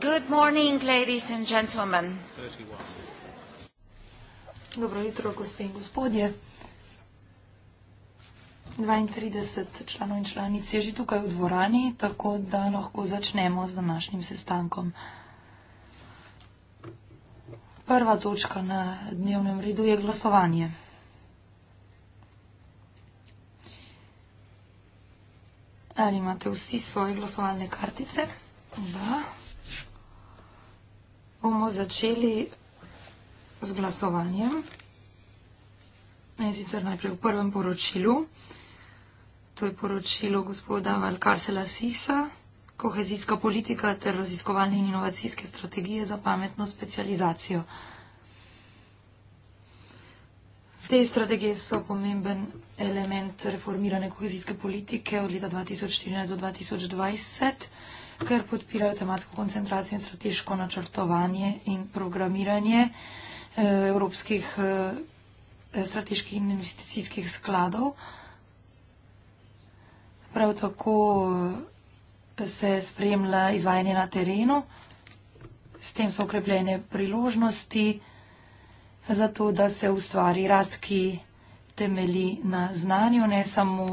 Good morning, ladies and gentlemen. Dobro jutro, gospe in gospodje. 32 članov in članic je že tukaj v dvorani, tako da lahko začnemo z današnjim sestankom. Prva točka na dnevnem redu je glasovanje. Ali imate vsi svoje glasovalne kartice? Da. Bomo začeli z glasovanjem. In sicer najprej v prvem poročilu. To je poročilo gospoda Valkarsela Sisa, kohezijska politika ter raziskovalne in inovacijske strategije za pametno specializacijo. Te strategije so pomemben element reformirane kohezijske politike od leta 2014 do 2020, ker podpirajo tematsko koncentracijo in strateško načrtovanje in programiranje eh, evropskih eh, strateških in investicijskih skladov. Prav tako eh, se spremlja izvajanje na terenu, s tem so okrepljene priložnosti, zato da se ustvari rast, ki temeli na znanju, ne samo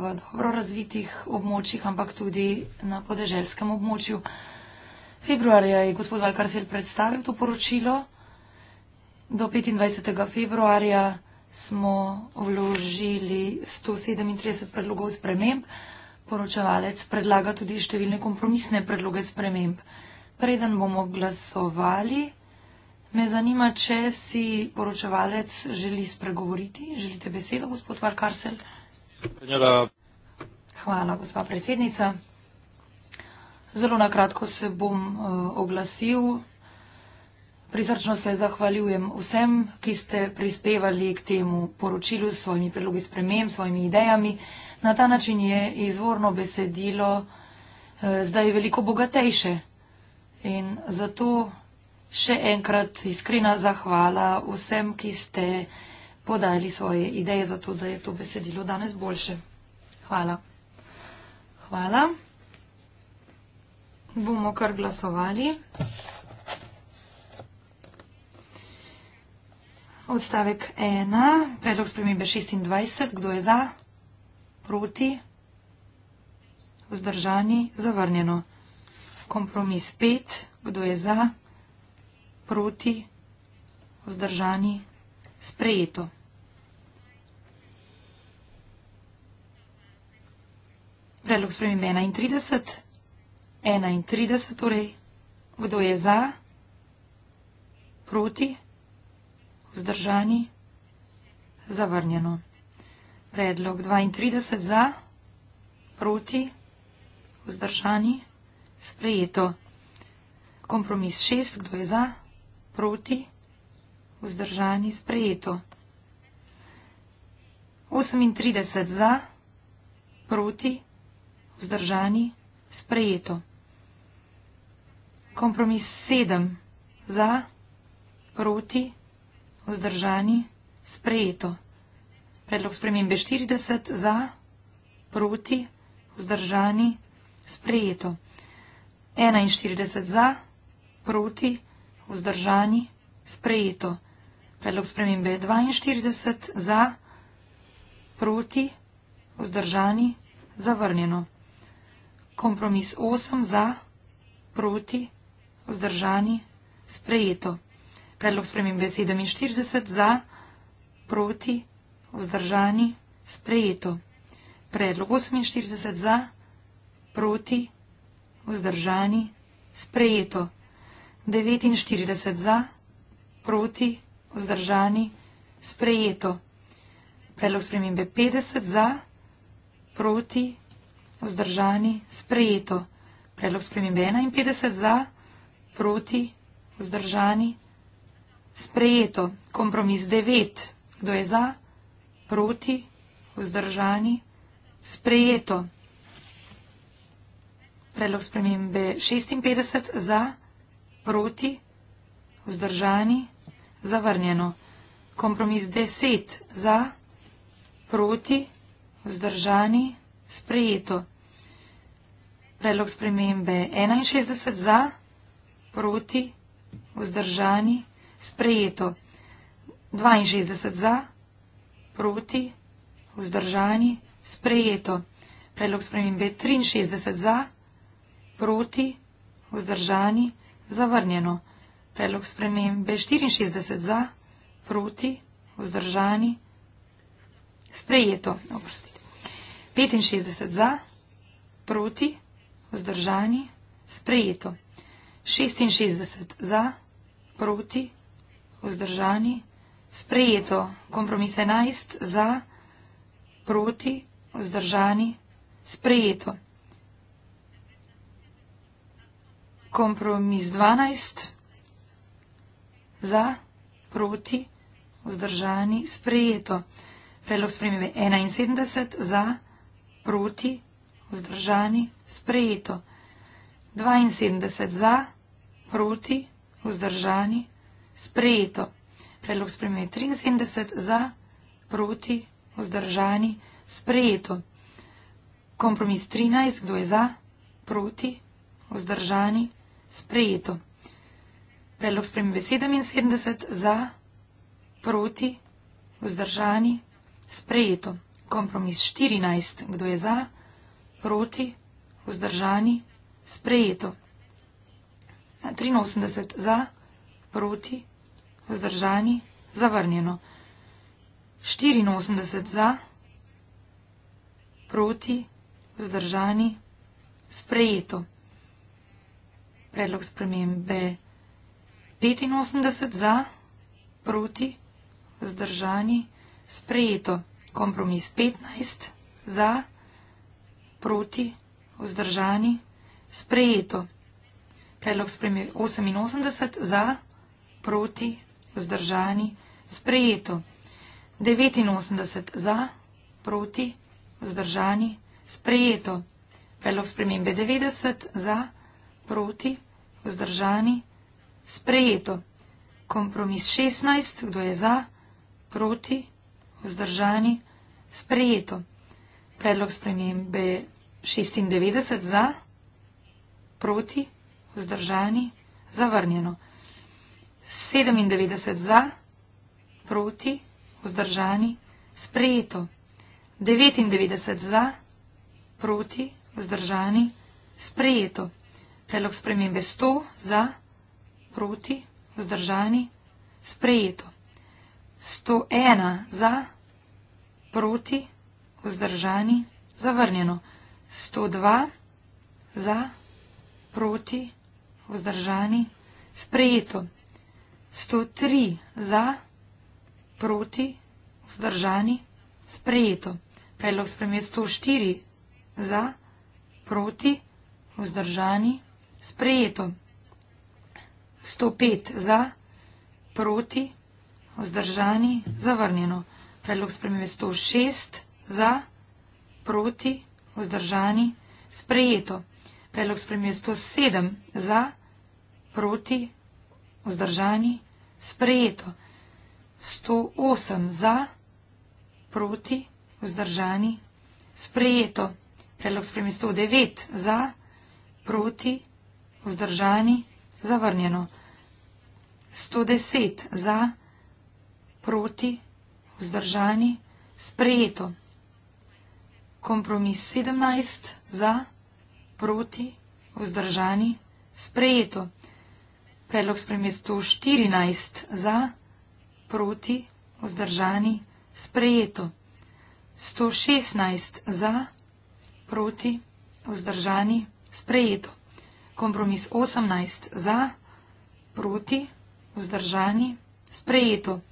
v dobro razvitih območjih, ampak tudi na podeželskem območju. Februarja je gospod Valkarsel predstavil to poročilo. Do 25. februarja smo vložili 137 predlogov sprememb. Poročevalec predlaga tudi številne kompromisne predloge sprememb. Preden bomo glasovali, Me zanima, če si poročevalec želi spregovoriti. Želite besedo, gospod Varkarsel? Hvala. Hvala, gospa predsednica. Zelo nakratko se bom uh, oglasil. Prisrčno se zahvaljujem vsem, ki ste prispevali k temu poročilu s svojimi predlogi sprememb, s svojimi idejami. Na ta način je izvorno besedilo uh, zdaj veliko bogatejše. In zato Še enkrat iskrena zahvala vsem, ki ste podali svoje ideje za to, da je to besedilo danes boljše. Hvala. Hvala. Bomo kar glasovali. Odstavek 1. Predlog spremembe 26. Kdo je za? Proti? Vzdržani? Zavrnjeno. Kompromis 5. Kdo je za? Proti? proti, vzdržani, sprejeto. Predlog spremembe 31, 31 torej, kdo je za, proti, vzdržani, zavrnjeno. Predlog 32 za, proti, vzdržani, sprejeto. Kompromis 6, kdo je za, proti, vzdržani, sprejeto. 38 za, proti, vzdržani, sprejeto. Kompromis 7 za, proti, vzdržani, sprejeto. Predlog spremembe 40 za, proti, vzdržani, sprejeto. 41 za, proti, vzdržani, sprejeto vzdržani, sprejeto. Predlog spremembe je 42 za, proti, vzdržani, zavrnjeno. Kompromis 8 za, proti, vzdržani, sprejeto. Predlog spremembe je 47 za, proti, vzdržani, sprejeto. Predlog 48 za, proti, vzdržani, sprejeto. 49 za, proti, vzdržani, sprejeto. Predlog spremembe 50 za, proti, vzdržani, sprejeto. Predlog spremembe 51 za, proti, vzdržani, sprejeto. Kompromis 9. Kdo je za, proti, vzdržani, sprejeto. Predlog spremembe 56 za proti, vzdržani, zavrnjeno. Kompromis 10 za, proti, vzdržani, sprejeto. Predlog spremembe 61 za, proti, vzdržani, sprejeto. 62 za, proti, vzdržani, sprejeto. Predlog spremembe 63 za, proti, vzdržani, sprejeto zavrnjeno. Predlog spremembe 64 za, proti, vzdržani, sprejeto, oprostite. 65 za, proti, vzdržani, sprejeto. 66 za, proti, vzdržani, sprejeto. Kompromis 11 za, proti, vzdržani, sprejeto. Kompromis 12. Za, proti, vzdržani, sprejeto. Predlog spremembe 71. Za, proti, vzdržani, sprejeto. 72. Za, proti, vzdržani, sprejeto. Predlog spremembe 73. Za, proti, vzdržani, sprejeto. Kompromis 13. Kdo je za, proti, vzdržani, sprejeto sprejeto. Predlog spremembe 77 za, proti, vzdržani, sprejeto. Kompromis 14. Kdo je za, proti, vzdržani, sprejeto. 83 za, proti, vzdržani, zavrnjeno. 84 za, proti, vzdržani, sprejeto predlog spremembe 85 za, proti, vzdržani, sprejeto. Kompromis 15 za, proti, vzdržani, sprejeto. Predlog spremembe 88 za, proti, vzdržani, sprejeto. 89 za, proti, vzdržani, sprejeto. Predlog spremembe 90 za, proti, vzdržani, sprejeto proti, vzdržani, sprejeto. Kompromis 16, kdo je za, proti, vzdržani, sprejeto. Predlog spremembe 96 za, proti, vzdržani, zavrnjeno. 97 za, proti, vzdržani, sprejeto. 99 za, proti, vzdržani, sprejeto. Predlog spremembe 100 za, proti, vzdržani, sprejeto. 101 za, proti, vzdržani, zavrnjeno. 102 za, proti, vzdržani, sprejeto. 103 za, proti, vzdržani, sprejeto. Predlog spremembe 104 za, proti, vzdržani, sprejeto. Sprejeto. 105 za, proti, vzdržani, zavrnjeno. Predlog spremembe 106 za, proti, vzdržani, sprejeto. Predlog spremembe 107 za, proti, vzdržani, sprejeto. 108 za, proti, vzdržani, sprejeto. Predlog spremembe 109 za, proti, vzdržani vzdržani, zavrnjeno. 110 za, proti, vzdržani, sprejeto. Kompromis 17 za, proti, vzdržani, sprejeto. Predlog spremljiv 114 za, proti, vzdržani, sprejeto. 116 za, proti, vzdržani, sprejeto kompromis 18 za, proti, vzdržani, sprejeto.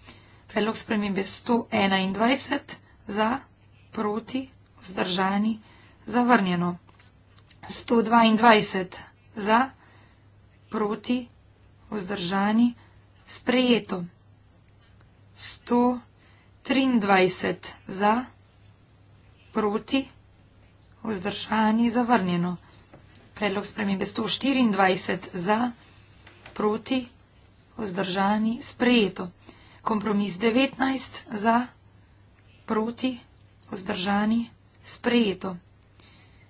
Predlog spremembe 121 za, proti, vzdržani, zavrnjeno. 122 za, proti, vzdržani, sprejeto. 123 za, proti, vzdržani, zavrnjeno. Predlog spremembe 124 za, proti, vzdržani, sprejeto. Kompromis 19 za, proti, vzdržani, sprejeto.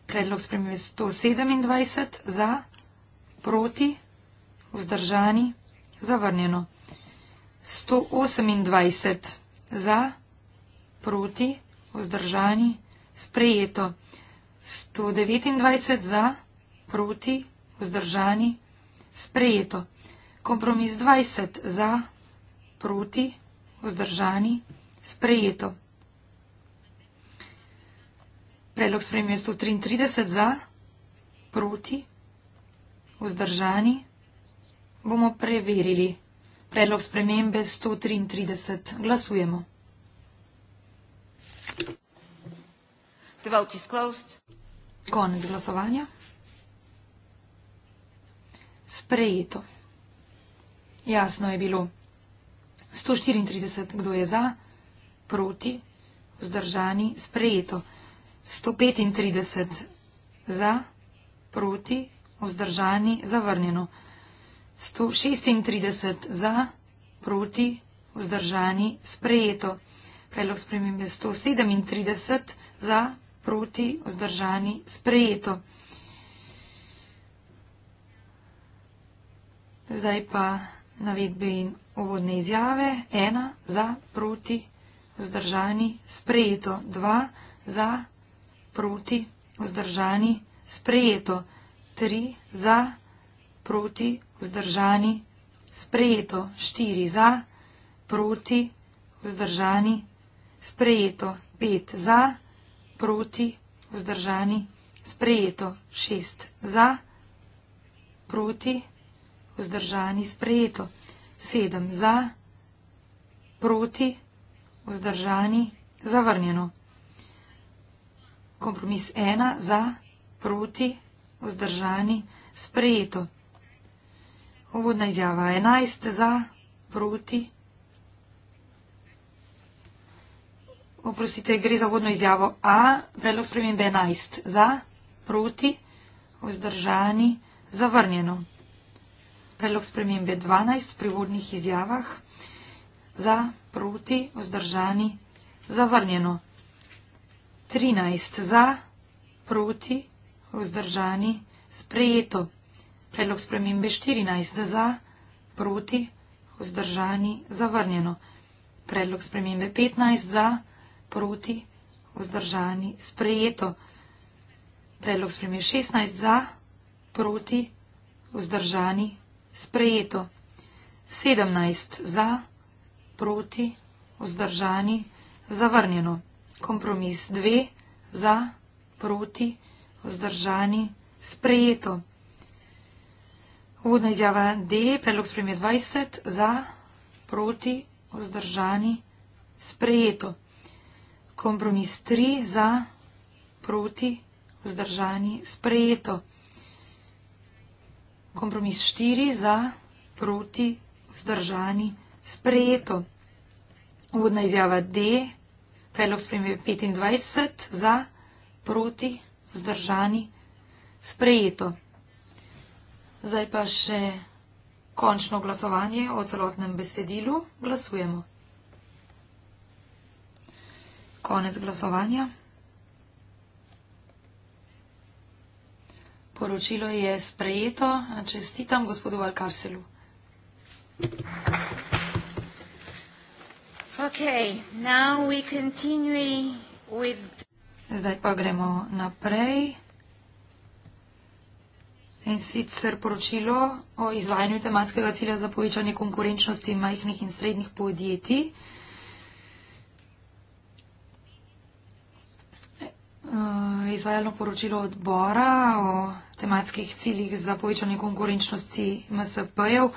Predlog spremembe 127 za, proti, vzdržani, zavrnjeno. 128 za, proti, vzdržani, sprejeto. 129 za, proti, vzdržani, sprejeto proti, vzdržani, sprejeto. Kompromis 20 za, proti, vzdržani, sprejeto. Predlog sprejem je 133 za, proti, vzdržani, bomo preverili. Predlog spremembe 133. Glasujemo. The vote is closed. Konec glasovanja sprejeto. Jasno je bilo. 134, kdo je za, proti, vzdržani, sprejeto. 135 za, proti, vzdržani, zavrnjeno. 136 za, proti, vzdržani, sprejeto. Predlog spremembe 137 za, proti, vzdržani, sprejeto. Zdaj pa navedbe in uvodne izjave. Ena za, proti, vzdržani, sprejeto. Dva za, proti, vzdržani, sprejeto. Tri za, proti, vzdržani, sprejeto. Štiri za, proti, vzdržani, sprejeto. Pet za, proti, vzdržani, sprejeto. Šest za, proti, vzdržani vzdržani sprejeto. Sedem za, proti, vzdržani, zavrnjeno. Kompromis ena za, proti, vzdržani, sprejeto. Uvodna izjava enajst za, proti. Oprostite, gre za vodno izjavo A, predlog spremembe 11. Za, proti, vzdržani, zavrnjeno predlog spremembe 12 pri vodnih izjavah za, proti, vzdržani, zavrnjeno. 13 za, proti, vzdržani, sprejeto. Predlog spremembe 14 za, proti, vzdržani, zavrnjeno. Predlog spremembe 15 za, proti, vzdržani, sprejeto. Predlog spremembe 16 za, proti, vzdržani, zavrnjeno sprejeto. 17 za, proti, vzdržani, zavrnjeno. Kompromis 2 za, proti, vzdržani, sprejeto. Uvodna izjava D, predlog spremje 20 za, proti, vzdržani, sprejeto. Kompromis 3 za, proti, vzdržani, sprejeto. Kompromis štiri za, proti, vzdržani, sprejeto. Uvodna izjava D, predlog spremembe 25 za, proti, vzdržani, sprejeto. Zdaj pa še končno glasovanje o celotnem besedilu. Glasujemo. Konec glasovanja. Poročilo je sprejeto. Čestitam gospodu Valkarselu. Zdaj pa gremo naprej. In sicer poročilo o izvajanju tematskega cilja za povečanje konkurenčnosti majhnih in srednjih podjetij. Eh, izvajalno poročilo odbora o tematskih ciljih za povečanje konkurenčnosti MSP-jev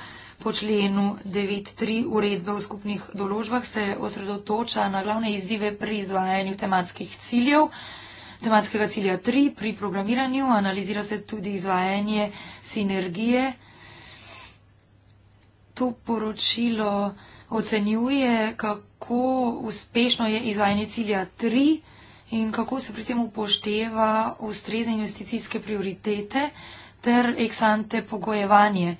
po členu 9.3 uredbe v skupnih določbah se osredotoča na glavne izzive pri izvajanju tematskih ciljev. Tematskega cilja 3 pri programiranju analizira se tudi izvajanje sinergije. To poročilo ocenjuje, kako uspešno je izvajanje cilja 3 in kako se pri tem upošteva ustrezne investicijske prioritete ter eksante pogojevanje.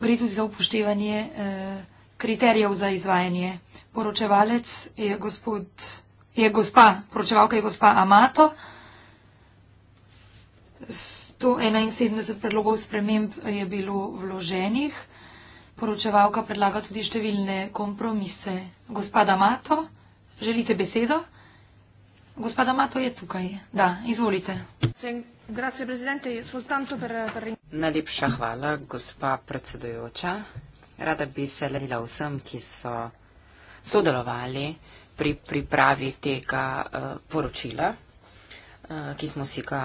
Gre tudi za upoštevanje eh, kriterijev za izvajanje. Poročevalec je, gospod, je gospa, poročevalka je gospa Amato. 171 predlogov sprememb je bilo vloženih. Poročevalka predlaga tudi številne kompromise. Gospa Damato, želite besedo? Gospoda Mato je tukaj. Da, izvolite. Najlepša hvala, gospa predsedujoča. Rada bi se ledila vsem, ki so sodelovali pri pripravi tega eh, poročila, eh, ki smo si ga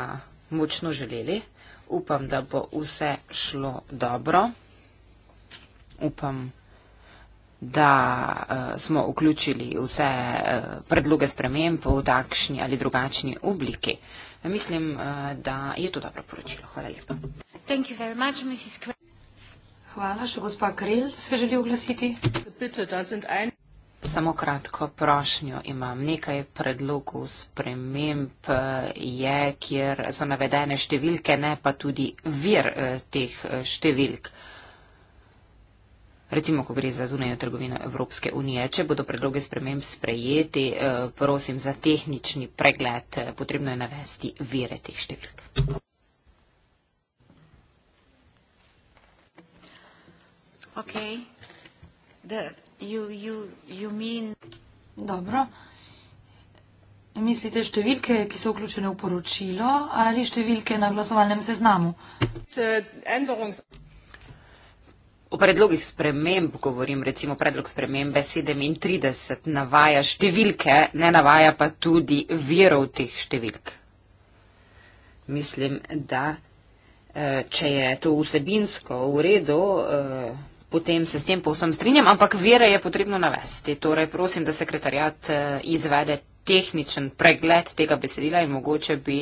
močno želeli. Upam, da bo vse šlo dobro. Upam, da bo vse šlo dobro da uh, smo vključili vse uh, predloge sprememb v takšni ali drugačni obliki. Mislim, uh, da je to dobro poročilo. Hvala lepa. Hvala, še gospa Krel se želi oglasiti. Samo kratko prošnjo imam. Nekaj predlogov sprememb je, kjer so navedene številke, ne pa tudi vir teh številk recimo, ko gre za zunanjo trgovino Evropske unije. Če bodo predloge sprememb sprejeti, eh, prosim za tehnični pregled, eh, potrebno je navesti vire teh številk. Okay. The, you, you, you mean... Dobro. Mislite številke, ki so vključene v poročilo ali številke na glasovalnem seznamu? The, äh, the endorungs... O predlogih sprememb govorim, recimo predlog spremembe 37 navaja številke, ne navaja pa tudi virov teh številk. Mislim, da eh, če je to vsebinsko v redu, eh, potem se s tem povsem strinjam, ampak vire je potrebno navesti. Torej prosim, da sekretarjat eh, izvede tehničen pregled tega besedila in mogoče bi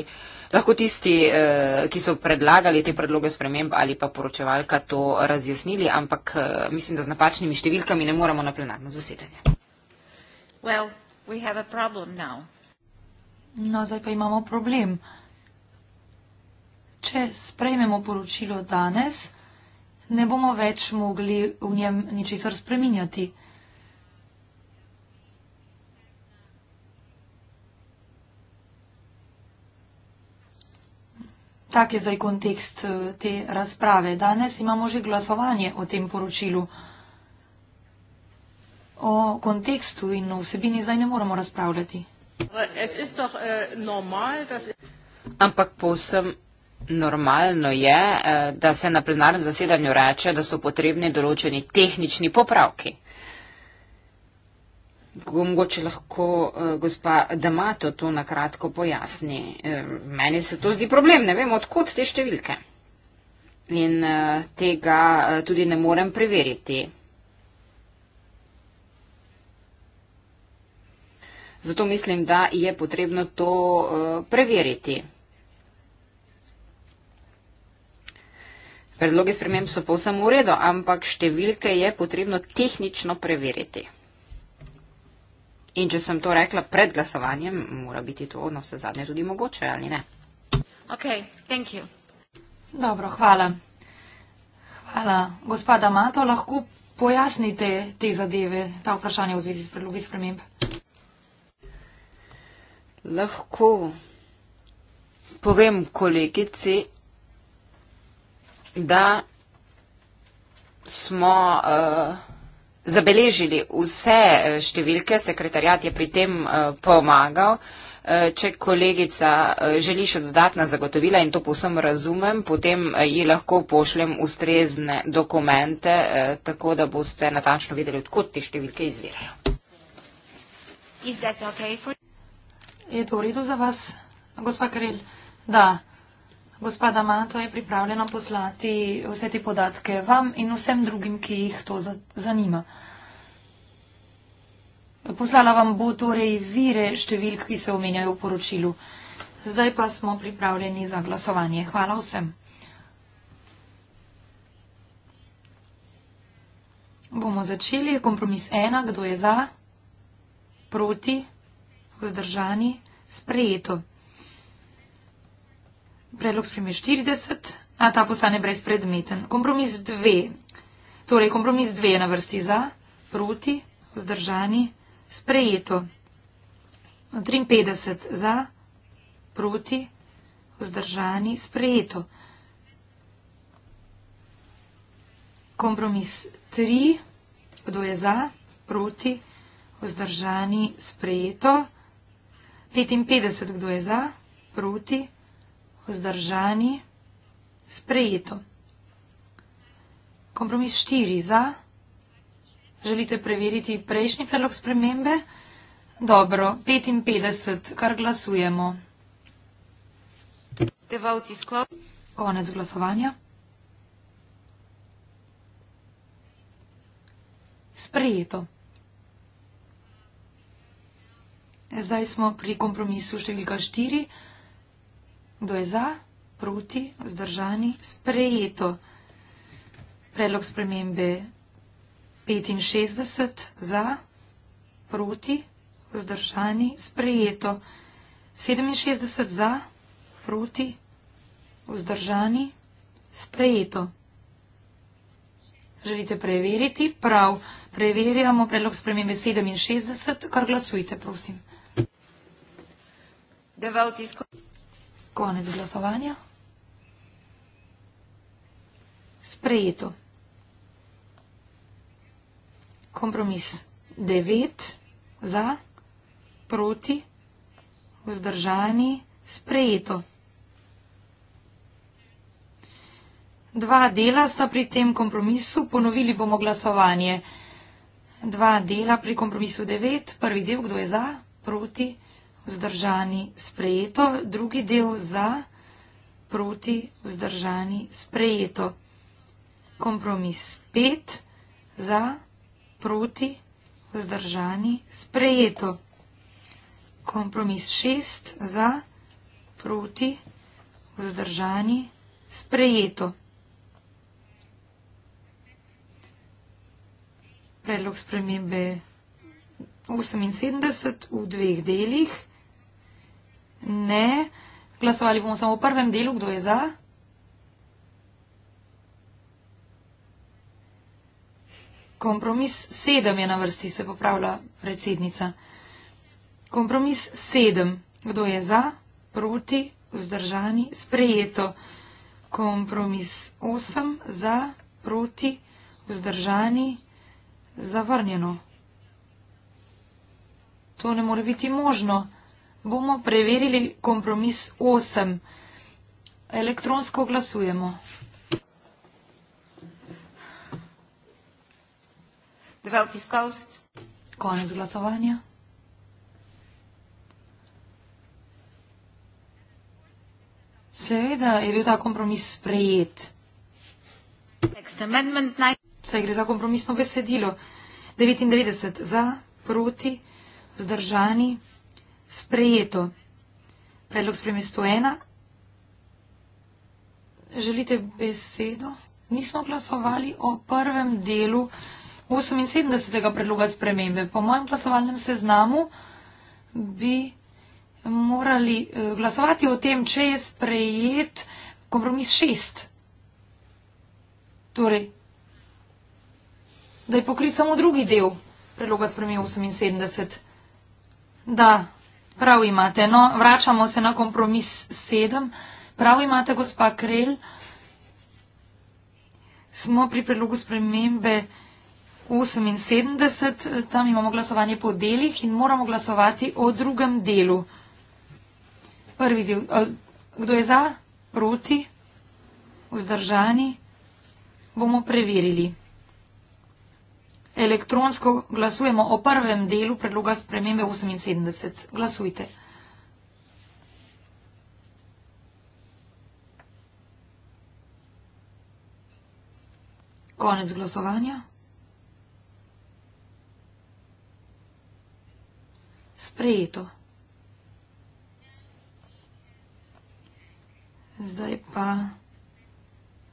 lahko tisti, eh, ki so predlagali te predloge sprememb ali pa poročevalka to razjasnili, ampak eh, mislim, da z napačnimi številkami ne moremo na plenarno zasedanje. Well, we have a problem now. No, zdaj pa imamo problem. Če sprejmemo poročilo danes, ne bomo več mogli v njem ničesar spreminjati. tak je zdaj kontekst eh, te razprave. Danes imamo že glasovanje o tem poročilu. O kontekstu in o vsebini zdaj ne moremo razpravljati. Äh, Ampak povsem normalno je, eh, da se na plenarnem zasedanju reče, da so potrebni določeni tehnični popravki. Mogoče lahko uh, gospa Damato to na kratko pojasni. Uh, meni se to zdi problem, ne vem, odkot te številke. In uh, tega uh, tudi ne morem preveriti. Zato mislim, da je potrebno to uh, preveriti. Predloge sprememb so povsem v redu, ampak številke je potrebno tehnično preveriti. In če sem to rekla pred glasovanjem, mora biti to na vse zadnje tudi mogoče ali ne. Ok, thank you. Dobro, hvala. Hvala. Gospoda Mato, lahko pojasnite te zadeve, ta vprašanja v zvezi s predlogi sprememb? Lahko povem kolegici, da smo. Uh, zabeležili vse eh, številke, sekretarjat je pri tem eh, pomagal. Eh, če kolegica želi še dodatna zagotovila in to posem razumem, potem ji lahko pošljem ustrezne dokumente, tako da boste natančno videli, odkot te številke izvirajo. Je to v redu za vas, gospa Karel? Da. Gospoda Mato je pripravljena poslati vse te podatke vam in vsem drugim, ki jih to zanima. Poslala vam bo torej vire številk, ki se omenjajo v poročilu. Zdaj pa smo pripravljeni za glasovanje. Hvala vsem. Bomo začeli. Kompromis ena. Kdo je za? Proti? Vzdržani? Sprejeto predlog spremembe 40, a ta postane brezpredmeten. Kompromis 2. Torej, kompromis 2 je na vrsti za, proti, vzdržani, sprejeto. 53 za, proti, vzdržani, sprejeto. Kompromis 3. Kdo je za, proti, vzdržani, sprejeto. 55. Kdo je za, proti, vzdržani vzdržani. Sprejeto. Kompromis štiri za. Želite preveriti prejšnji predlog spremembe? Dobro, 55, kar glasujemo. Konec glasovanja. Sprejeto. Zdaj smo pri kompromisu številka štiri. Kdo je za, proti, vzdržani, sprejeto? Predlog spremembe 65 za, proti, vzdržani, sprejeto. 67 za, proti, vzdržani, sprejeto. Želite preveriti? Prav. Preverjamo predlog spremembe 67, kar glasujte, prosim. Devalt izkoristite. Konec glasovanja. Sprejeto. Kompromis 9 za, proti, vzdržani, sprejeto. Dva dela sta pri tem kompromisu, ponovili bomo glasovanje. Dva dela pri kompromisu 9, prvi del, kdo je za, proti, vzdržani vzdržani, sprejeto, drugi del za, proti, vzdržani, sprejeto. Kompromis 5 za, proti, vzdržani, sprejeto. Kompromis 6 za, proti, vzdržani, sprejeto. Predlog spremembe 78 v dveh delih. Ne. Glasovali bomo samo v prvem delu, kdo je za. Kompromis sedem je na vrsti, se popravlja predsednica. Kompromis sedem. Kdo je za, proti, vzdržani, sprejeto. Kompromis osem, za, proti, vzdržani, zavrnjeno. To ne more biti možno bomo preverili kompromis 8. Elektronsko glasujemo. Devet izkaust. Konec glasovanja. Seveda je bil ta kompromis sprejet. Saj gre za kompromisno besedilo. 99 za, proti, vzdržani sprejeto. Predlog spremi 101. Želite besedo? Nismo glasovali o prvem delu 78. predloga spremembe. Po mojem glasovalnem seznamu bi morali eh, glasovati o tem, če je sprejet kompromis 6. Torej, da je pokrit samo drugi del predloga spremembe 78. Da. Prav imate, no, vračamo se na kompromis sedem. Prav imate, gospa Krel. Smo pri predlogu spremembe 78, tam imamo glasovanje po delih in moramo glasovati o drugem delu. Prvi del. Kdo je za? Proti? Vzdržani? Bomo preverili elektronsko glasujemo o prvem delu predloga spremembe 78. Glasujte. Konec glasovanja. Sprejeto. Zdaj pa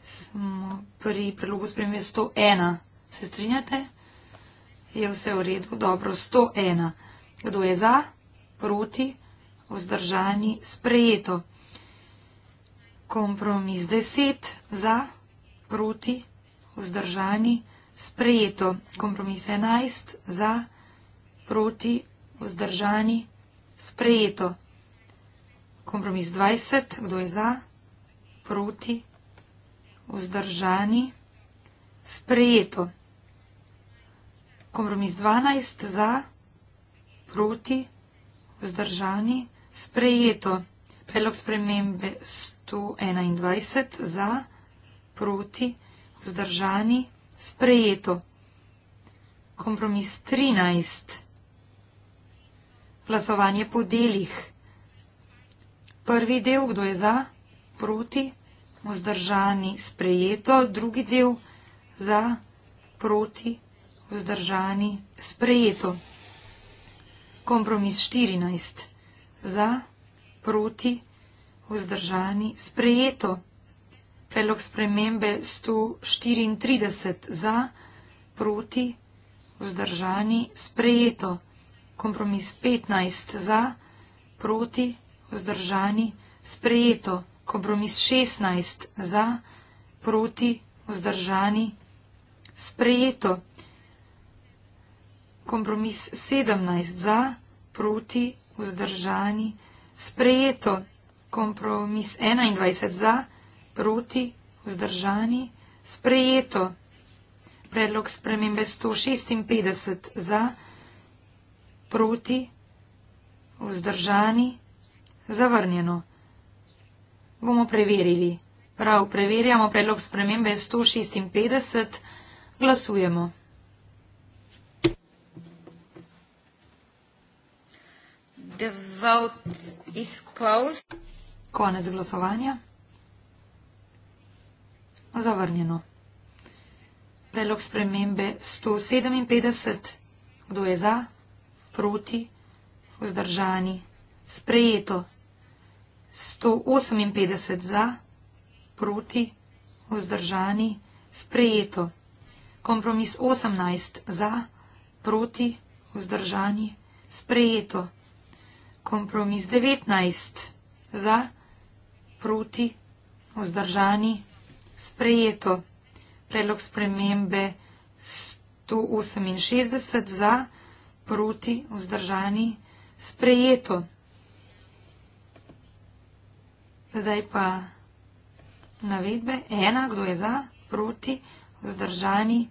smo pri predlogu spremembe 101. Se strinjate? je vse v redu, dobro, 101. Kdo je za, proti, vzdržani, sprejeto. Kompromis 10, za, proti, vzdržani, sprejeto. Kompromis 11, za, proti, vzdržani, sprejeto. Kompromis 20, kdo je za, proti, vzdržani, sprejeto kompromis 12 za, proti, vzdržani, sprejeto. Predlog spremembe 121 za, proti, vzdržani, sprejeto. Kompromis 13. Glasovanje po delih. Prvi del, kdo je za, proti, vzdržani, sprejeto. Drugi del, za, proti, vzdržani vzdržani, sprejeto. Kompromis 14. Za, proti, vzdržani, sprejeto. Predlog spremembe 134. Za, proti, vzdržani, sprejeto. Kompromis 15. Za, proti, vzdržani, sprejeto. Kompromis 16. Za, proti, vzdržani, sprejeto kompromis 17 za, proti, vzdržani, sprejeto, kompromis 21 za, proti, vzdržani, sprejeto, predlog spremembe 156 za, proti, vzdržani, zavrnjeno. Bomo preverili. Prav, preverjamo predlog spremembe 156, glasujemo. The vote is closed. Konec glasovanja. Zavrnjeno. Predlog spremembe 157. Kdo je za? Proti? Vzdržani? Sprejeto. 158 za, proti, vzdržani, sprejeto. Kompromis 18 za, proti, vzdržani, sprejeto kompromis 19 za, proti, vzdržani, sprejeto. Predlog spremembe 168 za, proti, vzdržani, sprejeto. Zdaj pa navedbe. Ena, kdo je za, proti, vzdržani,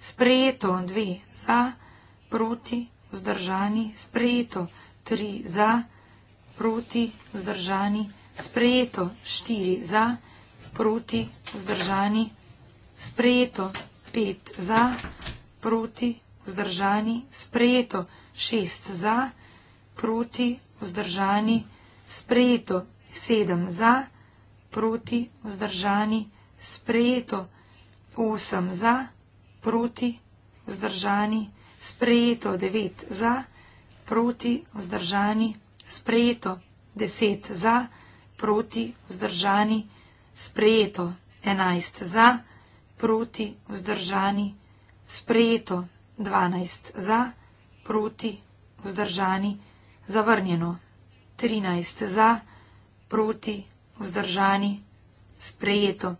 sprejeto. Dve, za, proti, vzdržani, sprejeto. 3 za, proti, vzdržani, sprejeto 4 za, proti, vzdržani, sprejeto 5 za, proti, vzdržani, sprejeto 6 za, proti, vzdržani, sprejeto 7 za, proti, vzdržani, sprejeto 8 za, proti, vzdržani, sprejeto 9 za, proti, vzdržani, sprejeto. 10 za, proti, vzdržani, sprejeto. 11 za, proti, vzdržani, sprejeto. 12 za, proti, vzdržani, zavrnjeno. 13 za, proti, vzdržani, sprejeto.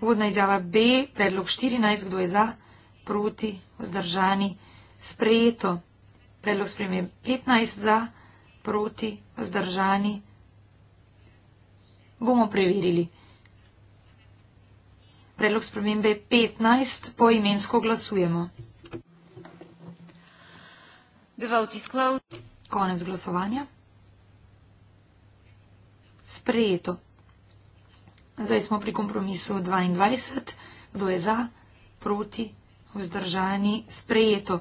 Vodna izjava B, predlog 14, kdo je za, proti, vzdržani, sprejeto sprejeto. Predlog sprememb 15 za, proti, vzdržani. Bomo preverili. Predlog spremembe 15 poimensko glasujemo. Konec glasovanja. Sprejeto. Zdaj smo pri kompromisu 22. Kdo je za, proti, vzdržani, sprejeto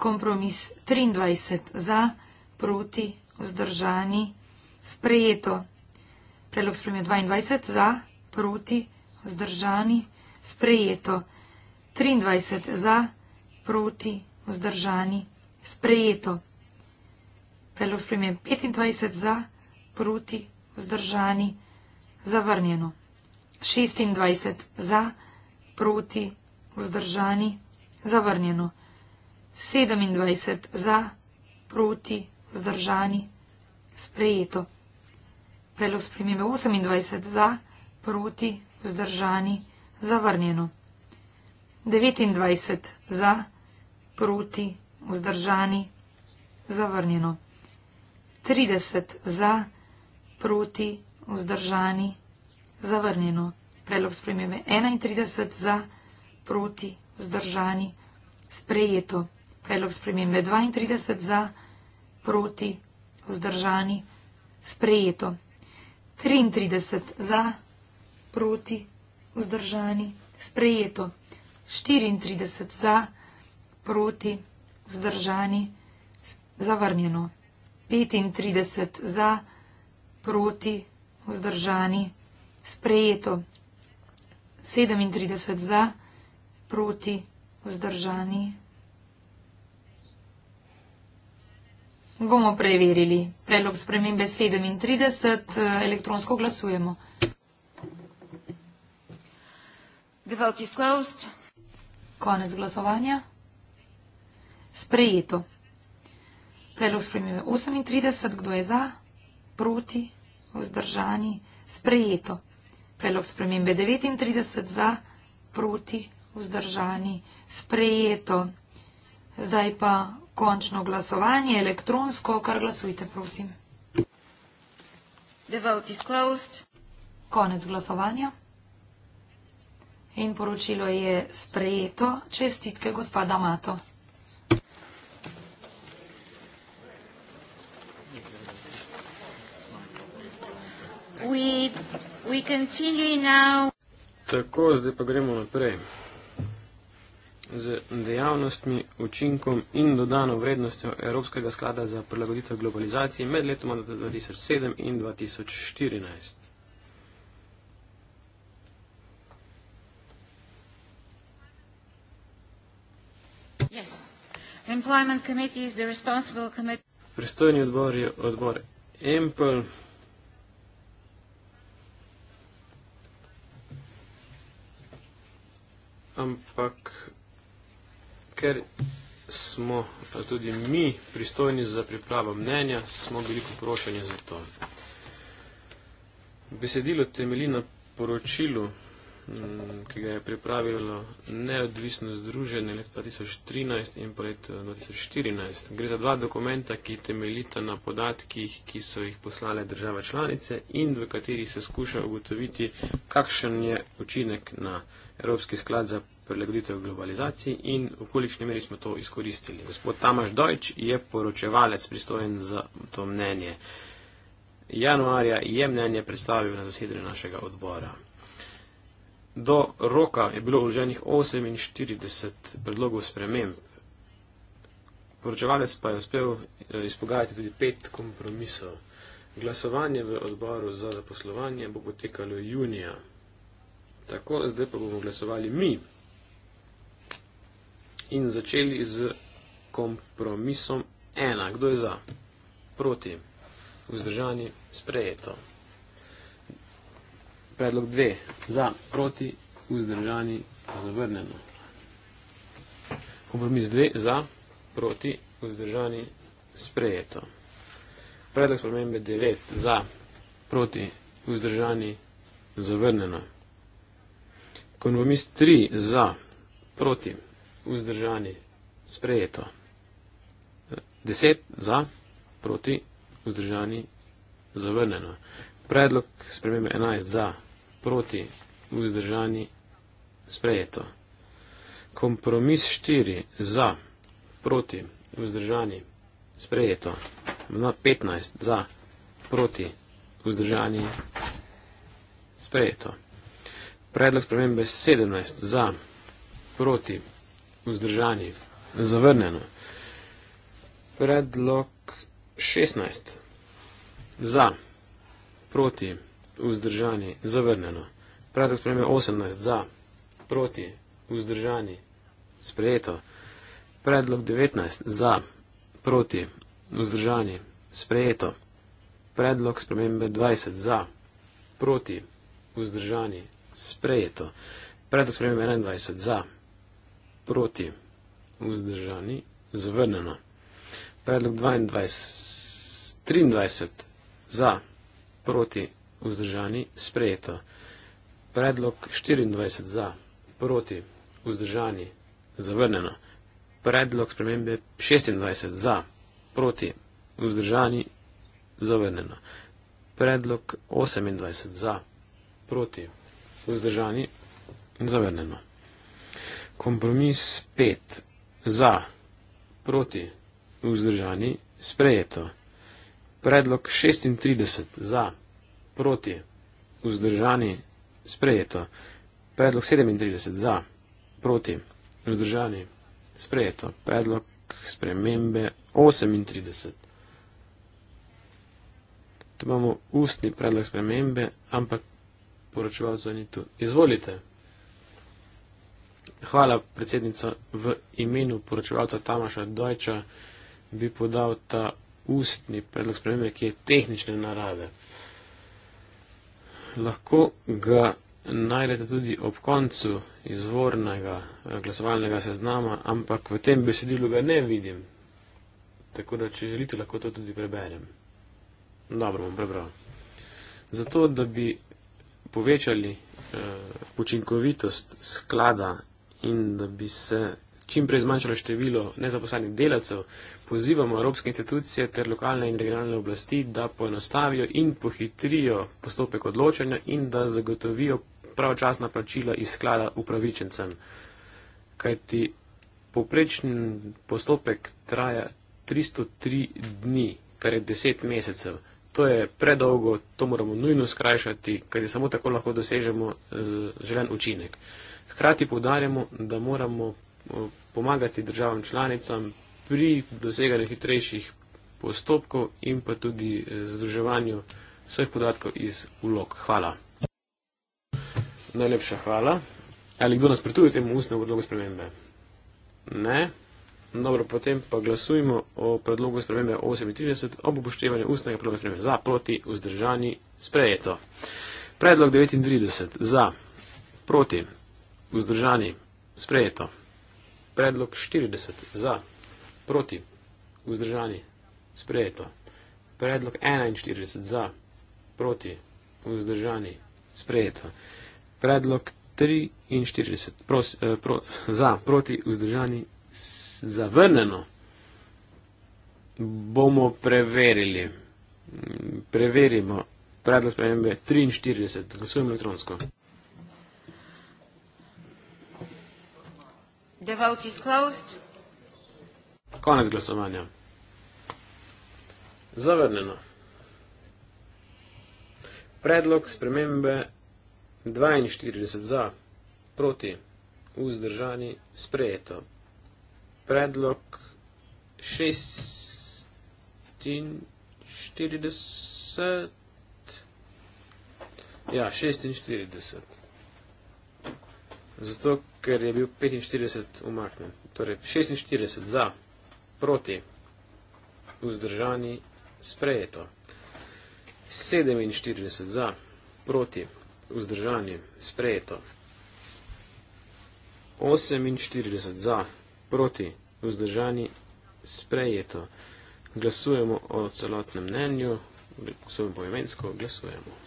kompromis 23 za, proti, vzdržani, sprejeto. Predlog spremljajo 22 za, proti, vzdržani, sprejeto. 23 za, proti, vzdržani, sprejeto. Predlog spremljajo 25 za, proti, vzdržani, zavrnjeno. 26 za, proti, vzdržani, zavrnjeno. 27 za, proti, vzdržani, sprejeto. Predlog spremembe 28 za, proti, vzdržani, zavrnjeno. 29 za, proti, vzdržani, zavrnjeno. 30 za, proti, vzdržani, zavrnjeno. Predlog spremembe 31 za, proti, vzdržani, sprejeto predlog spremembe 32 za, proti, vzdržani, sprejeto. 33 za, proti, vzdržani, sprejeto. 34 za, proti, vzdržani, zavrnjeno. 35 za, proti, vzdržani, sprejeto. 37 za, proti, vzdržani, sprejeto. Bomo preverili. Predlog spremembe 37, eh, elektronsko glasujemo. The vote is closed. Konec glasovanja. Sprejeto. Predlog spremembe 38, kdo je za? Proti? Vzdržani? Sprejeto. Predlog spremembe 39, za? Proti? Vzdržani? Sprejeto. Zdaj pa končno glasovanje elektronsko. Kar glasujte, prosim. The vote is closed. Konec glasovanja. In poročilo je sprejeto. Čestitke, gospoda Mato. We, we continue now. Tako, zdaj pa gremo naprej z dejavnostmi, učinkom in dodano vrednostjo Evropskega sklada za prilagoditev globalizaciji med letoma 2007 in 2014. Yes. Employment committee is the responsible committee. Pristojni odbor je odbor EMPL. Ampak uh, ker smo tudi mi pristojni za pripravo mnenja, smo bili poprošeni za to. Besedilo temelji na poročilu, mm, ki ga je pripravilo neodvisno združenje leta 2013 in pa leta 2014. Gre za dva dokumenta, ki temeljita na podatkih, ki so jih poslale države članice in v katerih se skuša ugotoviti, kakšen je učinek na Evropski sklad za prilagoditev globalizaciji in v kolikšni meri smo to izkoristili. Gospod Tamaš Dojč je poročevalec pristojen za to mnenje. Januarja je mnenje predstavil na zasedanju našega odbora. Do roka je bilo vloženih 48 predlogov sprememb. Poročevalec pa je uspel eh, izpogajati tudi pet kompromisov. Glasovanje v odboru za zaposlovanje bo potekalo junija. Tako, zdaj pa bomo glasovali mi, in začeli z kompromisom ena. Kdo je za? Proti. Vzdržani sprejeto. Predlog dve. Za, proti, vzdržani, zavrnjeno. Kompromis dve. Za, proti, vzdržani, sprejeto. Predlog spremembe devet. Za, proti, vzdržani, zavrnjeno. Kompromis tri. Za, proti, vzdržani, zavrnjeno vzdržani, sprejeto. Deset za, proti, vzdržani, zavrnjeno. Predlog spremembe 11 za, proti, vzdržani, sprejeto. Kompromis 4 za, proti, vzdržani, sprejeto. Na 15 za, proti, vzdržani, sprejeto. Predlog spremembe 17 za, proti, vzdržani, sprejeto vzdržani, zavrnjeno. Predlog 16. Za, proti, vzdržani, zavrnjeno. Predlog 18. Za, proti, vzdržani, sprejeto. Predlog 19. Za, proti, vzdržani, sprejeto. Predlog spremembe 20. Za, proti, vzdržani, sprejeto. Predlog spremembe 21. Za, proti, vzdržani, zvrnjeno. Predlog 22, 23 za, proti, vzdržani, sprejeto. Predlog 24 za, proti, vzdržani, zavrnjeno. Predlog spremembe 26 za, proti, vzdržani, zavrnjeno. Predlog 28 za, proti, vzdržani, zavrnjeno kompromis 5 za, proti, vzdržani, sprejeto. Predlog 36 za, proti, vzdržani, sprejeto. Predlog 37 za, proti, vzdržani, sprejeto. Predlog spremembe 38. Tu imamo ustni predlog spremembe, ampak poročevalca ni tu. Izvolite. Hvala, predsednica. V imenu poročevalca Tamaša Dojča bi podal ta ustni predlog spremembe, ki je tehnične narave. Lahko ga najdete tudi ob koncu izvornega eh, glasovalnega seznama, ampak v tem besedilu ga ne vidim. Tako da, če želite, lahko to tudi preberem. Dobro, bom prebral. Zato, da bi povečali eh, učinkovitost sklada in da bi se čim prej zmanjšalo število nezaposlenih delavcev, pozivamo evropske institucije ter lokalne in regionalne oblasti, da poenostavijo in pohitrijo postopek odločanja in da zagotovijo pravočasna plačila iz sklada upravičencem. Kajti poprečen postopek traja 303 dni, kar je 10 mesecev. To je predolgo, to moramo nujno skrajšati, kajti samo tako lahko dosežemo eh, želen učinek. Hkrati povdarjamo, da moramo eh, pomagati državam članicam pri doseganju hitrejših postopkov in pa tudi eh, združevanju vseh podatkov iz vlog. Hvala. Najlepša hvala. Ali kdo nas pretuje temu ustnemu predlogu spremembe? Ne. Dobro, potem pa glasujmo o predlogu spremembe 38 ob upoštevanju ustnega predloga spremembe za, proti, vzdržani, sprejeto. Predlog 39 za, proti, Vzdržani, sprejeto. Predlog 40 za, proti, vzdržani, sprejeto. Predlog 41 za, proti, vzdržani, sprejeto. Predlog 43 pros, eh, pro, za, proti, vzdržani, zavrnjeno. Bomo preverili. Mm, preverimo predlog spremembe 43. Glasujem elektronsko. The vote is closed. Koniec głosowania. Zavrneno. Predlog spremembe 42 za, proti, vzdržani, sprejeto. Predlog 46. Ja, 46. Zato, ker je bil 45 umaknen. Torej 46 za, proti, vzdržani, sprejeto. 47 za, proti, vzdržani, sprejeto. 48 za, proti, vzdržani, sprejeto. Glasujemo o celotnem mnenju, glasujemo po imensko, glasujemo.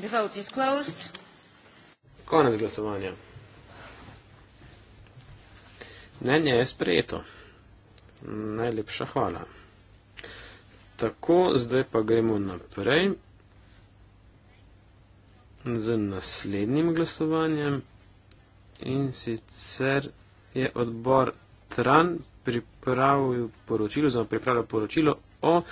The vote is closed. Konec glasovanja. Mnenje je sprejeto. Najlepša hvala. Tako, zdaj pa gremo naprej z naslednjim glasovanjem. In sicer je odbor Tran pripravil poročilo, oziroma pripravil poročilo o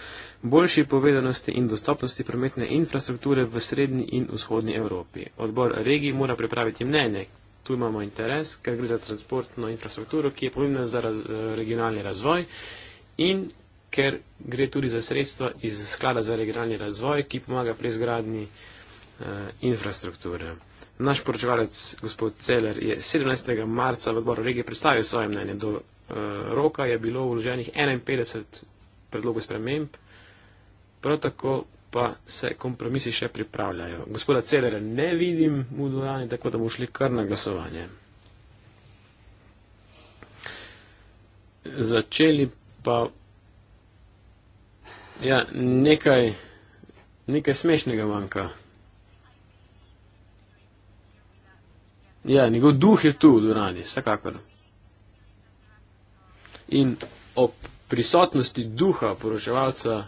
boljši povezanosti in dostopnosti prometne infrastrukture v srednji in vzhodni Evropi. Odbor regij mora pripraviti mnenje. Tu imamo interes, ker gre za transportno infrastrukturo, ki je pomembna za raz, eh, regionalni razvoj in ker gre tudi za sredstva iz sklada za regionalni razvoj, ki pomaga pri izgradni eh, infrastrukture. Naš poročevalec, gospod Celer, je 17. marca v odboru regije predstavil svoje mnenje. Do eh, roka je bilo vloženih 51 predlogu sprememb, prav tako pa se kompromisi še pripravljajo. Gospoda Cedera ne vidim v dvorani, tako da bomo šli kar na glasovanje. Začeli pa ja, nekaj, nekaj smešnega manjka. Ja, njegov duh je tu v dvorani, vsekakor. In ob prisotnosti duha poročevalca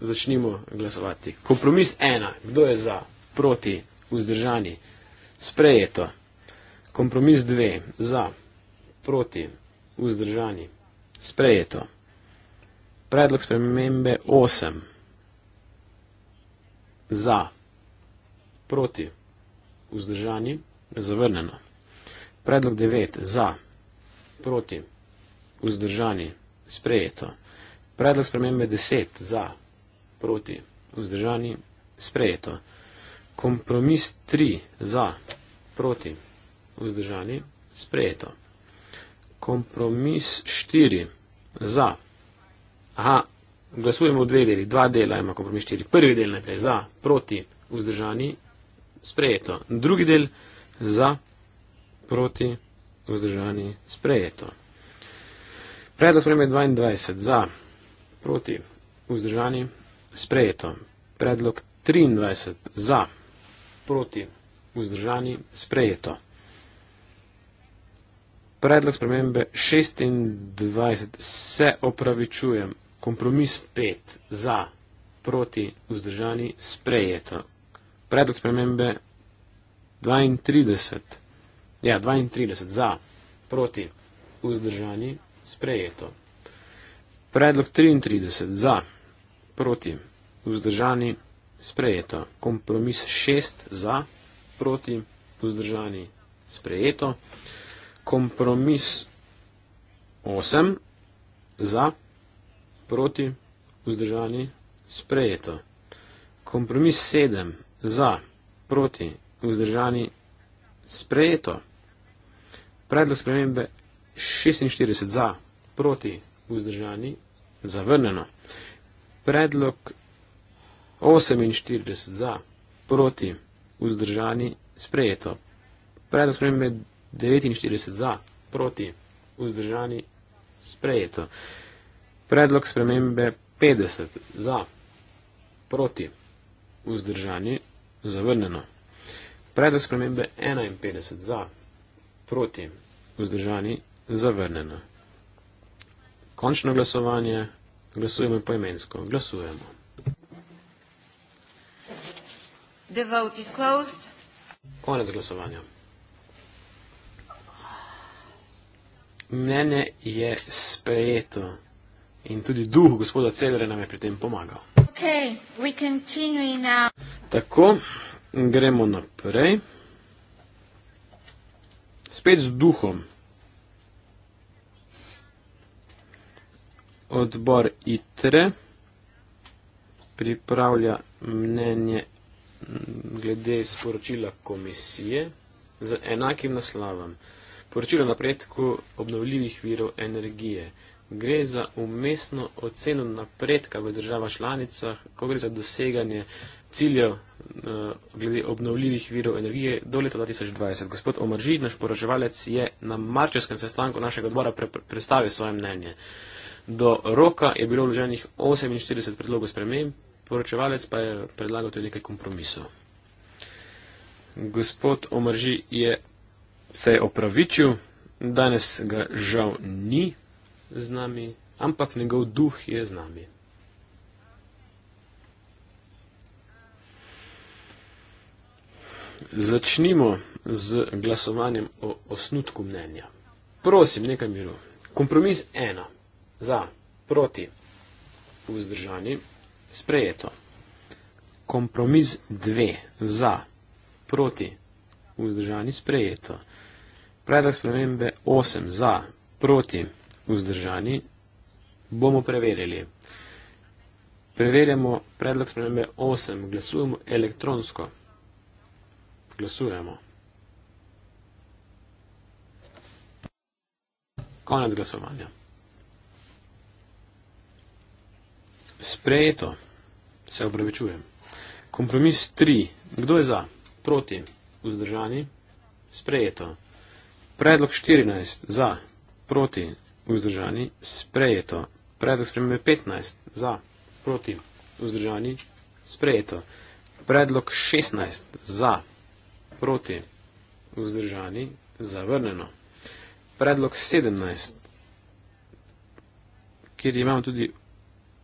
začnimo glasovati. Kompromis ena, kdo je za, proti, vzdržani, sprejeto. Kompromis dve, za, proti, vzdržani, sprejeto. Predlog spremembe osem, za, proti, vzdržani, zavrnjeno. Predlog devet, za, proti, vzdržani, zavrnjeno sprejeto. Predlog spremembe 10 za, proti, vzdržani, sprejeto. Kompromis 3 za, proti, vzdržani, sprejeto. Kompromis 4 za. Aha, glasujemo v dve deli, dva dela ima kompromis 4. Prvi del najprej za, proti, vzdržani, sprejeto. Drugi del za, proti, vzdržani, sprejeto. Predlog sprejme 22 za, proti, vzdržani, sprejeto. Predlog 23 za, proti, vzdržani, sprejeto. Predlog spremembe 26 se opravičujem. Kompromis 5 za, proti, vzdržani, sprejeto. Predlog spremembe 32, ja, 32 za, proti, vzdržani, sprejeto. Predlog 33 za, proti, vzdržani, sprejeto. Kompromis 6 za, proti, vzdržani, sprejeto. Kompromis 8 za, proti, vzdržani, sprejeto. Kompromis 7 za, proti, vzdržani, sprejeto. Predlog spremembe 46 za, proti vzdržani, zavrnjeno. Predlog 48 za, proti vzdržani, sprejeto. Predlog spremembe 49 za, proti vzdržani, sprejeto. Predlog spremembe 50 za, proti vzdržani, zavrnjeno. Predlog spremembe 51 za, proti vzdržani, zavrnjeno. Končno glasovanje, glasujemo poimensko. Glasujemo. The vote is closed. Konec glasovanja. Mnenje je sprejeto in tudi duh gospoda Celere nam je pri tem pomagal. Okay, we continue now. Tako, gremo naprej. Spet z duhom. odbor ITRE pripravlja mnenje glede sporočila komisije z enakim naslavom. Poročilo napredku obnovljivih virov energije. Gre za umestno oceno napredka v država članicah, ko gre za doseganje ciljev eh, glede obnovljivih virov energije do leta 2020. Gospod Omaržid, naš poročevalec, je na marčevskem sestanku našega odbora predstavil svoje mnenje. Do roka je bilo vloženih 48 predlogov sprememb, poročevalec pa je predlagal tudi nekaj kompromisov. Gospod Omrži je se je opravičil, danes ga žal ni z nami, ampak njegov duh je z nami. Začnimo z glasovanjem o osnutku mnenja. Prosim, nekaj miru. Kompromis ena za, proti, vzdržani, sprejeto. Kompromis dve, za, proti, vzdržani, sprejeto. Predlog spremembe osem, za, proti, vzdržani, bomo preverili. Preverjamo predlog spremembe osem, glasujemo elektronsko. Glasujemo. Konec glasovanja. Sprejeto. Se upravičujem. Kompromis 3. Kdo je za? Proti. Vzdržani. Sprejeto. Predlog 14. Za. Proti. Vzdržani. Sprejeto. Predlog spremembe 15. Za. Proti. Vzdržani. Sprejeto. Predlog 16. Za. Proti. Vzdržani. Zavrnjeno. Predlog 17. Kjer imamo tudi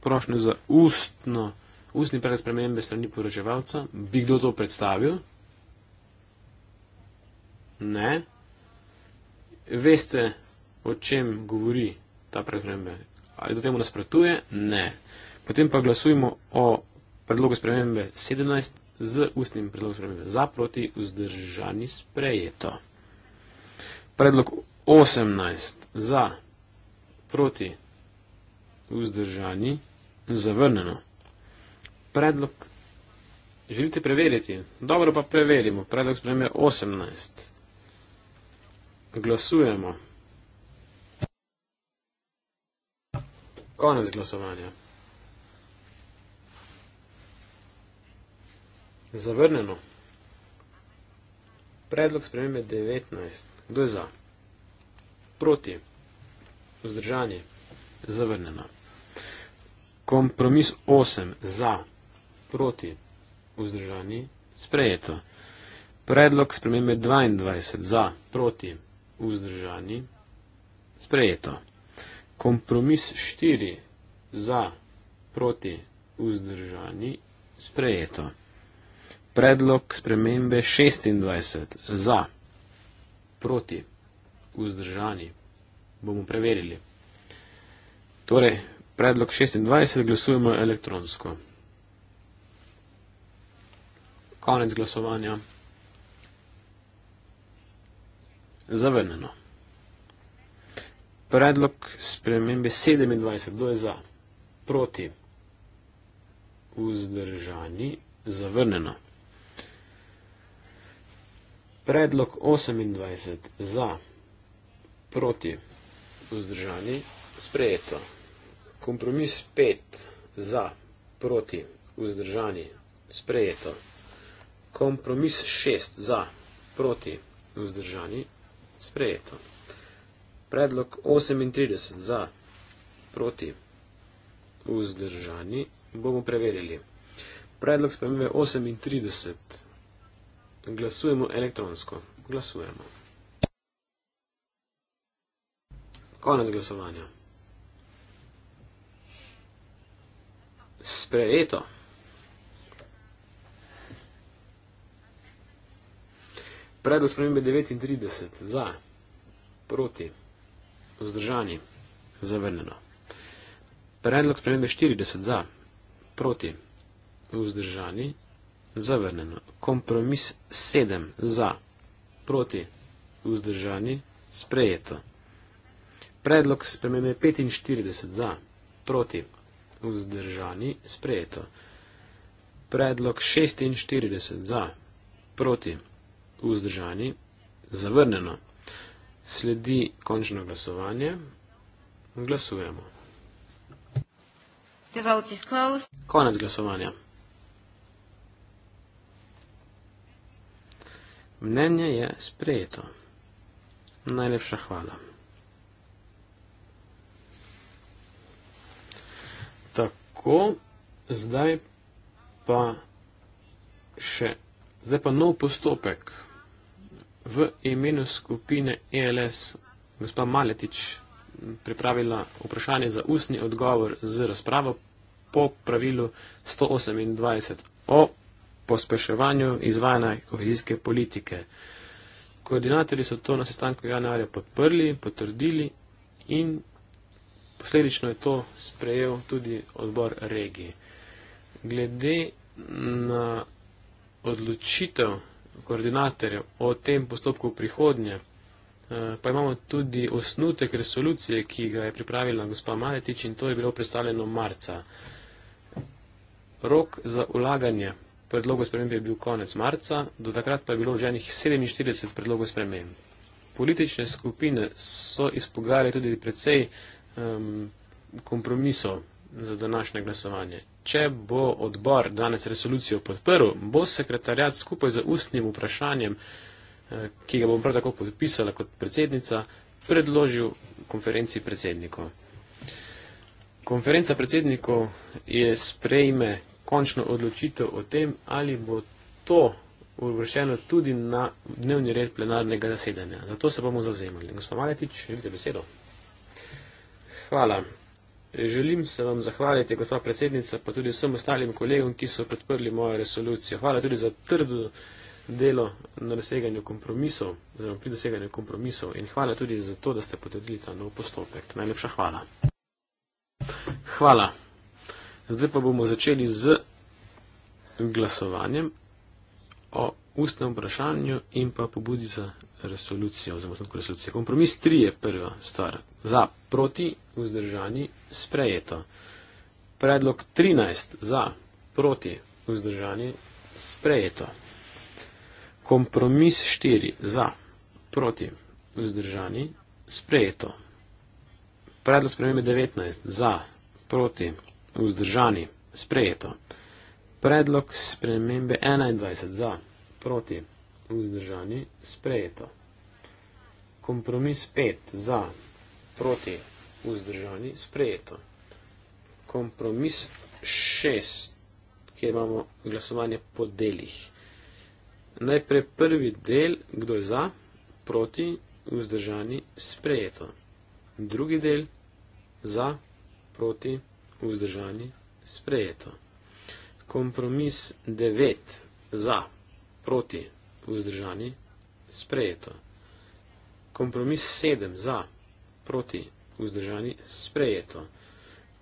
prošnjo za ustno, ustni predlog spremembe strani poročevalca, bi kdo to predstavil? Ne. Veste, o čem govori ta predlog spremembe? Ali do temu nasprotuje? Ne. Potem pa glasujemo o predlogu spremembe 17 z ustnim predlogom spremembe za proti vzdržani sprejeto. Predlog 18 za proti vzdržani sprejeto zavrnjeno. Predlog želite preveriti? Dobro pa preverimo. Predlog spremlja 18. Glasujemo. Konec glasovanja. Zavrnjeno. Predlog spremembe 19. Kdo je za? Proti. Vzdržanje. Zavrnjeno. Kompromis 8 za, proti, vzdržani, sprejeto. Predlog spremembe 22 za, proti, vzdržani, sprejeto. Kompromis 4 za, proti, vzdržani, sprejeto. Predlog spremembe 26 za, proti, vzdržani, bomo preverili. Torej, Predlog 26 glasujemo elektronsko. Konec glasovanja. Zavrnjeno. Predlog spremembe 27. Kdo je za? Proti. Vzdržani. Zavrnjeno. Predlog 28. Za. Proti. Vzdržani. Sprejeto. Kompromis 5 za, proti, vzdržani, sprejeto. Kompromis 6 za, proti, vzdržani, sprejeto. Predlog 38 za, proti, vzdržani, bomo preverili. Predlog spremembe 38. Glasujemo elektronsko. Glasujemo. Konec glasovanja. sprejeto. Predlog spremembe 39 za, proti, vzdržani, zavrnjeno. Predlog spremembe 40 za, proti, vzdržani, zavrnjeno. Kompromis 7 za, proti, vzdržani, sprejeto. Predlog spremembe 45 za, proti, vzdržani vzdržani, sprejeto. Predlog 46 za, proti, vzdržani, zavrnjeno. Sledi končno glasovanje. Glasujemo. Konec glasovanja. Mnenje je sprejeto. Najlepša hvala. Tako, zdaj pa še, zdaj pa nov postopek v imenu skupine ELS. Gospa Maletič pripravila vprašanje za ustni odgovor z razpravo po pravilu 128 o pospeševanju izvajanja kohezijske politike. Koordinatorji so to na sestanku januarja podprli, potrdili in Posledično je to sprejel tudi odbor regije. Glede na odločitev koordinatorjev o tem postopku prihodnje, eh, pa imamo tudi osnutek resolucije, ki ga je pripravila gospa Maletič in to je bilo predstavljeno marca. Rok za ulaganje predlogov sprememb je bil konec marca, do takrat pa je bilo vloženih 47 predlogov sprememb. Politične skupine so izpogajale tudi precej um, kompromisov za današnje glasovanje. Če bo odbor danes resolucijo podprl, bo sekretarjat skupaj z ustnim vprašanjem, eh, ki ga bom prav tako podpisala kot predsednica, predložil konferenci predsednikov. Konferenca predsednikov je sprejme končno odločitev o tem, ali bo to uvršeno tudi na dnevni red plenarnega zasedanja. Zato se bomo zavzemali. Gospod Maletič, želite besedo? Hvala. Želim se vam zahvaliti, gospod predsednica, pa tudi vsem ostalim kolegom, ki so podprli mojo resolucijo. Hvala tudi za trdo delo na doseganju kompromisov, oziroma pri doseganju kompromisov in hvala tudi za to, da ste potrdili ta nov postopek. Najlepša hvala. Hvala. Zdaj pa bomo začeli z glasovanjem o ustnem vprašanju in pa pobudi za resolucijo, oziroma osnovno resolucijo. Kompromis 3 je prva stvar. Za proti vzdržani sprejeto. Predlog 13 za proti vzdržani sprejeto. Kompromis 4 za proti vzdržani sprejeto. Predlog spremembe 19 za proti vzdržani sprejeto. Predlog spremembe 21 za, proti, vzdržani, sprejeto. Kompromis 5 za, proti, vzdržani, sprejeto. Kompromis 6, kjer imamo glasovanje po delih. Najprej prvi del, kdo je za, proti, vzdržani, sprejeto. Drugi del, za, proti, vzdržani, sprejeto kompromis 9 za, proti, vzdržani, sprejeto. Kompromis 7 za, proti, vzdržani, sprejeto.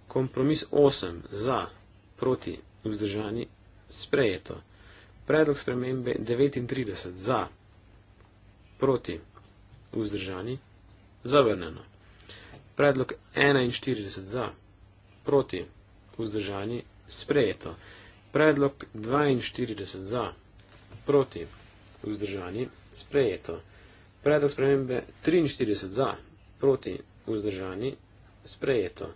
Kompromis 8 za, proti, vzdržani, sprejeto. Predlog spremembe 39 za, proti, vzdržani, zavrneno. Predlog 41 za, proti, vzdržani, sprejeto. Predlog 42 za, proti, vzdržani, sprejeto. Predlog spremembe 43 za, proti, vzdržani, sprejeto.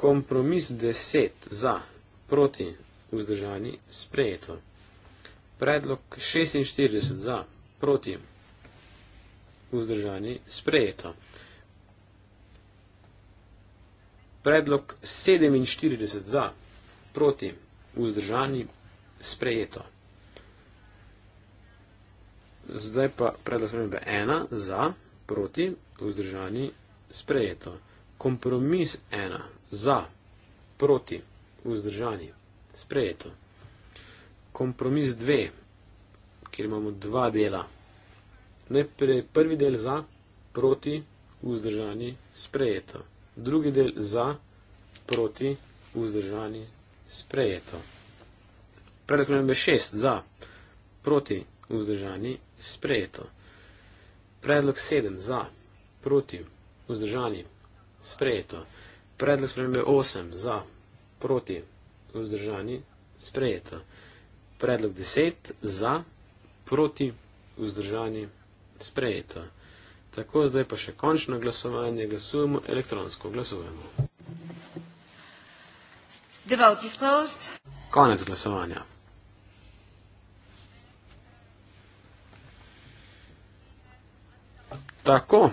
Kompromis 10 za, proti, vzdržani, sprejeto. Predlog 46 za, proti, vzdržani, sprejeto. Predlog 47 za, proti, vzdržani, sprejeto vzdržani, sprejeto. Zdaj pa predlog spremembe ena za, proti, vzdržani, sprejeto. Kompromis ena za, proti, vzdržani, sprejeto. Kompromis dve, kjer imamo dva dela. Najprej prvi del za, proti, vzdržani, sprejeto. Drugi del za, proti, vzdržani, sprejeto sprejeto. Predlog nam je šest za, proti vzdržani, sprejeto. Predlog sedem za, proti vzdržani, sprejeto. Predlog nam je osem za, proti vzdržani, sprejeto. Predlog deset za, proti vzdržani, sprejeto. Tako zdaj pa še končno glasovanje, glasujemo elektronsko, glasujemo. The vote is closed. Konec glasovanja. Tako,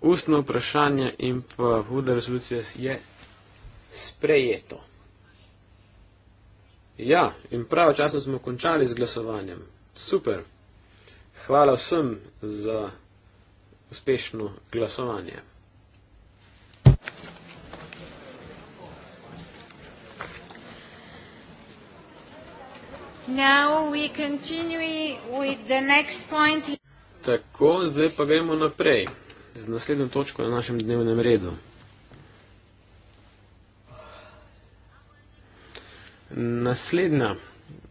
ustno vprašanje in pa huda rezolucija je sprejeto. Ja, in pravočasno smo končali z glasovanjem. Super. Hvala vsem za uspešno glasovanje. Tako, zdaj pa gremo naprej z naslednjo točko na našem dnevnem redu. Naslednja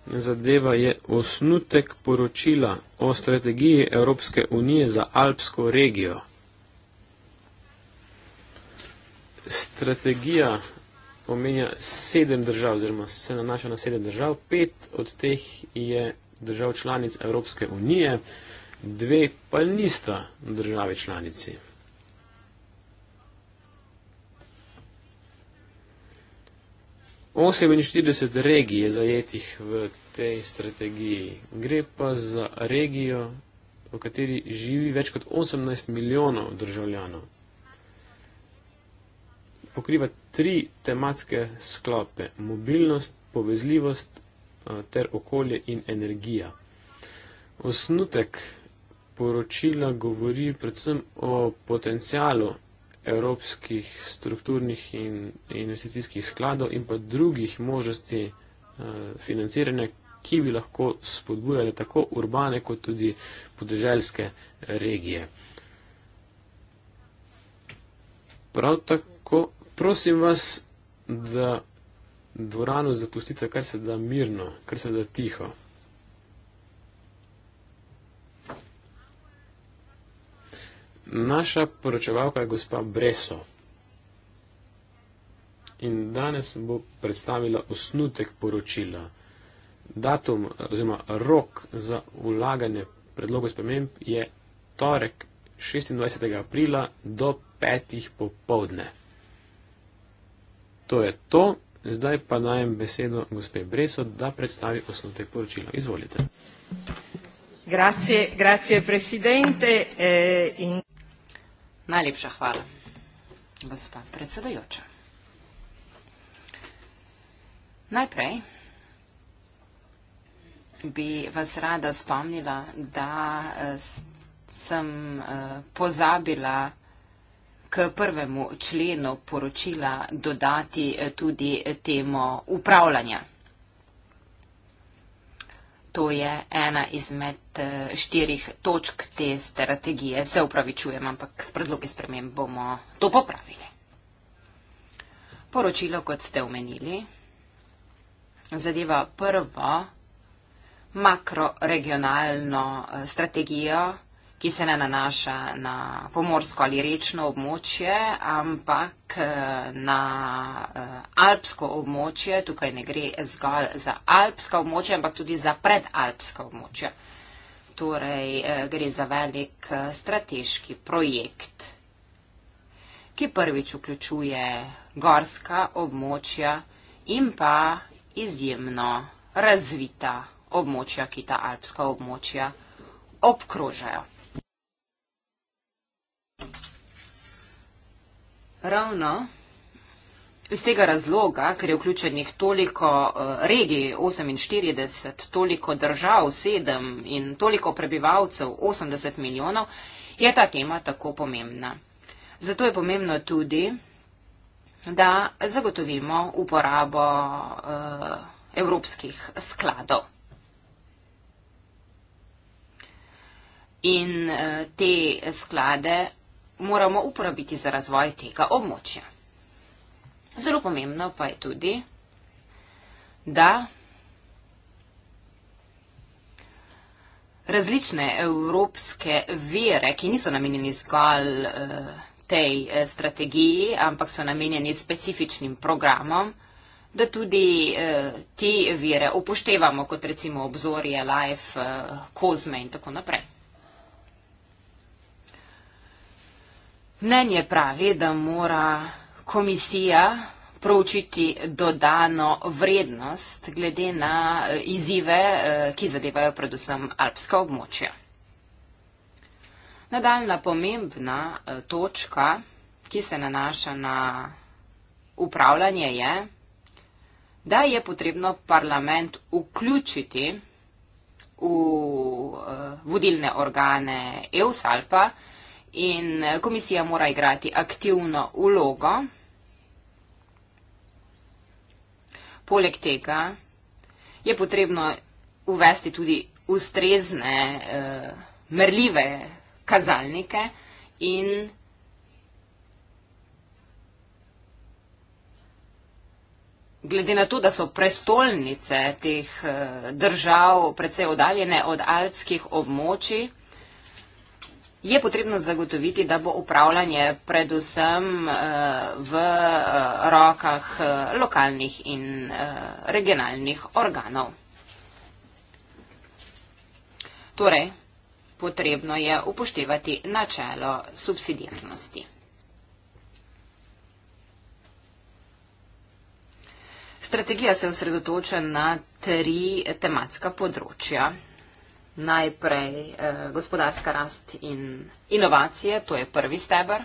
zadeva je osnutek poročila o strategiji Evropske unije za alpsko regijo. Strategija omenja sedem držav, oziroma se nanaša na sedem držav. Pet od teh je držav članic Evropske unije, dve pa nista države članici. Oseminštirideset regij je zajetih v tej strategiji. Gre pa za regijo, v kateri živi več kot 18 milijonov državljanov pokriva tri tematske sklope: mobilnost, povezljivost eh, ter okolje in energija. Osnutek poročila govori predvsem o potencijalu evropskih strukturnih in investicijskih skladov in pa drugih možnosti eh, financiranja, ki bi lahko spodbujali tako urbane kot tudi podeželske regije. Prav tako prosim vas, da dvorano zapustite kar se da mirno, kar se da tiho. Naša poročevalka je gospa Breso. In danes bo predstavila osnutek poročila. Datum oziroma rok za vlaganje predloga sprememb je torek 26. aprila do 5. popovdne. To je to. Zdaj pa dajem besedo gospe Breso, da predstavi osnutek poročila. Izvolite. Grazie, grazie presidente. Eh, in... Najlepša hvala, gospa predsedojoča. Najprej bi vas rada spomnila, da eh, sem eh, pozabila k prvemu členu poročila dodati eh, tudi eh, temo upravljanja. To je ena izmed eh, štirih točk te strategije. Se upravičujem, ampak s predlogi spremem bomo to popravili. Poročilo, kot ste omenili, zadeva prvo makroregionalno strategijo, ki se ne nanaša na pomorsko ali rečno območje, ampak eh, na eh, alpsko območje. Tukaj ne gre zgolj za alpska območja, ampak tudi za predalpska območja. Torej eh, gre za velik strateški projekt, ki prvič vključuje gorska območja in pa izjemno razvita območja, ki ta alpska območja obkrožajo. Ravno iz tega razloga, ker je vključenih toliko eh, regij 48, toliko držav 7 in toliko prebivalcev 80 milijonov, je ta tema tako pomembna. Zato je pomembno tudi, da zagotovimo uporabo eh, evropskih skladov. In eh, te sklade moramo uporabiti za razvoj tega območja. Zelo pomembno pa je tudi, da različne evropske vere, ki niso namenjeni zgolj eh, tej eh, strategiji, ampak so namenjeni specifičnim programom, da tudi eh, te vere upoštevamo kot recimo obzorje Life, Kozme in tako naprej. Mnenje pravi, da mora komisija proučiti dodano vrednost glede na e, izive, e, ki zadevajo predvsem alpska območja. Nadaljna pomembna e, točka, ki se nanaša na upravljanje, je, da je potrebno parlament vključiti v vodilne organe EU-Salpa, in komisija mora igrati aktivno ulogo. Poleg tega je potrebno uvesti tudi ustrezne eh, merljive kazalnike in glede na to, da so prestolnice teh eh, držav precej oddaljene od alpskih območij, je potrebno zagotoviti, da bo upravljanje predvsem eh, v eh, rokah eh, lokalnih in regionalnih organov. Torej, potrebno je upoštevati načelo subsidijarnosti. Strategija se osredotoča na tri tematska področja najprej eh, gospodarska rast in inovacije, to je prvi stebr.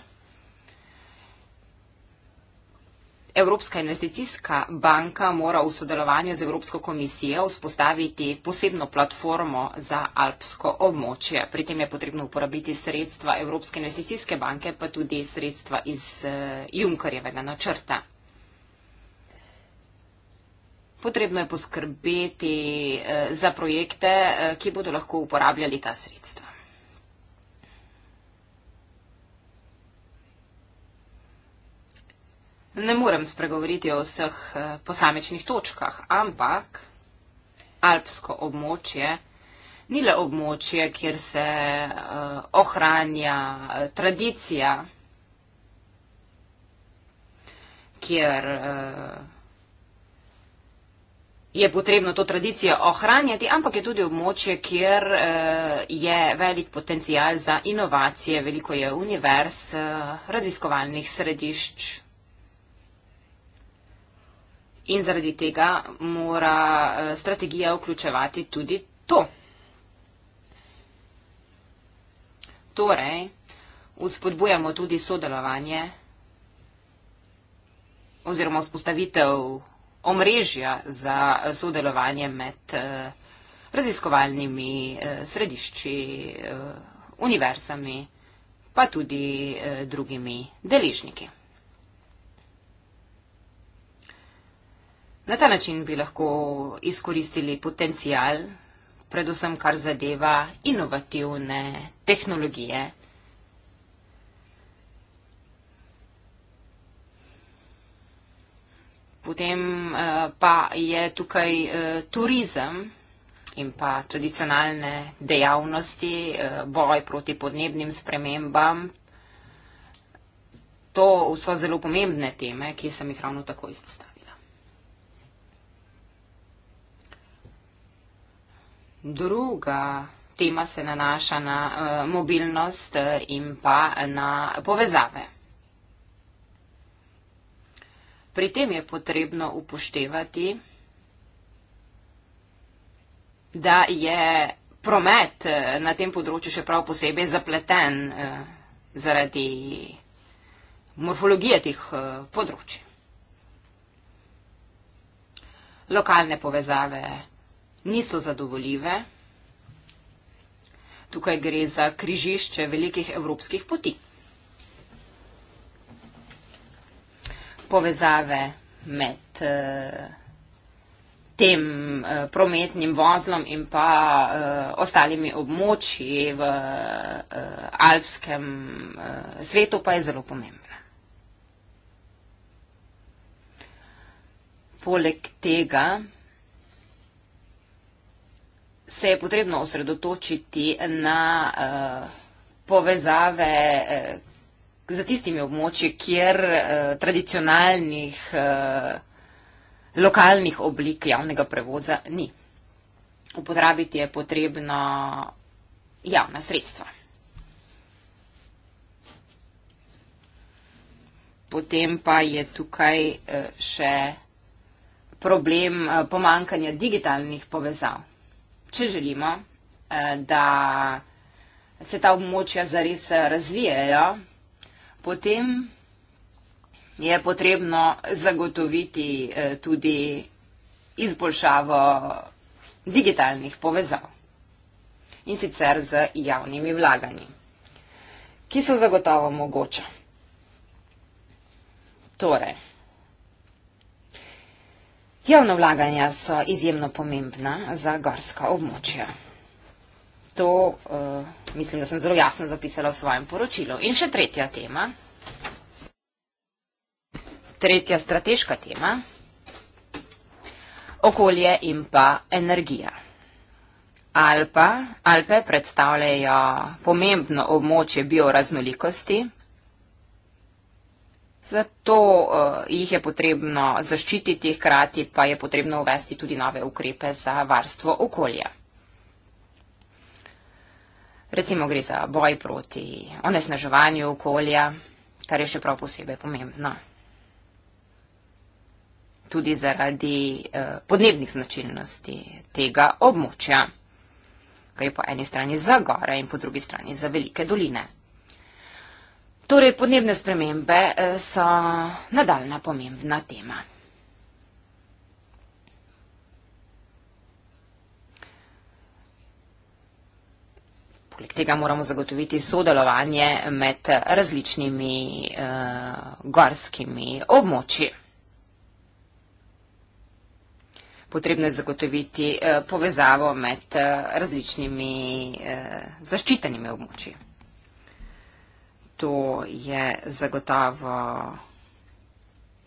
Evropska investicijska banka mora v sodelovanju z Evropsko komisijo vzpostaviti posebno platformo za alpsko območje. Pri tem je potrebno uporabiti sredstva Evropske investicijske banke, pa tudi sredstva iz eh, Junkarjevega načrta potrebno je poskrbeti eh, za projekte, eh, ki bodo lahko uporabljali ta sredstva. Ne morem spregovoriti o vseh eh, posamečnih točkah, ampak alpsko območje ni le območje, kjer se ohranja tradicija, kjer je potrebno to tradicijo ohranjati, ampak je tudi območje, kjer eh, je velik potencial za inovacije, veliko je univerz, eh, raziskovalnih središč. In zaradi tega mora eh, strategija vključevati tudi to. Torej, uspodbujamo tudi sodelovanje oziroma spostavitev omrežja za sodelovanje med eh, raziskovalnimi eh, središči, eh, univerzami, pa tudi drugimi deležniki. Na ta način bi lahko izkoristili potencial, predvsem kar zadeva inovativne tehnologije. Potem eh, pa je tukaj eh, turizem in pa tradicionalne dejavnosti, eh, boj proti podnebnim spremembam. To so zelo pomembne teme, ki sem jih ravno tako izpostavila. Druga tema se nanaša na mobilnost in pa na povezave. Pri tem je potrebno upoštevati, da je promet eh, na tem področju še prav posebej zapleten eh, zaradi morfologije teh eh, področji. Lokalne povezave niso zadovoljive. Tukaj gre za križišče velikih evropskih poti. povezave med eh, tem eh, prometnim vozlom in pa eh, ostalimi območji v alpskem svetu, pa je zelo pomembna. Poleg tega se je potrebno osredotočiti na povezave, za tistimi območji, kjer eh, tradicionalnih eh, lokalnih oblik javnega prevoza ni. Upotrebiti je potrebno javna sredstva. Potem pa je tukaj eh, še problem eh, pomankanja digitalnih povezav. Če želimo, eh, da se ta območja zares razvijajo, potem je potrebno zagotoviti eh, tudi izboljšavo digitalnih povezav in sicer z javnimi vlaganji, ki so zagotovo mogoče. Torej, javna vlaganja so izjemno pomembna za gorska območja to, uh, mislim, da sem zelo jasno zapisala v svojem poročilu. In še tretja tema. Tretja strateška tema. Okolje in pa energija. Alpa, Alpe predstavljajo pomembno območje bioraznolikosti, zato uh, jih je potrebno zaščititi, hkrati pa je potrebno uvesti tudi nove ukrepe za varstvo okolja. Recimo gre za boj proti onesnaževanju okolja, kar je še prav posebej pomembno. Tudi zaradi eh, podnebnih značilnosti tega območja, ker je po eni strani za gore in po drugi strani za velike doline. Torej, podnebne spremembe eh, so nadaljna pomembna tema. Poleg tega moramo zagotoviti sodelovanje med različnimi uh, gorskimi območji. Potrebno je zagotoviti uh, povezavo med uh, različnimi uh, zaščitenimi območji. To je zagotovo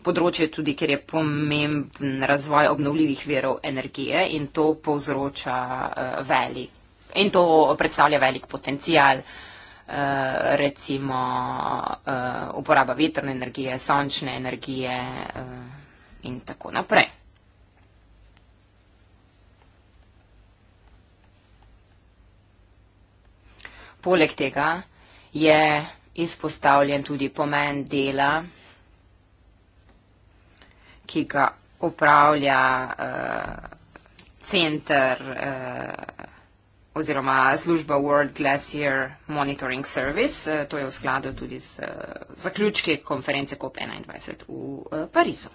področje tudi, ker je pomemben razvoj obnovljivih verov energije in to povzroča uh, velik In to predstavlja velik potencial, eh, recimo eh, uporaba vetrne energije, sončne energije eh, in tako naprej. Poleg tega je izpostavljen tudi pomen dela, ki ga upravlja center energije, oziroma služba World Glacier Monitoring Service. Eh, to je v skladu tudi z eh, zaključki konference COP21 v eh, Parizu.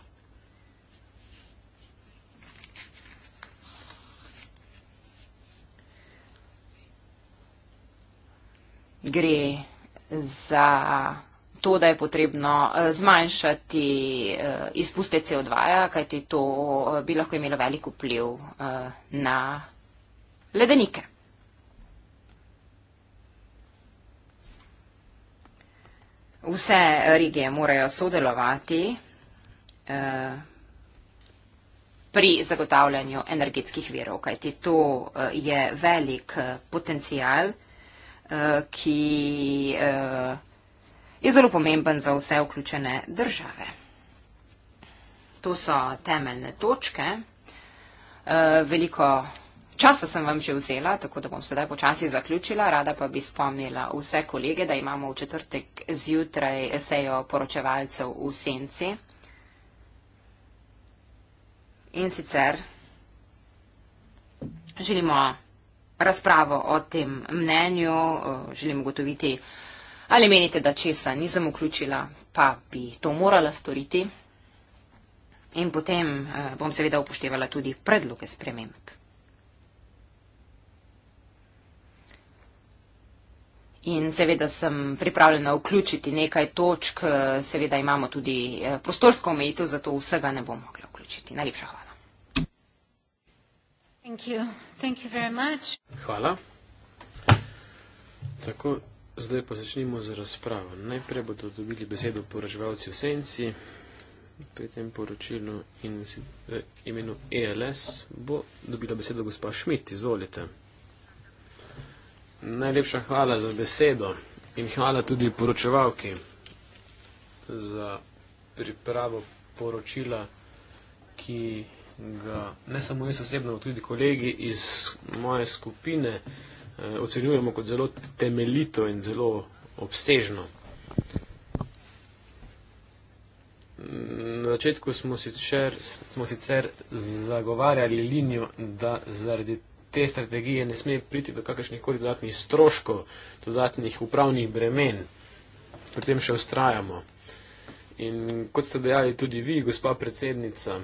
Gre za to, da je potrebno zmanjšati izpuste CO2, kajti to bi lahko imelo velik vpliv na ledenike. vse regije morajo sodelovati eh, pri zagotavljanju energetskih verov, kajti to eh, je velik eh, potencial, ki je zelo pomemben za vse vključene države. To so temeljne točke. Veliko časa sem vam že vzela, tako da bom sedaj počasi zaključila. Rada pa bi spomnila vse kolege, da imamo v četrtek zjutraj sejo poročevalcev v senci. In sicer želimo razpravo o tem mnenju, želimo gotoviti, ali menite, da česa nisem vključila, pa bi to morala storiti. In potem eh, bom seveda upoštevala tudi predloge sprememb. In seveda sem pripravljena vključiti nekaj točk, eh, seveda imamo tudi eh, prostorsko omejitev, zato vsega ne bom mogla vključiti. Najlepša hvala. Thank you. Thank you hvala. Tako, zdaj pa začnimo z razpravo. Najprej bodo dobili besedo poraževalci v senci pri tem poročilu in v eh, imenu ELS bo dobila besedo gospa Šmit. Izvolite. Najlepša hvala za besedo in hvala tudi poročevalki za pripravo poročila, ki ga ne samo jaz osebno, tudi kolegi iz moje skupine eh, ocenjujemo kot zelo temeljito in zelo obsežno. Na začetku smo sicer, smo sicer zagovarjali linijo, da zaradi te strategije ne sme priti do kakršnih koli dodatnih stroškov, dodatnih upravnih bremen. Pri tem še ustrajamo. In kot ste dejali tudi vi, gospa predsednica,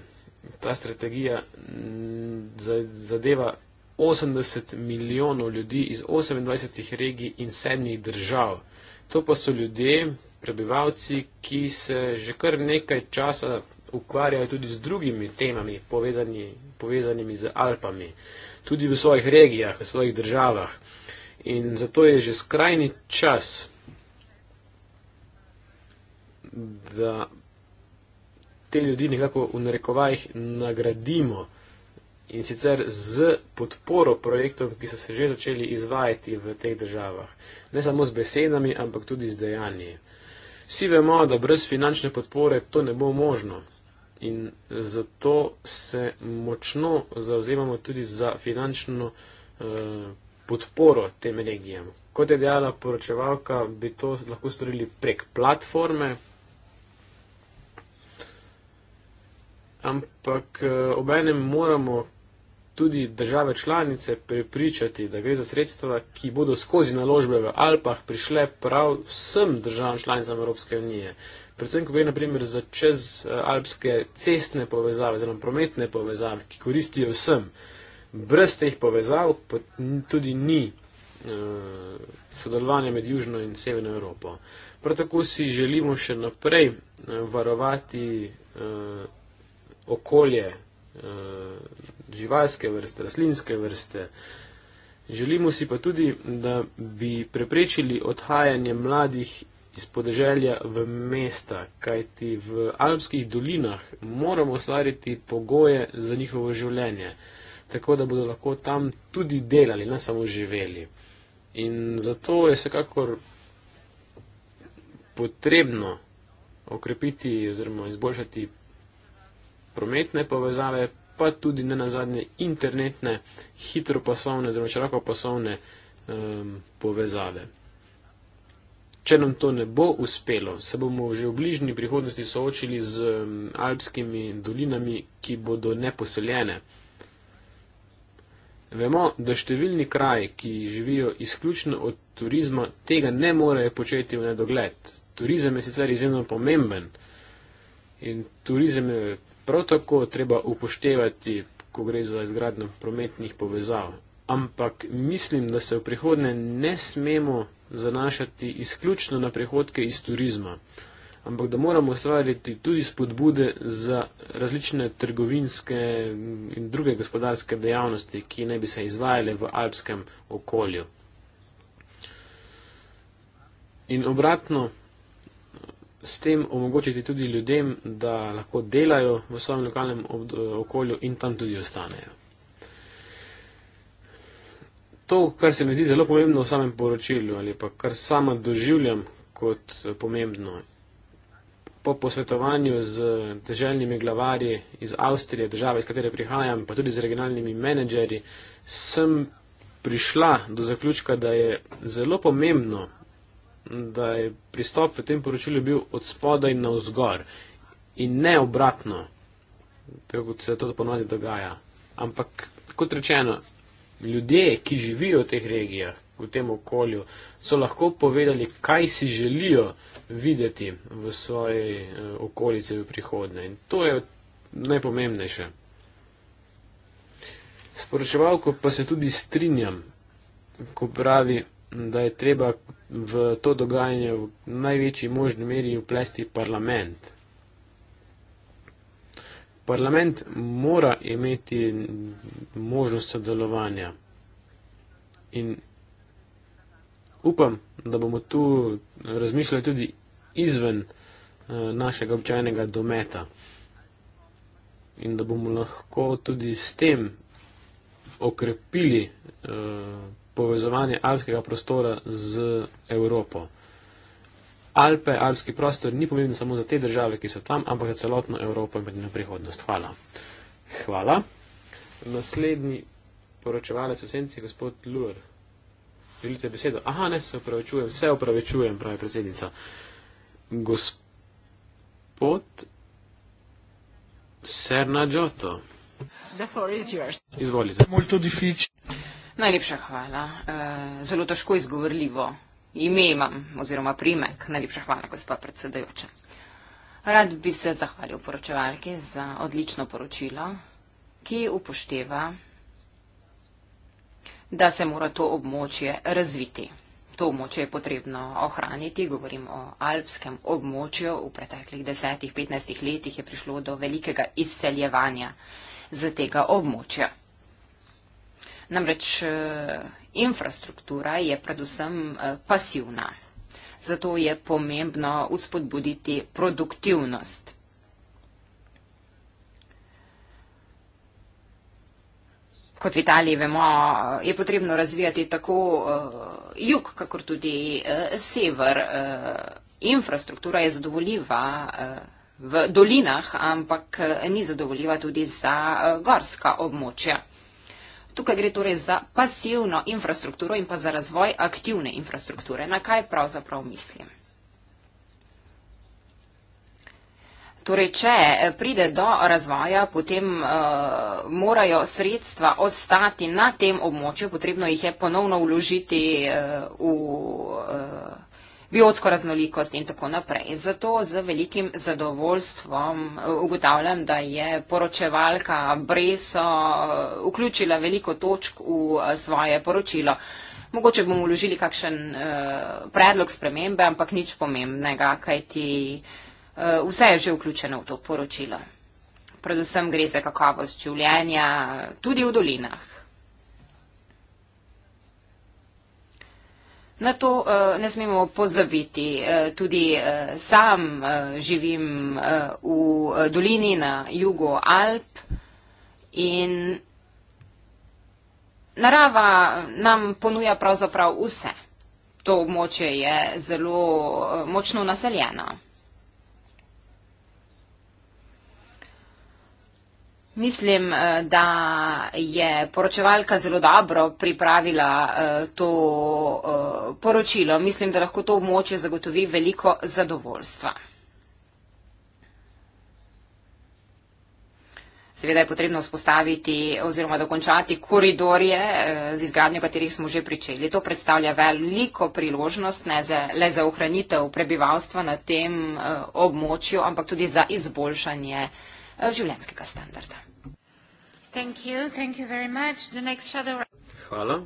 ta strategija mm, zadeva 80 milijonov ljudi iz 28 regij in 7 držav. To pa so ljudje, prebivalci, ki se že kar nekaj časa ukvarjajo tudi z drugimi temami povezani, povezanimi z Alpami tudi v svojih regijah, v svojih državah. In zato je že skrajni čas, da te ljudi nekako v narekovajih nagradimo in sicer z podporo projektov, ki so se že začeli izvajati v teh državah. Ne samo z besedami, ampak tudi z dejanji. Vsi vemo, da brez finančne podpore to ne bo možno in zato se močno zauzemamo tudi za finančno eh, podporo tem regijam. Kot je dejala poročevalka, bi to lahko storili prek platforme, ampak eh, obenem moramo tudi države članice prepričati, da gre za sredstva, ki bodo skozi naložbe v Alpah prišle prav vsem državam članicam Evropske unije predvsem, ko gre naprimer za čez eh, alpske cestne povezave, zelo prometne povezave, ki koristijo vsem. Brez teh povezav pa tudi ni uh, sodelovanja med Južno in Severno Evropo. Prav tako si želimo še naprej uh, varovati uh, okolje, uh, živalske vrste, rastlinske vrste. Želimo si pa tudi, da bi preprečili odhajanje mladih iz podeželja v mesta, kajti v alpskih dolinah moramo ustvariti pogoje za njihovo življenje, tako da bodo lahko tam tudi delali, ne samo živeli. In zato je vsekakor potrebno okrepiti oziroma izboljšati prometne povezave, pa tudi ne nazadnje internetne, hitro pasovne oziroma čarako pasovne um, povezave. Če nam to ne bo uspelo, se bomo že v bližnji prihodnosti soočili z alpskimi dolinami, ki bodo neposeljene. Vemo, da številni kraj, ki živijo izključno od turizma, tega ne morejo početi v nedogled. Turizem je sicer izjemno pomemben in turizem je prav tako treba upoštevati, ko gre za izgradnjo prometnih povezav. Ampak mislim, da se v prihodnje ne smemo zanašati izključno na prihodke iz turizma, ampak da moramo ustvarjati tudi spodbude za različne trgovinske in druge gospodarske dejavnosti, ki naj bi se izvajale v alpskem okolju. In obratno, s tem omogočiti tudi ljudem, da lahko delajo v svojem lokalnem okolju in tam tudi ostanejo to, kar se mi zdi zelo pomembno v samem poročilu ali pa kar sama doživljam kot eh, pomembno. Po posvetovanju z državnimi glavarji iz Avstrije, države, iz katere prihajam, pa tudi z regionalnimi menedžerji, sem prišla do zaključka, da je zelo pomembno, da je pristop v tem poročilu bil od spodaj na vzgor in ne obratno, tako kot se to ponovadi dogaja. Ampak, kot rečeno, ljudje, ki živijo v teh regijah, v tem okolju, so lahko povedali, kaj si želijo videti v svoji eh, okolici v prihodnje. In to je najpomembnejše. Sporočevalko pa se tudi strinjam, ko pravi, da je treba v to dogajanje v največji možni meri vplesti parlament parlament mora imeti možnost sodelovanja. In upam, da bomo tu razmišljali tudi izven eh, našega občajnega dometa. In da bomo lahko tudi s tem okrepili eh, povezovanje alpskega prostora z Evropo. Alpe, alpski prostor ni pomemben samo za te države, ki so tam, ampak za celotno Evropo in njeno prihodnost. Hvala. Hvala. Naslednji poročevalec v senci je gospod Lur. Želite besedo? Aha, ne, se opravičujem, se opravičujem, pravi predsednica. Gospod Serna Džoto. Izvolite. Najlepša hvala. Eh, zelo težko izgovorljivo Ime imam oziroma primek. Najlepša hvala, gospod predsedajoče. Rad bi se zahvalil poročevalki za odlično poročilo, ki upošteva, da se mora to območje razviti. To območje je potrebno ohraniti, govorim o alpskem območju. V preteklih desetih, petnajstih letih je prišlo do velikega izseljevanja z tega območja. Namreč eh, infrastruktura je predvsem eh, pasivna. Zato je pomembno uspodbuditi produktivnost. Kot v Italiji vemo, eh, je potrebno razvijati tako jug, kakor tudi sever. Infrastruktura je zadovoljiva v dolinah, ampak ni zadovoljiva tudi za gorska območja. Tukaj gre torej za pasivno infrastrukturo in pa za razvoj aktivne infrastrukture. Na kaj pravzaprav mislim? Torej, če eh, pride do razvoja, potem uh, morajo sredstva ostati na tem območju, potrebno jih je ponovno vložiti uh, v. Uh, biotsko raznolikost in tako naprej. Zato z velikim zadovoljstvom eh, ugotavljam, da je poročevalka Breso eh, vključila veliko točk v eh, svoje poročilo. Mogoče bomo vložili kakšen predlog spremembe, ampak nič pomembnega, kajti vse je že vključeno v to poročilo. Predvsem gre za kakovost življenja tudi v dolinah. Na to uh, ne smemo pozabiti. Uh, tudi uh, sam uh, živim uh, v uh, dolini na jugu Alp in narava nam ponuja pravzaprav vse. To območje je zelo uh, močno naseljeno. Mislim, eh, da je poročevalka zelo dobro pripravila eh, to eh, poročilo. Mislim, da lahko to območje zagotovi veliko zadovoljstva. Seveda je potrebno spostaviti oziroma dokončati koridorje, z izgradnjo katerih smo že pričeli. To predstavlja veliko priložnost ne za, le za ohranitev prebivalstva na tem območju, ampak tudi za izboljšanje življenskega standarda. Thank you. Thank you very much. The next shadow... Hvala.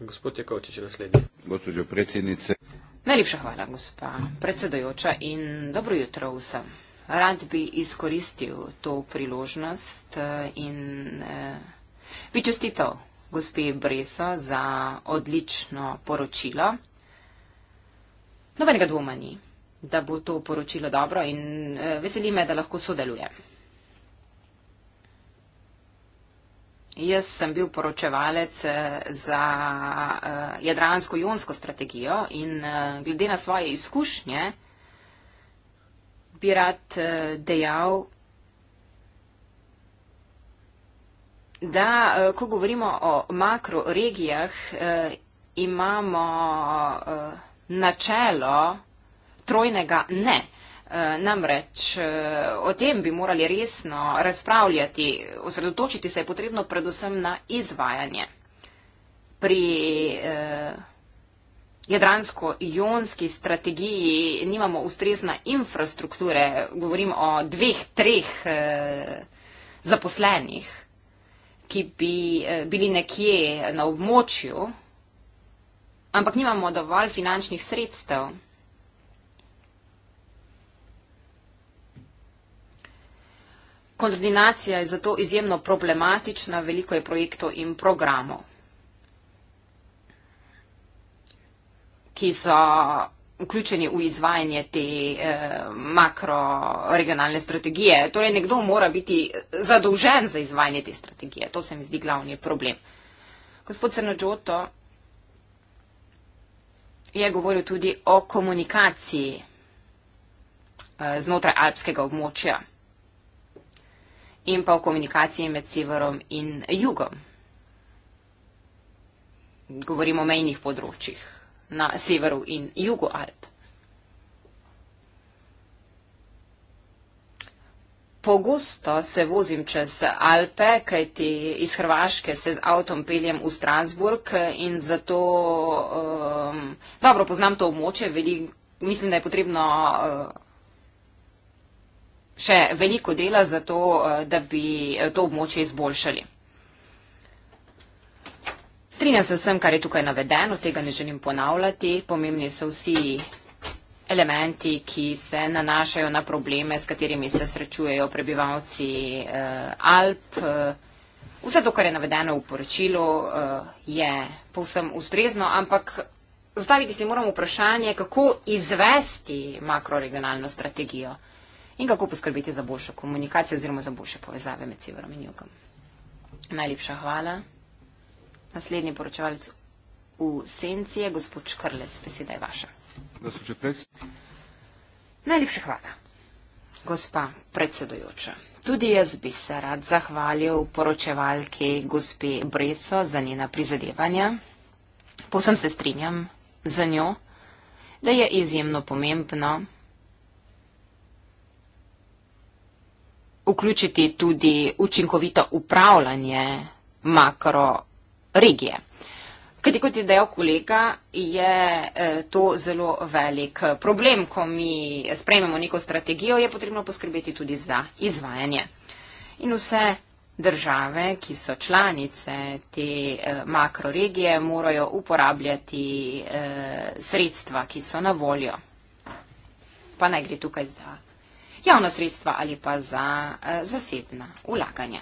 Gospod Jakovčič, naslednji. Gospodžo predsednice. Najlepša hvala, gospa predsedojoča in dobro jutro vsem. Rad bi izkoristil to priložnost eh, in eh, bi čestitev gospe Breso za odlično poročilo. Nobenega dvoma ni, da bo to poročilo dobro in eh, veseli me, da lahko sodelujem. Jaz sem bil poročevalec eh, za eh, jadransko-jonsko strategijo in eh, glede na svoje izkušnje bi rad dejal, da ko govorimo o makroregijah, imamo načelo trojnega ne. E, namreč e, o tem bi morali resno razpravljati, osredotočiti se je potrebno predvsem na izvajanje. Pri eh, jadransko-ionski strategiji nimamo ustrezna infrastrukture, govorim o dveh, treh eh, zaposlenih, ki bi eh, bili nekje na območju, ampak nimamo dovolj finančnih sredstev. Koordinacija je zato izjemno problematična, veliko je projektov in programov, ki so vključeni v izvajanje te eh, makroregionalne strategije. Torej, nekdo mora biti zadolžen za izvajanje te strategije. To se mi zdi glavni problem. Gospod Srnočoto je govoril tudi o komunikaciji eh, znotraj alpskega območja in pa v komunikaciji med severom in jugom. Govorimo o mejnih področjih na severu in jugu Alp. Pogosto se vozim čez Alpe, kajti iz Hrvaške se z avtom peljem v Strasburg in zato um, dobro poznam to območje. Veli, mislim, da je potrebno. Uh, še veliko dela za to, eh, da bi eh, to območje izboljšali. Strinjam se vsem, kar je tukaj navedeno, tega ne želim ponavljati. Pomembni so vsi elementi, ki se nanašajo na probleme, s katerimi se srečujejo prebivalci eh, Alp. Vse to, kar je navedeno v poročilu, je povsem ustrezno, ampak zastaviti si moramo vprašanje, kako izvesti makroregionalno strategijo in kako poskrbeti za boljšo komunikacijo oziroma za boljše povezave med severom in jugom. Najlepša hvala. Naslednji poročevalec v senci je gospod Škrlec. Beseda je vaša. Gospod Čepres. Najlepša hvala. Gospa predsedujoča. Tudi jaz bi se rad zahvalil poročevalki gospe Breso za njena prizadevanja. Povsem se strinjam z njo, da je izjemno pomembno, vključiti tudi učinkovito upravljanje makro regije. Kajti kot je dejal kolega, je eh, to zelo velik eh, problem. Ko mi sprejmemo neko strategijo, je potrebno poskrbeti tudi za izvajanje. In vse države, ki so članice te eh, makroregije, morajo uporabljati sredstva, ki so na voljo. Pa naj gre tukaj zdaj javna sredstva ali pa za eh, zasebna ulaganja.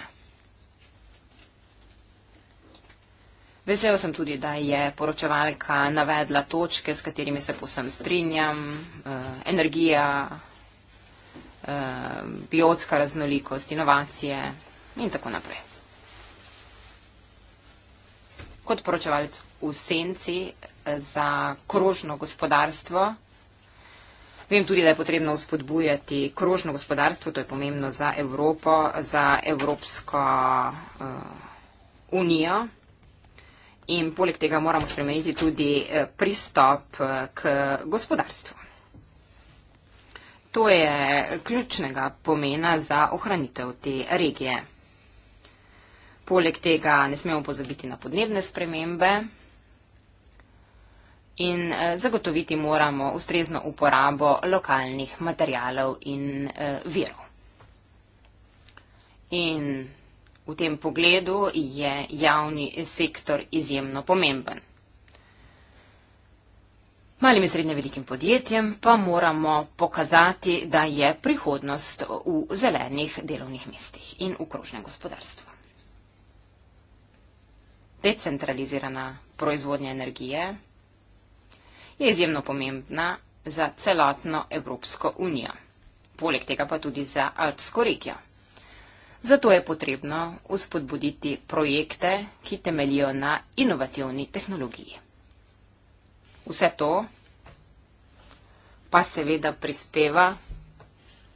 Vesel sem tudi, da je poročevalka navedla točke, s katerimi se posem strinjam. Eh, energija, eh, biotska raznolikost, inovacije in tako naprej. Kot poročevalec v senci za krožno gospodarstvo, Vem tudi, da je potrebno vzpodbujati krožno gospodarstvo, to je pomembno za Evropo, za Evropsko uh, unijo. In poleg tega moramo spremeniti tudi eh, pristop eh, k gospodarstvu. To je ključnega pomena za ohranitev te regije. Poleg tega ne smemo pozabiti na podnebne spremembe in eh, zagotoviti moramo ustrezno uporabo lokalnih materialov in eh, virov. In v tem pogledu je javni sektor izjemno pomemben. Malim in srednje velikim podjetjem pa moramo pokazati, da je prihodnost v zelenih delovnih mestih in v krožnem gospodarstvu. Decentralizirana proizvodnja energije je izjemno pomembna za celotno Evropsko unijo, poleg tega pa tudi za Alpsko regijo. Zato je potrebno uspodbuditi projekte, ki temelijo na inovativni tehnologiji. Vse to pa seveda prispeva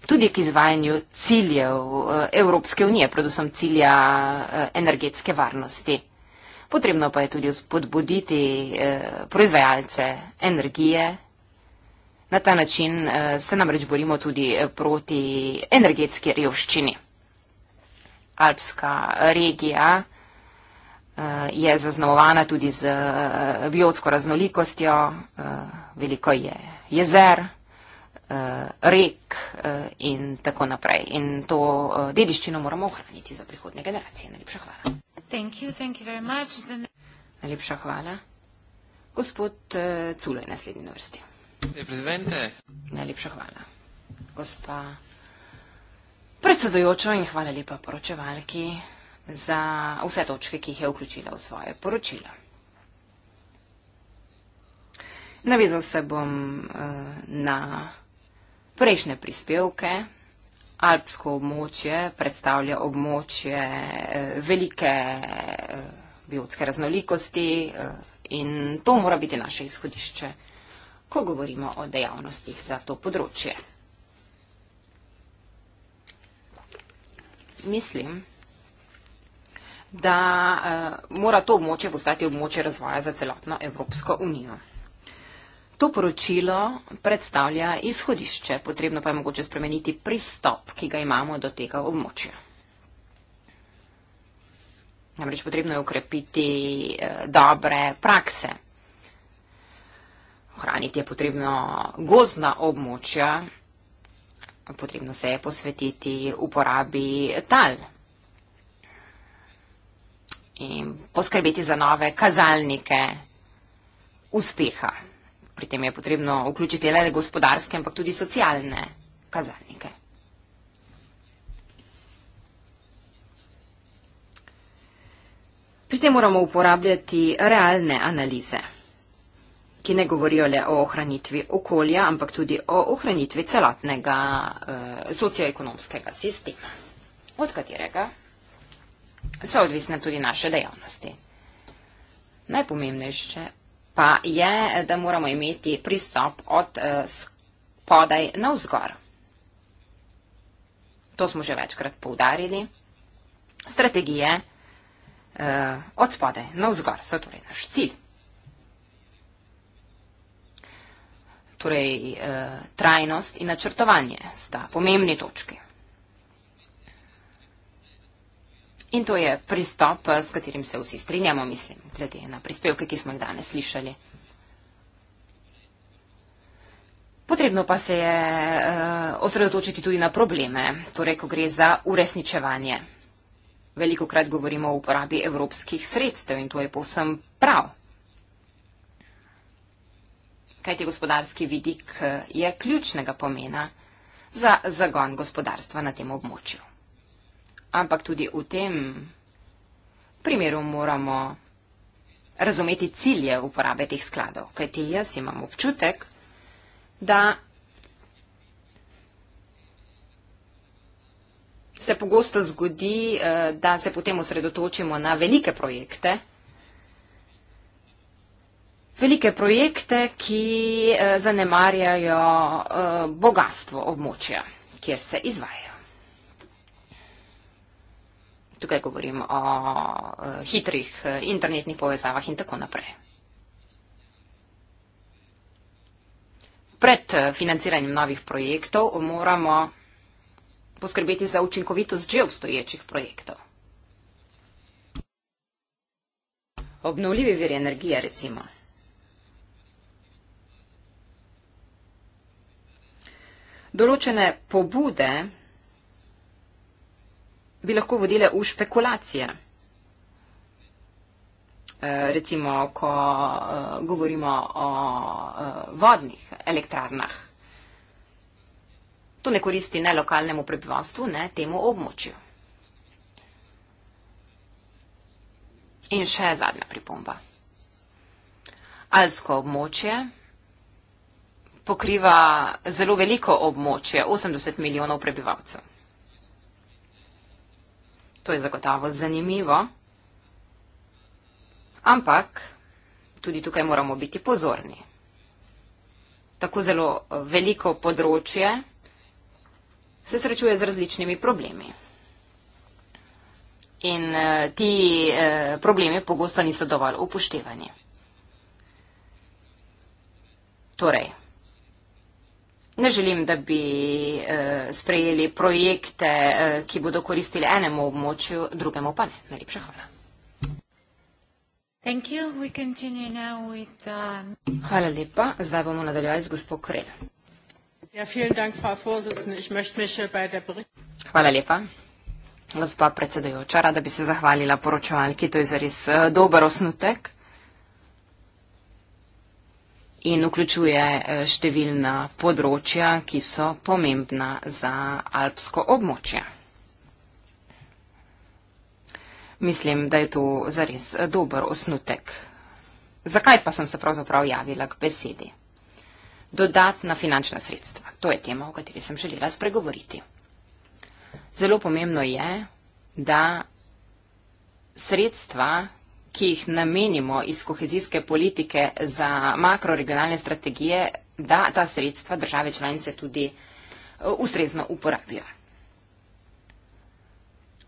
tudi k izvajanju ciljev eh, Evropske unije, predvsem cilja eh, energetske varnosti. Potrebno pa je tudi spodbuditi eh, proizvajalce energije. Na ta način eh, se namreč borimo tudi eh, proti energetski revščini. Alpska regija je zaznamovana tudi z biotsko raznolikostjo, veliko je jezer, rek in tako naprej. In to dediščino moramo ohraniti za prihodne generacije. Najlepša hvala. Thank you. Thank you very much. Najlepša hvala. Gospod eh, Culo je naslednji na vrsti. Najlepša hvala. Gospa predsedojočo in hvala lepa poročevalki za vse točke, ki jih je vključila v svoje poročilo. Navezal se bom uh, na prejšnje prispevke, Alpsko območje predstavlja območje eh, velike eh, biotske raznolikosti eh, in to mora biti naše izhodišče, ko govorimo o dejavnostih za to področje. Mislim, da mora to območje postati območje razvoja za celotno Evropsko unijo. To poročilo predstavlja izhodišče, potrebno pa je mogoče spremeniti pristop, ki ga imamo do tega območja. Namreč potrebno je ukrepiti eh, dobre prakse. Ohraniti je potrebno gozna območja, potrebno se je posvetiti uporabi tal in poskrbeti za nove kazalnike uspeha pri tem je potrebno vključiti le gospodarske, ampak tudi socialne kazalnike. Pri tem moramo uporabljati realne analize, ki ne govorijo le o ohranitvi okolja, ampak tudi o ohranitvi celotnega eh, socioekonomskega sistema, od katerega so odvisne tudi naše dejavnosti. Najpomembnejše pa je, da moramo imeti pristop od eh, spodaj na vzgor. To smo že večkrat poudarili. Strategije eh, od spodaj na vzgor so torej naš cilj. Torej, eh, trajnost in načrtovanje sta pomembni točki. In to je pristop, s katerim se vsi strinjamo, mislim, glede na prispevke, ki smo jih danes slišali. Potrebno pa se je uh, osredotočiti tudi na probleme, torej ko gre za uresničevanje. Veliko krat govorimo o uporabi evropskih sredstev in to je povsem prav. Kaj ti gospodarski vidik eh, je ključnega pomena za zagon gospodarstva na tem območju? ampak tudi v tem primeru moramo razumeti cilje uporabe teh skladov, kajti jaz imam občutek, da se pogosto zgodi, eh, da se potem osredotočimo na velike projekte, velike projekte, ki eh, zanemarjajo eh, bogatstvo območja, kjer se izvaja tukaj govorim o eh, hitrih eh, internetnih povezavah in tako naprej. Pred eh, financiranjem novih projektov moramo poskrbeti za učinkovitost že obstoječih projektov. Obnovljivi vir energije recimo. Določene pobude, bi lahko vodile v špekulacije. Eh, recimo, ko eh, govorimo o eh, vodnih elektrarnah. To ne koristi ne lokalnemu prebivalstvu, ne temu območju. In še zadnja pripomba. Alsko območje pokriva zelo veliko območje, 80 milijonov prebivalcev. To je zagotovo zanimivo. Ampak tudi tukaj moramo biti pozorni. Tako zelo eh, veliko področje se srečuje z različnimi problemi. In eh, ti eh, problemi pogosto niso dovolj upoštevani. Torej, ne želim, da bi eh, sprejeli projekte, eh, ki bodo koristili enemu območju, drugemu pa ne. Najlepša hvala. Uh, hvala lepa. Zdaj bomo nadaljevali z gospod Korel. Ja, hvala lepa. Gospa predsedujoča, rada bi se zahvalila poročevalki, to je zares eh, dober osnutek in vključuje eh, številna področja, ki so pomembna za alpsko območje. Mislim, da je to zares eh, dober osnutek. Zakaj pa sem se pravzaprav javila k besedi? Dodatna finančna sredstva. To je tema, o kateri sem želela spregovoriti. Zelo pomembno je, da sredstva, ki jih namenimo iz kohezijske politike za makroregionalne strategije, da ta sredstva države članice tudi eh, ustrezno uporabijo.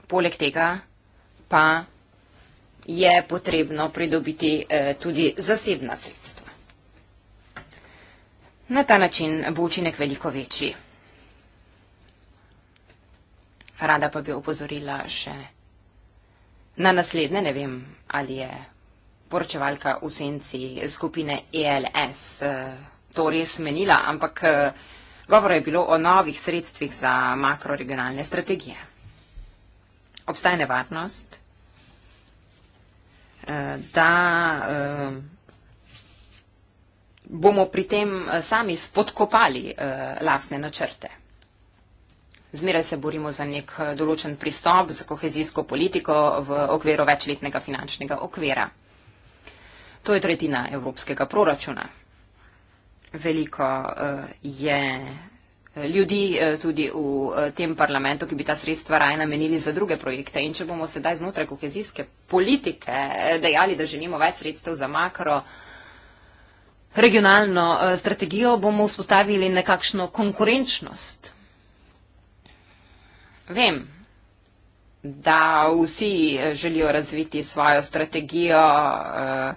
Poleg tega pa je potrebno pridobiti eh, tudi zasebna sredstva. Na ta način bo učinek veliko večji. Rada pa bi opozorila še nekaj. Na naslednje ne vem, ali je poročevalka v senci skupine ELS eh, to res menila, ampak eh, govora je bilo o novih sredstvih za makroregionalne strategije. Obstaja nevarnost, eh, da bomo pri tem sami spodkopali lastne načrte zmeraj se borimo za nek eh, določen pristop za kohezijsko politiko v okviru večletnega finančnega okvira. To je tretjina evropskega proračuna. Veliko uh, je eh, ljudi uh, tudi v uh, tem parlamentu, ki bi ta sredstva raje namenili za druge projekte. In če bomo sedaj znotraj kohezijske politike dejali, da želimo več sredstev za makro, regionalno uh, strategijo, bomo vzpostavili nekakšno konkurenčnost vem, da vsi želijo razviti svojo strategijo. Eh,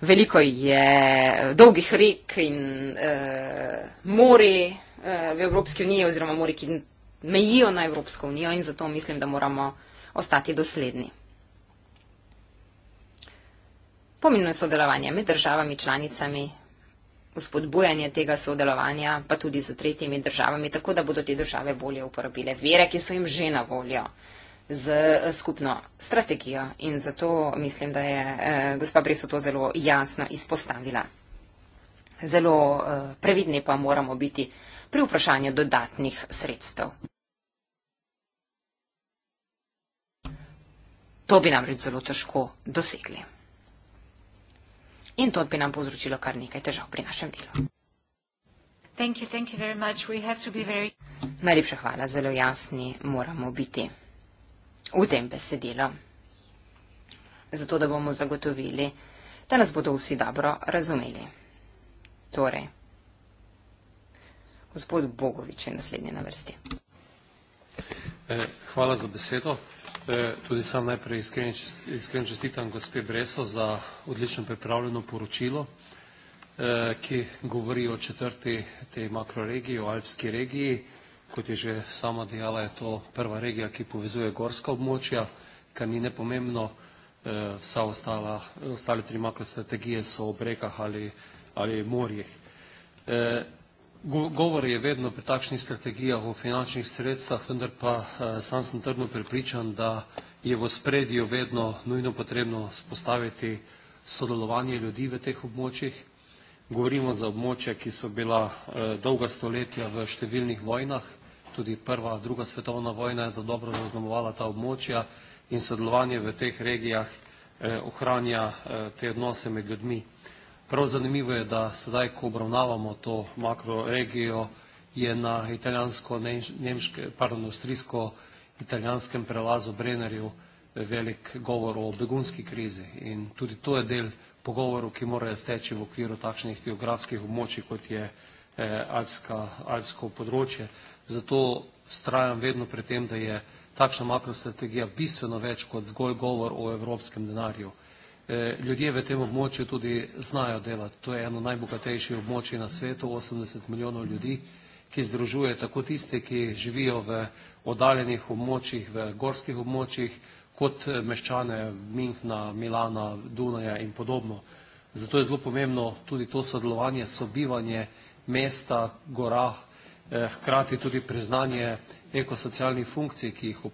veliko je dolgih rek in uh, mori uh, v Evropski uniji oziroma mori, ki mejijo na Evropsko unijo in zato mislim, da moramo ostati dosledni. Pomembno je sodelovanje med državami članicami spodbujanje tega sodelovanja, pa tudi z tretjimi državami, tako da bodo te države bolje uporabile vere, ki so jim že na voljo z eh, skupno strategijo. In zato mislim, da je eh, gospa Briso to zelo jasno izpostavila. Zelo eh, previdni pa moramo biti pri vprašanju dodatnih sredstev. To bi namreč zelo težko dosegli in to bi nam povzročilo kar nekaj težav pri našem delu. Thank you, thank you very... Najlepša hvala, zelo jasni moramo biti v tem besedilu, zato da bomo zagotovili, da nas bodo vsi dobro razumeli. Torej, gospod Bogovič je naslednji na vrsti. Eh, hvala za besedo. E, tudi sam najprej iskren čestitam gospe Breso za odlično pripravljeno poročilo, e, ki govori o četrti tej makroregiji, o Alpski regiji. Kot je že sama dejala, je to prva regija, ki povezuje gorska območja, kar ni nepomembno. E, vsa ostala, ostale tri makrostrategije so ob rekah ali, ali morjih govor je vedno pri takšnih strategijah o finančnih sredstvah, vendar pa eh, sam sem trdno prepričan, da je v spredju vedno nujno potrebno spostaviti sodelovanje ljudi v teh območjih. Govorimo za območja, ki so bila eh, dolga stoletja v številnih vojnah, tudi prva, druga svetovna vojna je to dobro zaznamovala ta območja in sodelovanje v teh regijah eh, ohranja te odnose med ljudmi. Prav zanimivo je, da sedaj, ko obravnavamo to makroregijo, je na avstrijsko-italijanskem prelazu Brennerju eh, velik govor o begunski krizi in tudi to je del pogovorov, ki morajo steči v okviru takšnih geografskih območij, kot je eh, alpsko področje. Zato strajam vedno pri tem, da je takšna makrostrategija bistveno več kot zgolj govor o evropskem denarju. Eh, ljudje v tem območju tudi znajo delati. To je eno najbogatejših območij na svetu, 80 milijonov ljudi, ki združuje tako tiste, ki živijo v oddaljenih območjih, v gorskih območjih, kot eh, meščane Minhna, Milana, Dunaja in podobno. Zato je zelo pomembno tudi to sodelovanje, sobivanje mesta, gora, eh, hkrati tudi priznanje ekosocialnih funkcij, ki jih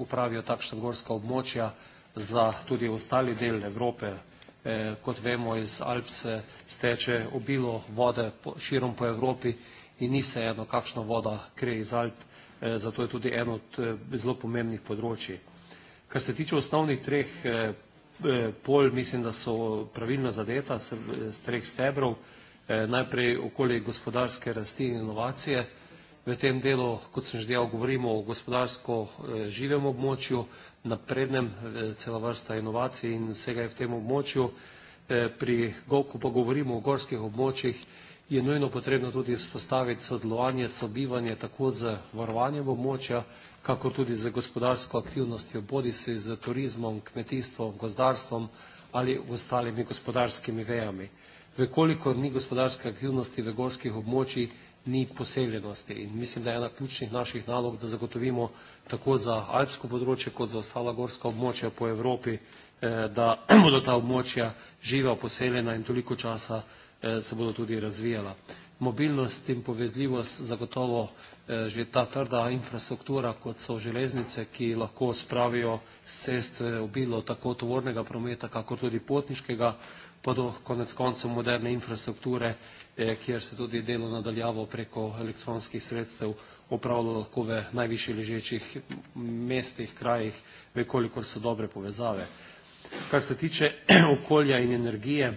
upravijo takšna gorska območja, za tudi ostali del Evrope. Eh, kot vemo, iz Alp se eh, steče obilo vode širom po Evropi in ni se eno, kakšna voda kre iz Alp, eh, zato je tudi eno od zelo pomembnih področji. Kar se tiče osnovnih treh pol, mislim, da so pravilno zadeta z treh stebrov. Najprej okoli gospodarske rasti in inovacije, V tem delu, kot sem že dejal, govorimo o gospodarsko eh, živem območju, naprednem eh, cela vrsta inovacij in vsega je v tem območju. Eh, pri GOK-u pa govorimo o gorskih območjih, je nujno potrebno tudi vzpostaviti sodelovanje, sobivanje tako z varovanjem območja, kakor tudi z gospodarsko aktivnostjo, bodi se z turizmom, kmetijstvom, gozdarstvom ali ostalimi gospodarskimi vejami. Vekolikor ni gospodarske aktivnosti v gorskih območjih, ni poseljenosti. In mislim, da je ena ključnih naših nalog, da zagotovimo tako za alpsko področje, kot za ostala gorska območja po Evropi, eh, da bodo ta območja živa, poseljena in toliko časa eh, se bodo tudi razvijala. Mobilnost in povezljivost zagotovo Eh, že ta trda infrastruktura, kot so železnice, ki lahko spravijo z cest obilo tako tovornega prometa, kako tudi potniškega, pa do konec koncev moderne infrastrukture, eh, kjer se tudi delo nadaljavo preko elektronskih sredstev opravlja lahko v najvišji ležečih mestih, krajih, vekolikor so dobre povezave. Kar se tiče okolja in energije,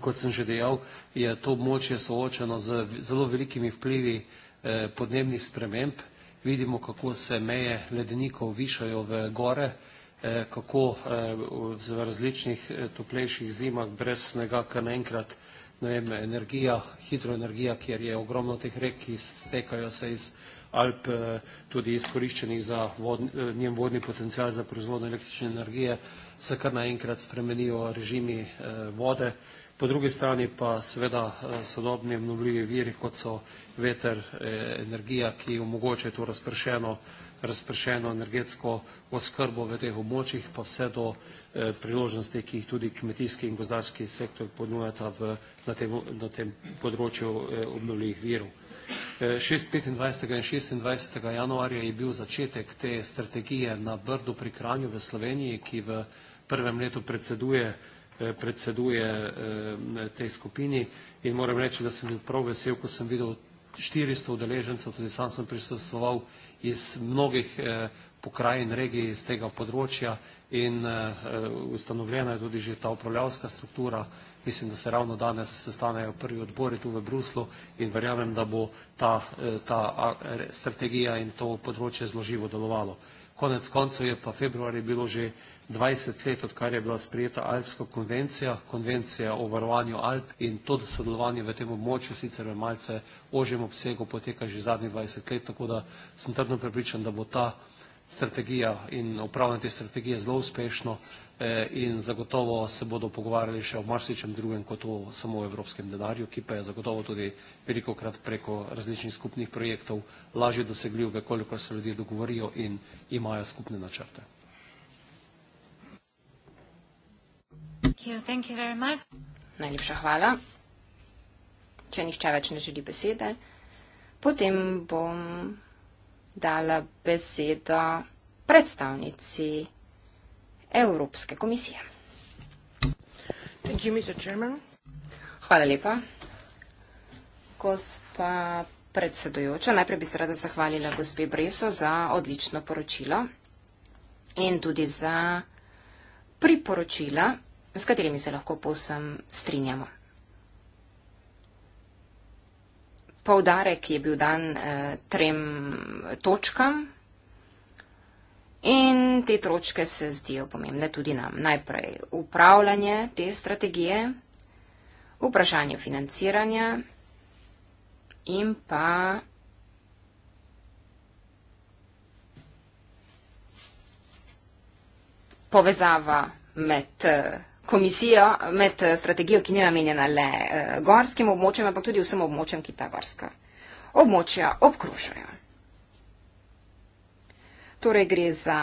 kot sem že dejal, je to območje soočeno z zelo velikimi vplivi Eh, podnebnih sprememb, vidimo, kako se meje ledenikov višajo v gore, eh, kako eh, v različnih toplejših zimah brez snega, kar naenkrat energija, hidroenergija, kjer je ogromno teh rek, ki stekajo se iz Alp, tudi izkoriščenih za njen vodni potencial za proizvodno električne energije, se kar naenkrat spremenijo režimi vode, Po drugi strani pa seveda eh, sodobni obnovljivi viri, kot so veter, eh, energija, ki omogoča to razpršeno, razpršeno energetsko oskrbo v teh območjih, pa vse do eh, priložnosti, ki jih tudi kmetijski in gozdarski sektor ponujata v, na, tem, na tem področju obnovljivih virov. 25. in 26. januarja je bil začetek te strategije na Brdu pri Kranju v Sloveniji, ki v prvem letu predseduje Eh, predseduje eh, tej skupini in moram reči, da sem bil prav vesel, ko sem videl 400 udeležencev, tudi sam sem prisostoval iz mnogih eh, pokrajin, regij iz tega področja in ustanovljena je tudi že ta upravljavska struktura. Mislim, da se ravno danes sestanejo prvi odbori tu v Bruslu in verjamem, da bo ta strategija in to področje zloživo delovalo. Konec koncev je pa februarje bilo že vsega, 20 let, odkar je bila sprejeta Alpsko konvencija, konvencija o varovanju Alp in to sodelovanje v tem območju sicer v malce ožjem obsegu poteka že zadnjih 20 let, tako da sem trdno prepričan, da bo ta strategija in upravljanje te strategije zelo uspešno eh, in zagotovo se bodo pogovarjali še o marsičem drugem kot o samo evropskem denarju, ki pa je zagotovo tudi veliko krat preko različnih skupnih projektov lažje dosegljiv, koliko se ljudje dogovorijo in imajo skupne načrte. Thank you very much. Najlepša hvala. Če nihče več ne želi besede, potem bom dala besedo predstavnici Evropske komisije. Thank you, Mr. Chairman. Hvala lepa. Gospa predsedujoča, najprej bi se rada zahvalila gospe Breso za odlično poročilo in tudi za priporočila s katerimi se lahko povsem strinjamo. Poudarek je bil dan eh, trem točkam in te točke se zdijo pomembne tudi nam. Najprej upravljanje te strategije, vprašanje financiranja in pa povezava med eh, komisijo med eh, strategijo, ki ni namenjena le eh, gorskim območjem, ampak tudi vsem območjem, ki ta gorska območja obkrožajo. Torej gre za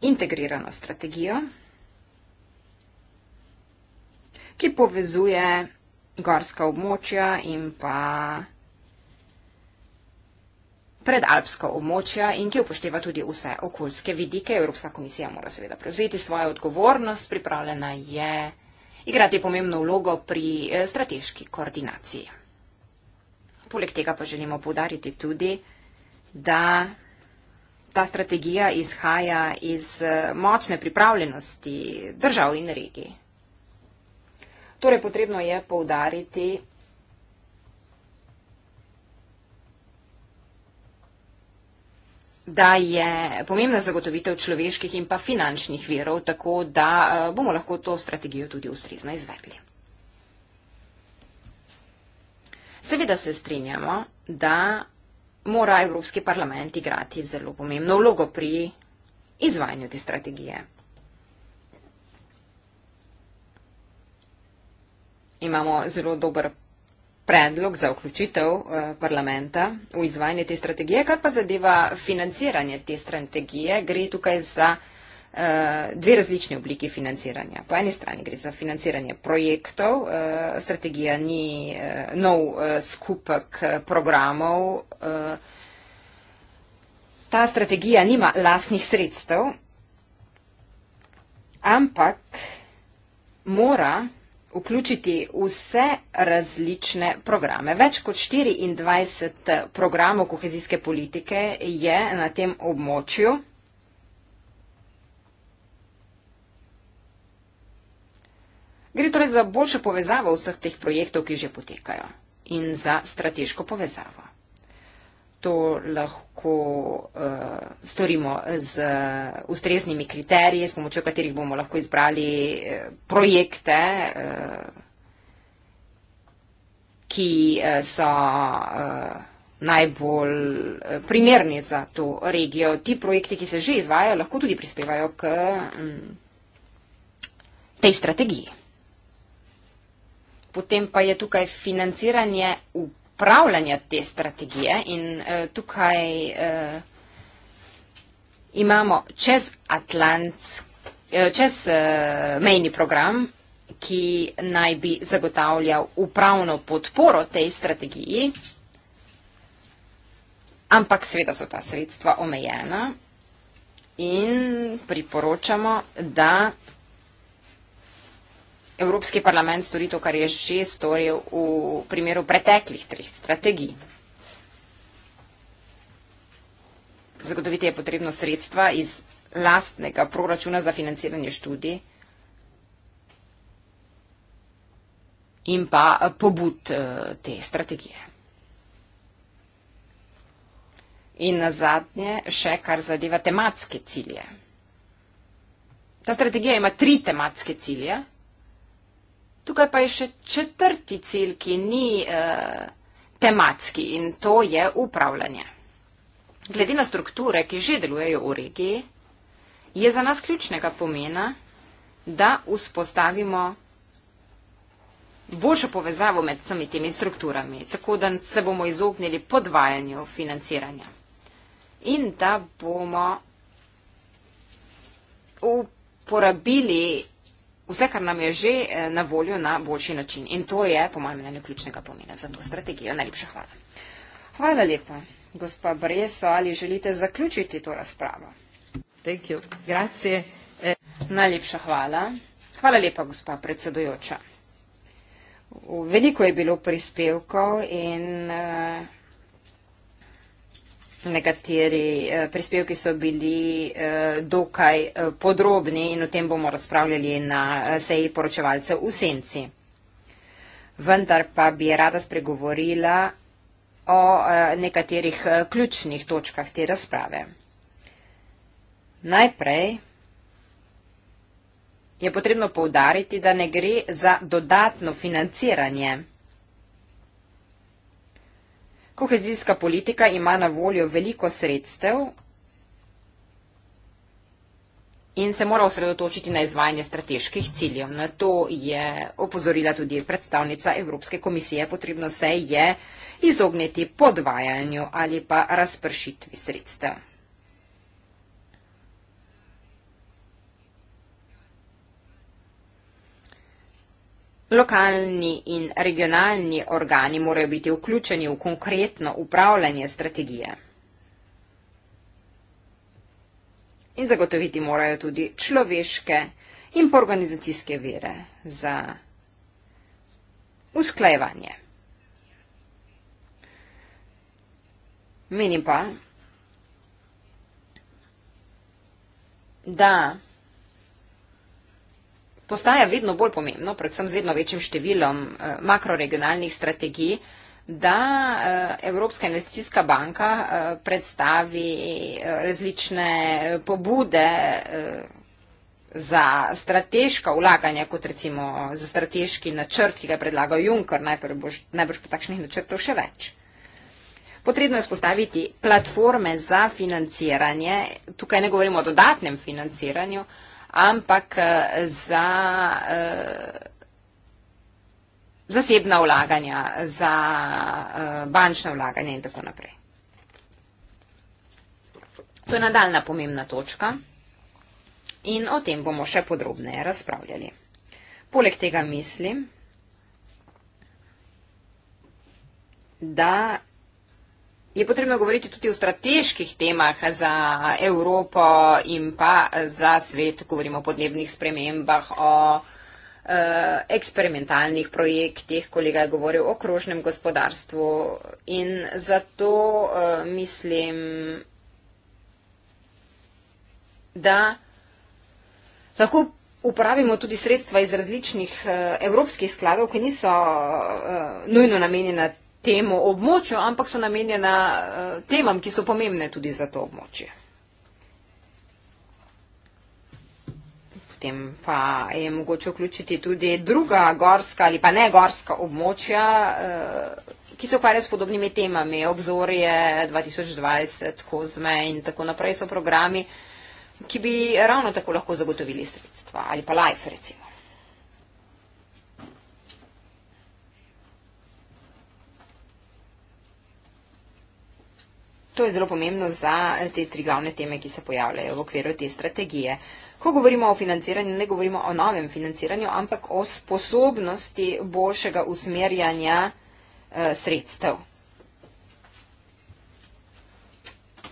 integrirano strategijo, ki povezuje gorska območja in pa predalpsko območja in ki upošteva tudi vse okoljske vidike. Evropska komisija mora seveda prevzeti svojo odgovornost, pripravljena je igrati pomembno vlogo pri eh, strateški koordinaciji. Poleg tega pa želimo povdariti tudi, da ta strategija izhaja iz eh, močne pripravljenosti držav in regij. Torej potrebno je povdariti, da je pomembna zagotovitev človeških in pa finančnih virov, tako da eh, bomo lahko to strategijo tudi ustrezno izvedli. Seveda se strinjamo, da mora Evropski parlament igrati zelo pomembno vlogo pri izvajanju te strategije. Imamo zelo dober predlog za vključitev eh, parlamenta v izvajanje te strategije. Kar pa zadeva financiranje te strategije, gre tukaj za eh, dve različne oblike financiranja. Po eni strani gre za financiranje projektov, eh, strategija ni nov skupek programov. Ta strategija nima lasnih sredstev, ampak mora vključiti vse različne programe. Več kot 24 programov kohezijske politike je na tem območju. Gre torej za boljšo povezavo vseh teh projektov, ki že potekajo in za strateško povezavo. To lahko lahko uh, storimo z uh, ustreznimi kriteriji, s pomočjo katerih bomo lahko izbrali uh, projekte, uh, ki uh, so uh, najbolj uh, primerni za to regijo. Ti projekti, ki se že izvajajo, lahko tudi prispevajo k um, tej strategiji. Potem pa je tukaj financiranje upravljanja upravljanja te strategije in uh, tukaj uh, imamo čez Atlantsk, eh, čez uh, mejni program, ki naj bi zagotavljal upravno podporo tej strategiji, ampak seveda so ta sredstva omejena in priporočamo, da Evropski parlament stori to, kar je že storil v primeru preteklih treh strategij. Zagotoviti je potrebno sredstva iz lastnega proračuna za financiranje študij in pa eh, pobud eh, te strategije. In na zadnje še, kar zadeva tematske cilje. Ta strategija ima tri tematske cilje. Tukaj pa je še četrti cilj, ki ni eh, tematski in to je upravljanje. Glede na strukture, ki že delujejo v regiji, je za nas ključnega pomena, da vzpostavimo boljšo povezavo med vsemi temi strukturami, tako da se bomo izognili podvajanju financiranja in da bomo uporabili vse, kar nam je že eh, na voljo na boljši način. In to je, po mojem mnenju, ključnega pomena za to strategijo. Najlepša hvala. Hvala lepa, gospa Breso, ali želite zaključiti to razpravo? Eh. Najlepša hvala. Hvala lepa, gospa predsedujoča. Veliko je bilo prispevkov in. Uh, nekateri eh, prispevki so bili eh, dokaj eh, podrobni in o tem bomo razpravljali na seji poročevalcev v senci. Vendar pa bi rada spregovorila o nekaterih ključnih točkah te razprave. Najprej je potrebno povdariti, da ne gre za dodatno financiranje Kohezijska politika ima na voljo veliko sredstev in se mora osredotočiti na izvajanje strateških ciljev. Na to je opozorila tudi predstavnica Evropske komisije. Potrebno se je izogniti podvajanju ali pa razpršitvi sredstev. Lokalni in regionalni organi morajo biti vključeni v konkretno upravljanje strategije. In zagotoviti morajo tudi človeške in organizacijske vere za usklajevanje. Menim pa, da postaja vedno bolj pomembno, predvsem z vedno večjim številom eh, makroregionalnih strategij, da eh, Evropska investicijska banka eh, predstavi različne pobude za strateška vlaganja, kot recimo za strateški načrt, ki ga je predlagal Juncker, najprej boš, najbrž po takšnih načrtov še več. Potrebno je spostaviti platforme za financiranje, tukaj ne govorimo o dodatnem financiranju, ampak eh, za eh, zasebna vlaganja, za eh, bančna vlaganja in tako naprej. To je nadaljna pomembna točka in o tem bomo še podrobneje razpravljali. Poleg tega mislim, da Je potrebno govoriti tudi o strateških temah za Evropo in pa za svet, govorimo o podnebnih spremembah, o e, eksperimentalnih projektih, kolega je govoril o krožnem gospodarstvu in zato e, mislim, da lahko uporabimo tudi sredstva iz različnih e, evropskih skladov, ki niso e, nujno namenjena temu območju, ampak so namenjena eh, temam, ki so pomembne tudi za to območje. Potem pa je mogoče vključiti tudi druga gorska ali pa ne gorska območja, eh, ki se ukvarja s podobnimi temami. Obzorje 2020, Kozme in tako naprej so programi, ki bi ravno tako lahko zagotovili sredstva ali pa Life recimo. To je zelo pomembno za eh, te tri glavne teme, ki se pojavljajo v okviru te strategije. Ko govorimo o financiranju, ne govorimo o novem financiranju, ampak o sposobnosti boljšega usmerjanja eh, sredstev.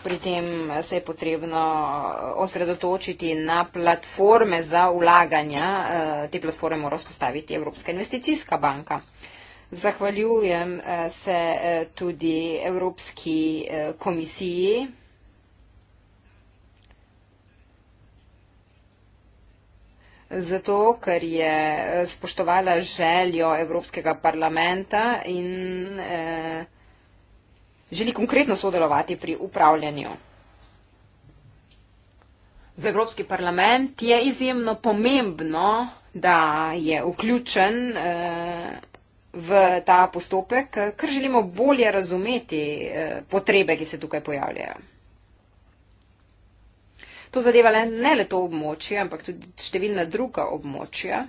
Pri tem eh, se je potrebno osredotočiti na platforme za ulaganja. Te platforme mora spostaviti Evropska investicijska banka. Zahvaljujem eh, se eh, tudi Evropski eh, komisiji. Zato, ker je spoštovala željo Evropskega parlamenta in želi konkretno sodelovati pri upravljanju. Za Evropski parlament je izjemno pomembno, da je vključen eh, v ta postopek, ker želimo bolje razumeti eh, potrebe, ki se tukaj pojavljajo. To zadeva le, ne le to območje, ampak tudi številna druga območja.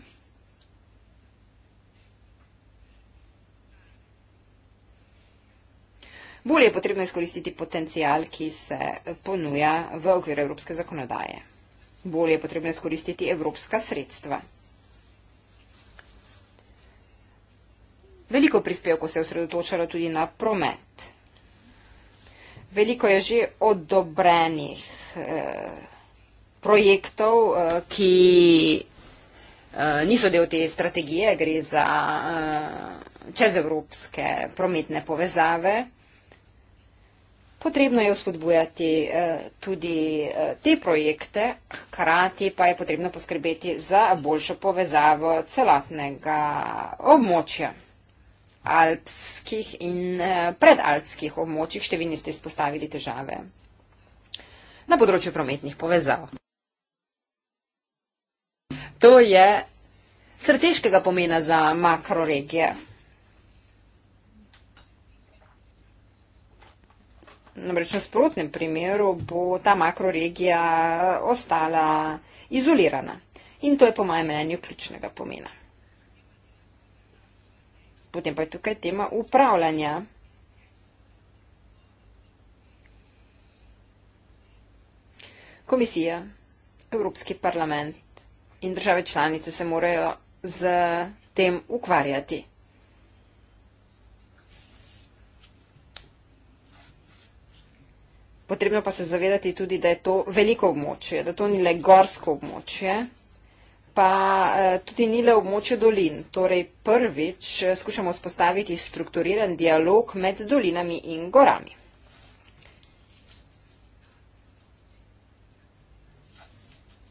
Bolje je potrebno izkoristiti potencial, ki se ponuja v okviru evropske zakonodaje. Bolje je potrebno izkoristiti evropska sredstva. Veliko prispevkov se je osredotočalo tudi na promet. Veliko je že odobrenih eh, projektov, eh, ki eh, niso del te strategije, gre za eh, čezevropske prometne povezave. Potrebno je spodbujati eh, tudi eh, te projekte, hkrati pa je potrebno poskrbeti za boljšo povezavo celotnega območja alpskih in eh, predalpskih območjih številni ste izpostavili težave na področju prometnih povezav. To je strateškega pomena za makroregije. Namreč v sprotnem primeru bo ta makroregija eh, ostala izolirana. In to je po mojem mnenju ključnega pomena. Potem pa je tukaj tema upravljanja. Komisija, Evropski parlament in države članice se morajo z tem ukvarjati. Potrebno pa se zavedati tudi, da je to veliko območje, da to ni le gorsko območje pa eh, tudi nile območje dolin. Torej prvič eh, skušamo spostaviti strukturiran dialog med dolinami in gorami.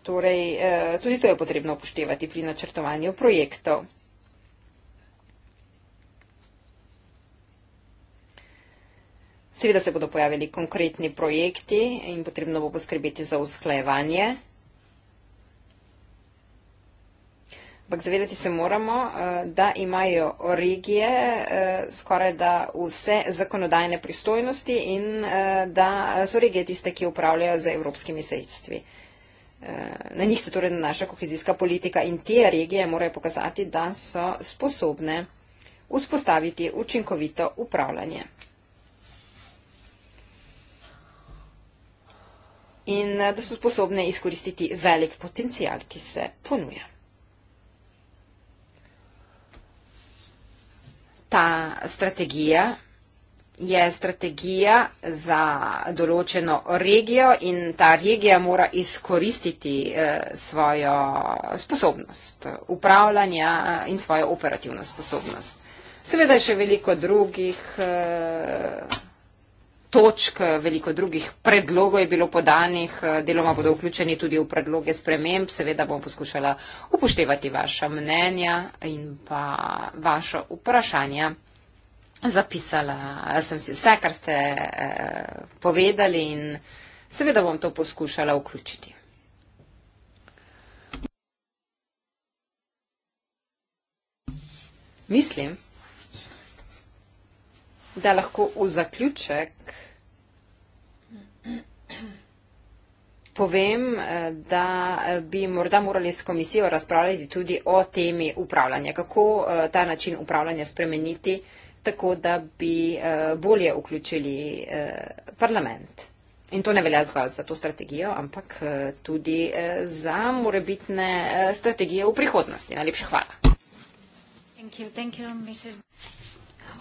Torej, eh, tudi to je potrebno upoštevati pri načrtovanju projektov. Seveda se bodo pojavili konkretni projekti in potrebno bo poskrbeti za usklajevanje. Ampak zavedati se moramo, eh, da imajo regije eh, skoraj da vse zakonodajne pristojnosti in eh, da so regije tiste, ki upravljajo z evropskimi sredstvi. Na njih se torej nanaša kohezijska politika in te regije morajo pokazati, da so sposobne vzpostaviti učinkovito upravljanje. In da so sposobne izkoristiti velik potencial, ki se ponuja. ta strategija je strategija za določeno regijo in ta regija mora izkoristiti eh, svojo sposobnost upravljanja eh, in svojo operativno sposobnost. Seveda je še veliko drugih. Uh, točk, veliko drugih predlogov je bilo podanih, deloma bodo vključeni tudi v predloge sprememb. Seveda bom poskušala upoštevati vaša mnenja in pa vaša vprašanja. Zapisala sem si vse, kar ste eh, povedali in seveda bom to poskušala vključiti. Mislim, da lahko v zaključek povem, da bi morda morali s komisijo razpravljati tudi o temi upravljanja. Kako eh, ta način upravljanja spremeniti, tako da bi eh, bolje vključili eh, parlament. In to ne velja zgolj za to strategijo, ampak tudi za morebitne strategije v prihodnosti. Najlepša hvala. Thank you, thank you, Mrs.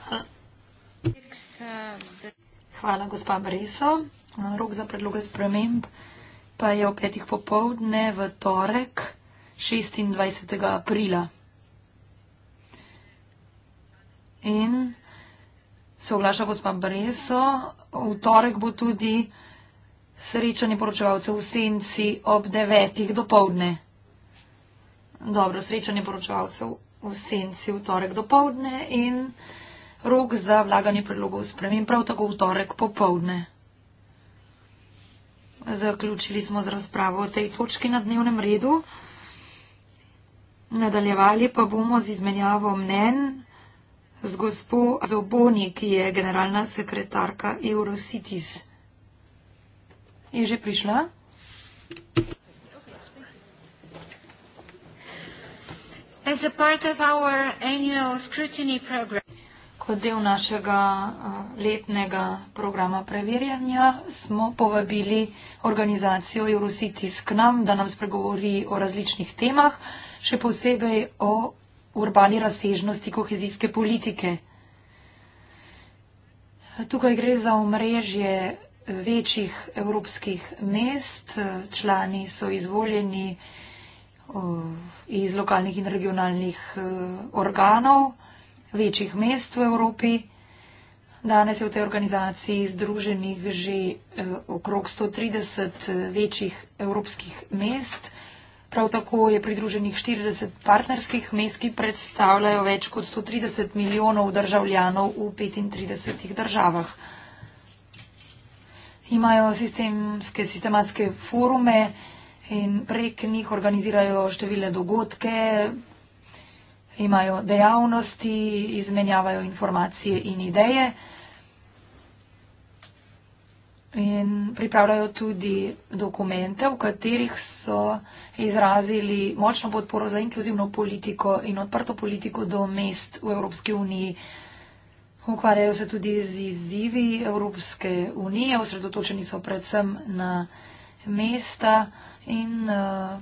Hvala. Hvala, gospa Breso. Rok za predloge sprememb pa je ob petih popovdne v torek 26. aprila. In se oglaša gospa Breso, v torek bo tudi srečanje poročevalcev v senci ob devetih do povdne. Dobro, srečanje poročevalcev v senci v torek do povdne in rok za vlaganje predlogov sprememb prav tako v torek popovdne. Zaključili smo z razpravo o tej točki na dnevnem redu. Nadaljevali pa bomo z izmenjavo mnen z gospo Zoboni, ki je generalna sekretarka Eurocities. Je že prišla? As a part of our annual scrutiny program kot del našega letnega programa preverjanja smo povabili organizacijo Eurocities k nam, da nam spregovori o različnih temah, še posebej o urbani razsežnosti kohezijske politike. Tukaj gre za omrežje večjih evropskih mest. Člani so izvoljeni iz lokalnih in regionalnih e, organov večjih mest v Evropi. Danes je v tej organizaciji združenih že eh, okrog 130 eh, večjih evropskih mest. Prav tako je pridruženih 40 partnerskih mest, ki predstavljajo več kot 130 milijonov državljanov v 35 državah. Imajo sistemske, sistematske forume in prek njih organizirajo številne dogodke, imajo dejavnosti, izmenjavajo informacije in ideje. In pripravljajo tudi dokumente, v katerih so izrazili močno podporo za inkluzivno politiko in odprto politiko do mest v Evropski uniji. Ukvarjajo se tudi z izzivi Evropske unije, osredotočeni so predvsem na mesta in uh,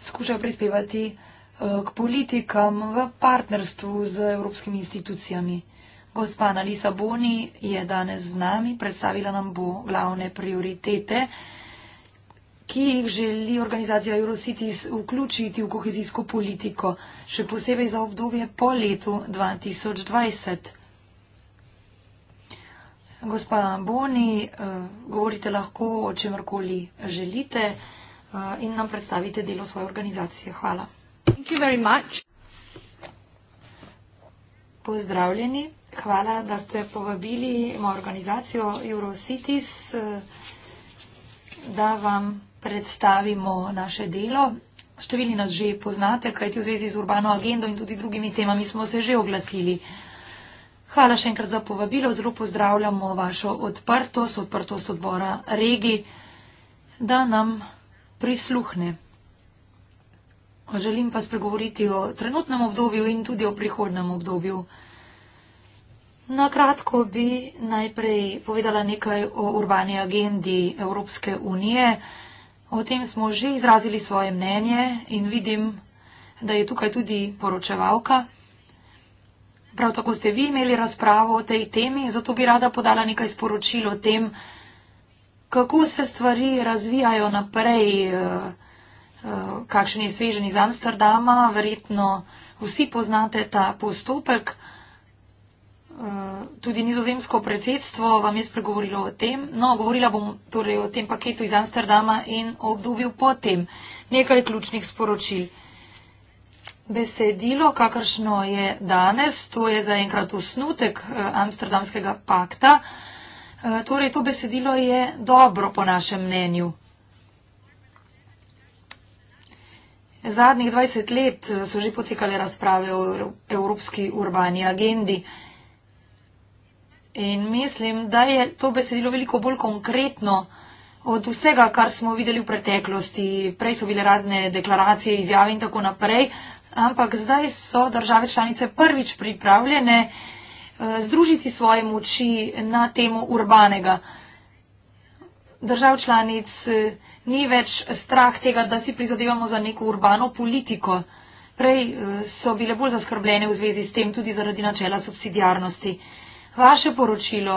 skušajo prispevati uh, Eh, k politikam v partnerstvu z evropskimi institucijami. Gospa na Lisaboni je danes z nami, predstavila nam bo glavne prioritete, ki jih želi organizacija Eurocities vključiti v kohezijsko politiko, še posebej za obdobje po letu 2020. Gospa Boni, eh, govorite lahko o čemrkoli želite eh, in nam predstavite delo svoje organizacije. Hvala. Thank you very much. Pozdravljeni. Hvala, da ste povabili mojo organizacijo EuroCities, da vam predstavimo naše delo. Številni nas že poznate, kajti v zvezi z urbano agendo in tudi drugimi temami smo se že oglasili. Hvala še enkrat za povabilo. Zelo pozdravljamo vašo odprtost, odprtost odbora regi, da nam prisluhne. Želim pa spregovoriti o trenutnem obdobju in tudi o prihodnem obdobju. Na kratko bi najprej povedala nekaj o urbani agendi Evropske unije. O tem smo že izrazili svoje mnenje in vidim, da je tukaj tudi poročevalka. Prav tako ste vi imeli razpravo o tej temi, zato bi rada podala nekaj sporočil o tem, kako se stvari razvijajo naprej. Eh, Eh, kakšen je svežen iz Amsterdama. Verjetno vsi poznate ta postopek. Eh, tudi nizozemsko predsedstvo vam je spregovorilo o tem. No, govorila bom torej o tem paketu iz Amsterdama in o obdobju potem. Nekaj ključnih sporočil. Besedilo, kakršno je danes, to je zaenkrat osnutek eh, Amsterdamskega pakta. Torej, to besedilo je dobro po našem mnenju. Zadnjih 20 let eh, so že potekale razprave o evropski urbani agendi. In mislim, da je to besedilo veliko bolj konkretno od vsega, kar smo videli v preteklosti. Prej so bile razne deklaracije, izjave in tako naprej, ampak zdaj so države članice prvič pripravljene eh, združiti svoje moči na temo urbanega. Držav članic. Eh, ni več strah tega, da si prizadevamo za neko urbano politiko. Prej eh, so bile bolj zaskrbljene v zvezi s tem tudi zaradi načela subsidijarnosti. Vaše poročilo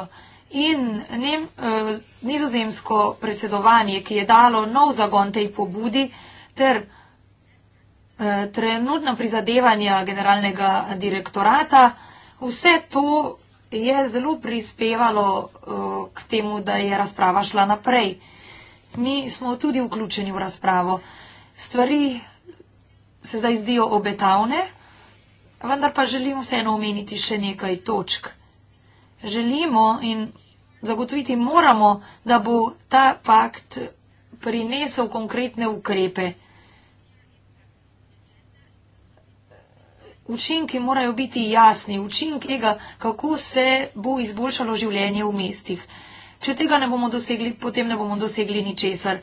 in nem, eh, nizozemsko predsedovanje, ki je dalo nov zagon tej pobudi, ter eh, trenutna prizadevanja generalnega direktorata, vse to je zelo prispevalo k temu, da je razprava šla naprej mi smo tudi vključeni v razpravo. Stvari se zdaj zdijo obetavne, vendar pa želimo vseeno omeniti še nekaj točk. Želimo in zagotoviti moramo, da bo ta pakt prinesel konkretne ukrepe. Učinki morajo biti jasni, učinki tega, kako se bo izboljšalo življenje v mestih. Če tega ne bomo dosegli, potem ne bomo dosegli ničesar.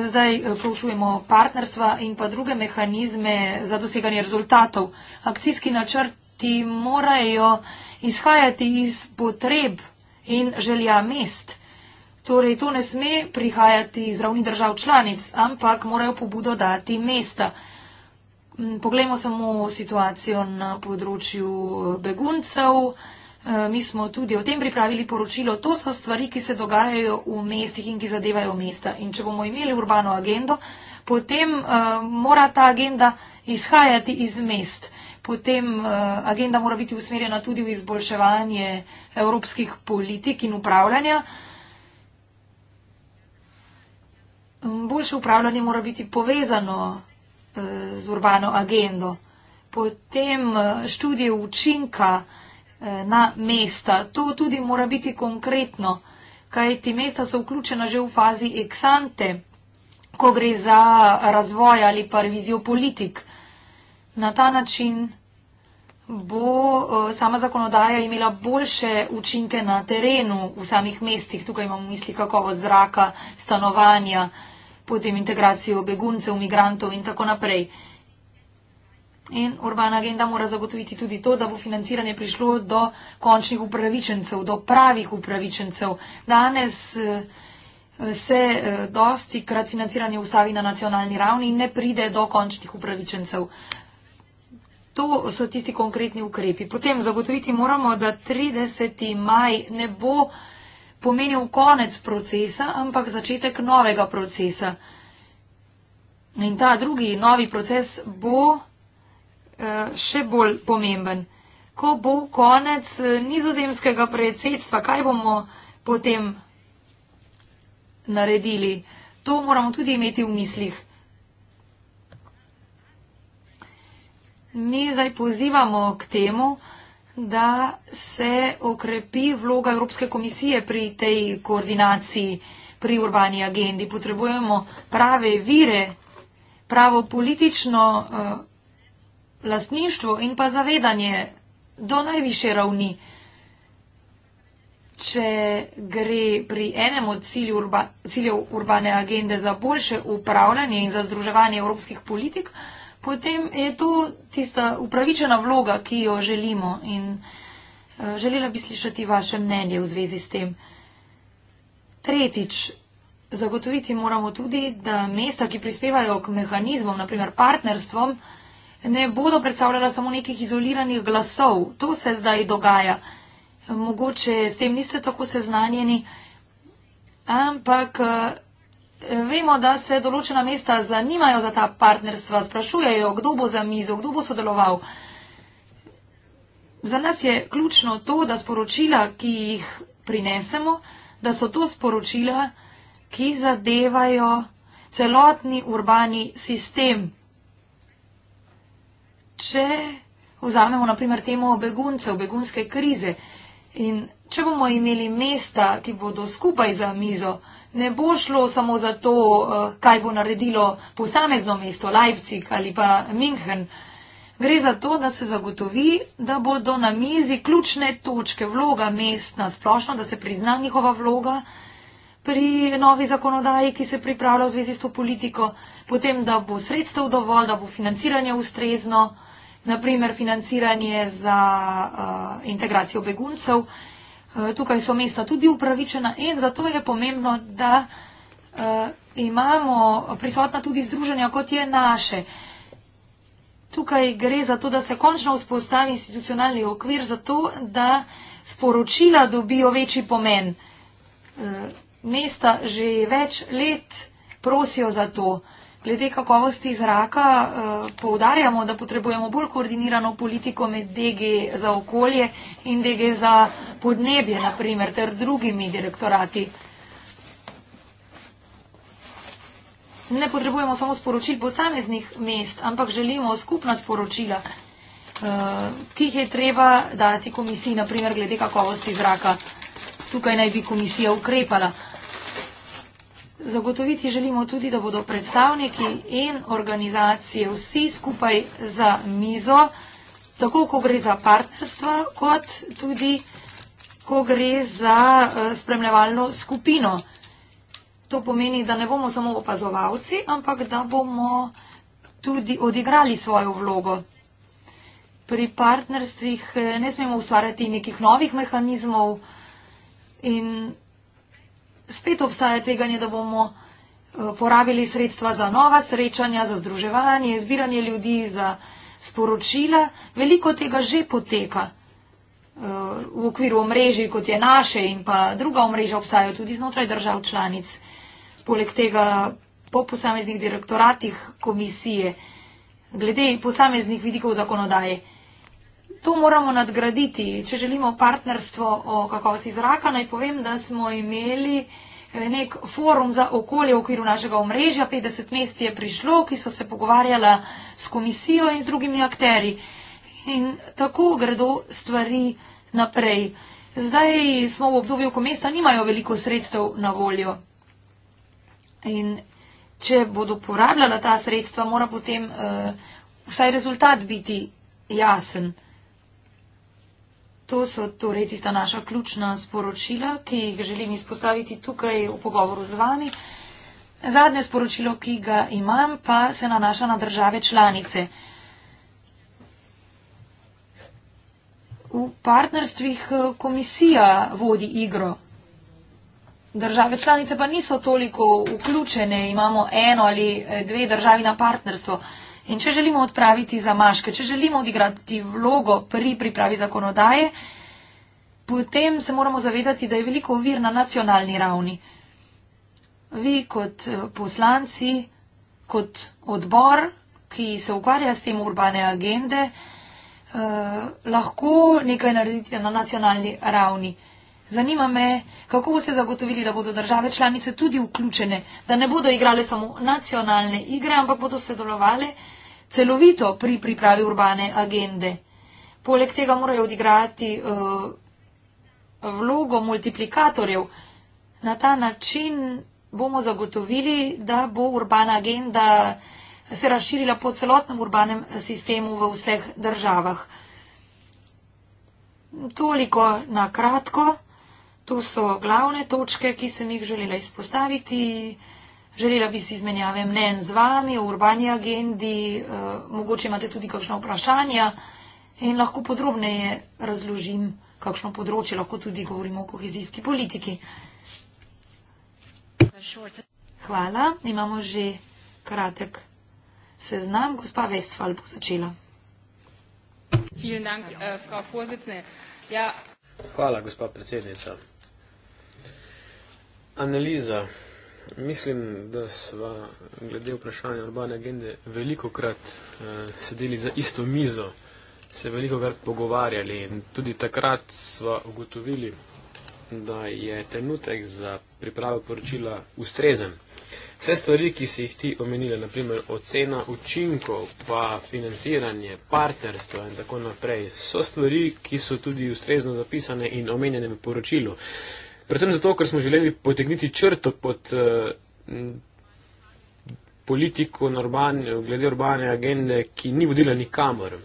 Zdaj eh, proučujemo partnerstva in pa druge mehanizme za doseganje rezultatov. Akcijski načrti morajo izhajati iz potreb in želja mest. Torej, to ne sme prihajati iz ravni držav članic, ampak morajo pobudo dati mesta. Mm, poglejmo samo situacijo na področju eh, beguncev. Eh, mi smo tudi o tem pripravili poročilo. To so stvari, ki se dogajajo v mestih in ki zadevajo mesta. In če bomo imeli urbano agendo, potem uh, mora ta agenda izhajati iz mest. Potem uh, agenda mora biti usmerjena tudi v izboljševanje evropskih politik in upravljanja. Mm, boljše upravljanje mora biti povezano uh, z urbano agendo. Potem uh, študije učinka. Eh, na mesta. To tudi mora biti konkretno, kaj ti mesta so vključena že v fazi eksante, ko gre za razvoj ali pa revizijo politik. Na ta način bo eh, sama zakonodaja imela boljše učinke na terenu v samih mestih. Tukaj imamo v misli kakovo zraka, stanovanja, potem integracijo beguncev, migrantov in tako naprej. In urbana agenda mora zagotoviti tudi to, da bo financiranje prišlo do končnih upravičencev, do pravih upravičencev. Danes eh, se eh, dosti krat financiranje ustavi na nacionalni ravni in ne pride do končnih upravičencev. To so tisti konkretni ukrepi. Potem zagotoviti moramo, da 30. maj ne bo pomenil konec procesa, ampak začetek novega procesa. In ta drugi novi proces bo Eh, še bolj pomemben. Ko bo konec eh, nizozemskega predsedstva, kaj bomo potem naredili? To moramo tudi imeti v mislih. Mi zdaj pozivamo k temu, da se okrepi vloga Evropske komisije pri tej koordinaciji, pri urbani agendi. Potrebujemo prave vire, pravo politično. Uh, lastništvo in pa zavedanje do najviše ravni. Če gre pri enem od ciljev, urba, ciljev urbane agende za boljše upravljanje in za združevanje evropskih politik, potem je to tista upravičena vloga, ki jo želimo. In eh, želela bi slišati vaše mnenje v zvezi s tem. Tretjič, zagotoviti moramo tudi, da mesta, ki prispevajo k mehanizmom, naprimer partnerstvom, ne bodo predstavljala samo nekih izoliranih glasov. To se zdaj dogaja. Mogoče s tem niste tako seznanjeni, ampak eh, vemo, da se določena mesta zanimajo za ta partnerstva, sprašujejo, kdo bo za mizo, kdo bo sodeloval. Za nas je ključno to, da sporočila, ki jih prinesemo, da so to sporočila, ki zadevajo celotni urbani sistem če vzamemo naprimer temo beguncev, begunske krize in če bomo imeli mesta, ki bodo skupaj za mizo, ne bo šlo samo za to, eh, kaj bo naredilo posamezno mesto, Leipzig ali pa München. Gre za to, da se zagotovi, da bodo na mizi ključne točke vloga mest na splošno, da se prizna njihova vloga pri novi zakonodaji, ki se pripravlja v zvezi s to politiko, potem, da bo sredstev dovolj, da bo financiranje ustrezno naprimer financiranje za uh, integracijo beguncev. Uh, tukaj so mesta tudi upravičena in zato je pomembno, da uh, imamo prisotna tudi združenja, kot je naše. Tukaj gre za to, da se končno vzpostavi institucionalni okvir, zato da sporočila dobijo večji pomen. Uh, mesta že več let prosijo za to. Uh, Glede kakovosti zraka eh, poudarjamo, da potrebujemo bolj koordinirano politiko med DG za okolje in DG za podnebje, naprimer, ter drugimi direktorati. Ne potrebujemo samo sporočil posameznih mest, ampak želimo skupna sporočila, eh, ki jih je treba dati komisiji, naprimer, glede kakovosti zraka. Tukaj naj bi komisija ukrepala. Zagotoviti želimo tudi, da bodo predstavniki in organizacije vsi skupaj za mizo, tako ko gre za partnerstva, kot tudi ko gre za eh, spremljevalno skupino. To pomeni, da ne bomo samo opazovalci, ampak da bomo tudi odigrali svojo vlogo. Pri partnerstvih eh, ne smemo ustvarjati nekih novih mehanizmov in spet obstaja tveganje, da bomo eh, porabili sredstva za nova srečanja, za združevanje, izbiranje ljudi, za sporočila. Veliko tega že poteka eh, v okviru omrežij, kot je naše in pa druga omrežja obstajajo tudi znotraj držav članic. Poleg tega po posameznih direktoratih komisije, glede posameznih vidikov zakonodaje to moramo nadgraditi. Če želimo partnerstvo o kakovosti zraka, naj povem, da smo imeli eh, nek forum za okolje v okviru našega omrežja, 50 mest je prišlo, ki so se pogovarjala s komisijo in z drugimi akteri. In tako gredo stvari naprej. Zdaj smo v obdobju, ko mesta nimajo veliko sredstev na voljo. In če bodo porabljala ta sredstva, mora potem uh, vsaj rezultat biti jasen. To so torej tista naša ključna sporočila, ki jih želim izpostaviti tukaj v pogovoru z vami. Zadnje sporočilo, ki ga imam, pa se nanaša na države članice. V partnerstvih eh, komisija vodi igro. Države članice pa niso toliko vključene, imamo eno ali eh, dve državi na partnerstvo. In če želimo odpraviti zamaške, če želimo odigrati vlogo pri pripravi zakonodaje, potem se moramo zavedati, da je veliko ovir na nacionalni ravni. Vi kot eh, poslanci, kot odbor, ki se ukvarja s tem urbane agende, eh, lahko nekaj naredite na nacionalni ravni. Zanima me, kako boste zagotovili, da bodo države članice tudi vključene, da ne bodo igrale samo nacionalne igre, ampak bodo sodelovali celovito pri pripravi urbane agende. Poleg tega morajo odigrati uh, vlogo multiplikatorjev. Na ta način bomo zagotovili, da bo urbana agenda se razširila po celotnem urbanem sistemu v vseh državah. Toliko na kratko. To so glavne točke, ki sem jih želela izpostaviti. Želela bi si izmenjave mnen z vami o urbani agendi, eh, mogoče imate tudi kakšno vprašanje in lahko podrobneje razložim, kakšno področje lahko tudi govorimo o kohezijski politiki. Hvala, imamo že kratek seznam. Gospa Vestfal bo začela. Äh, ja. Hvala, gospa predsednica analiza. Mislim, da smo glede vprašanja urbane agende veliko krat eh, sedeli za isto mizo, se veliko krat pogovarjali in tudi takrat smo ugotovili, da je trenutek za pripravo poročila ustrezen. Vse stvari, ki si jih ti omenila, naprimer ocena učinkov, pa financiranje, partnerstva in tako naprej, so stvari, ki so tudi ustrezno zapisane in omenjene v poročilu. Predvsem zato, ker smo želeli potegniti črto pod eh, politiko urbanje, glede urbane agende, ki ni vodila nikamor.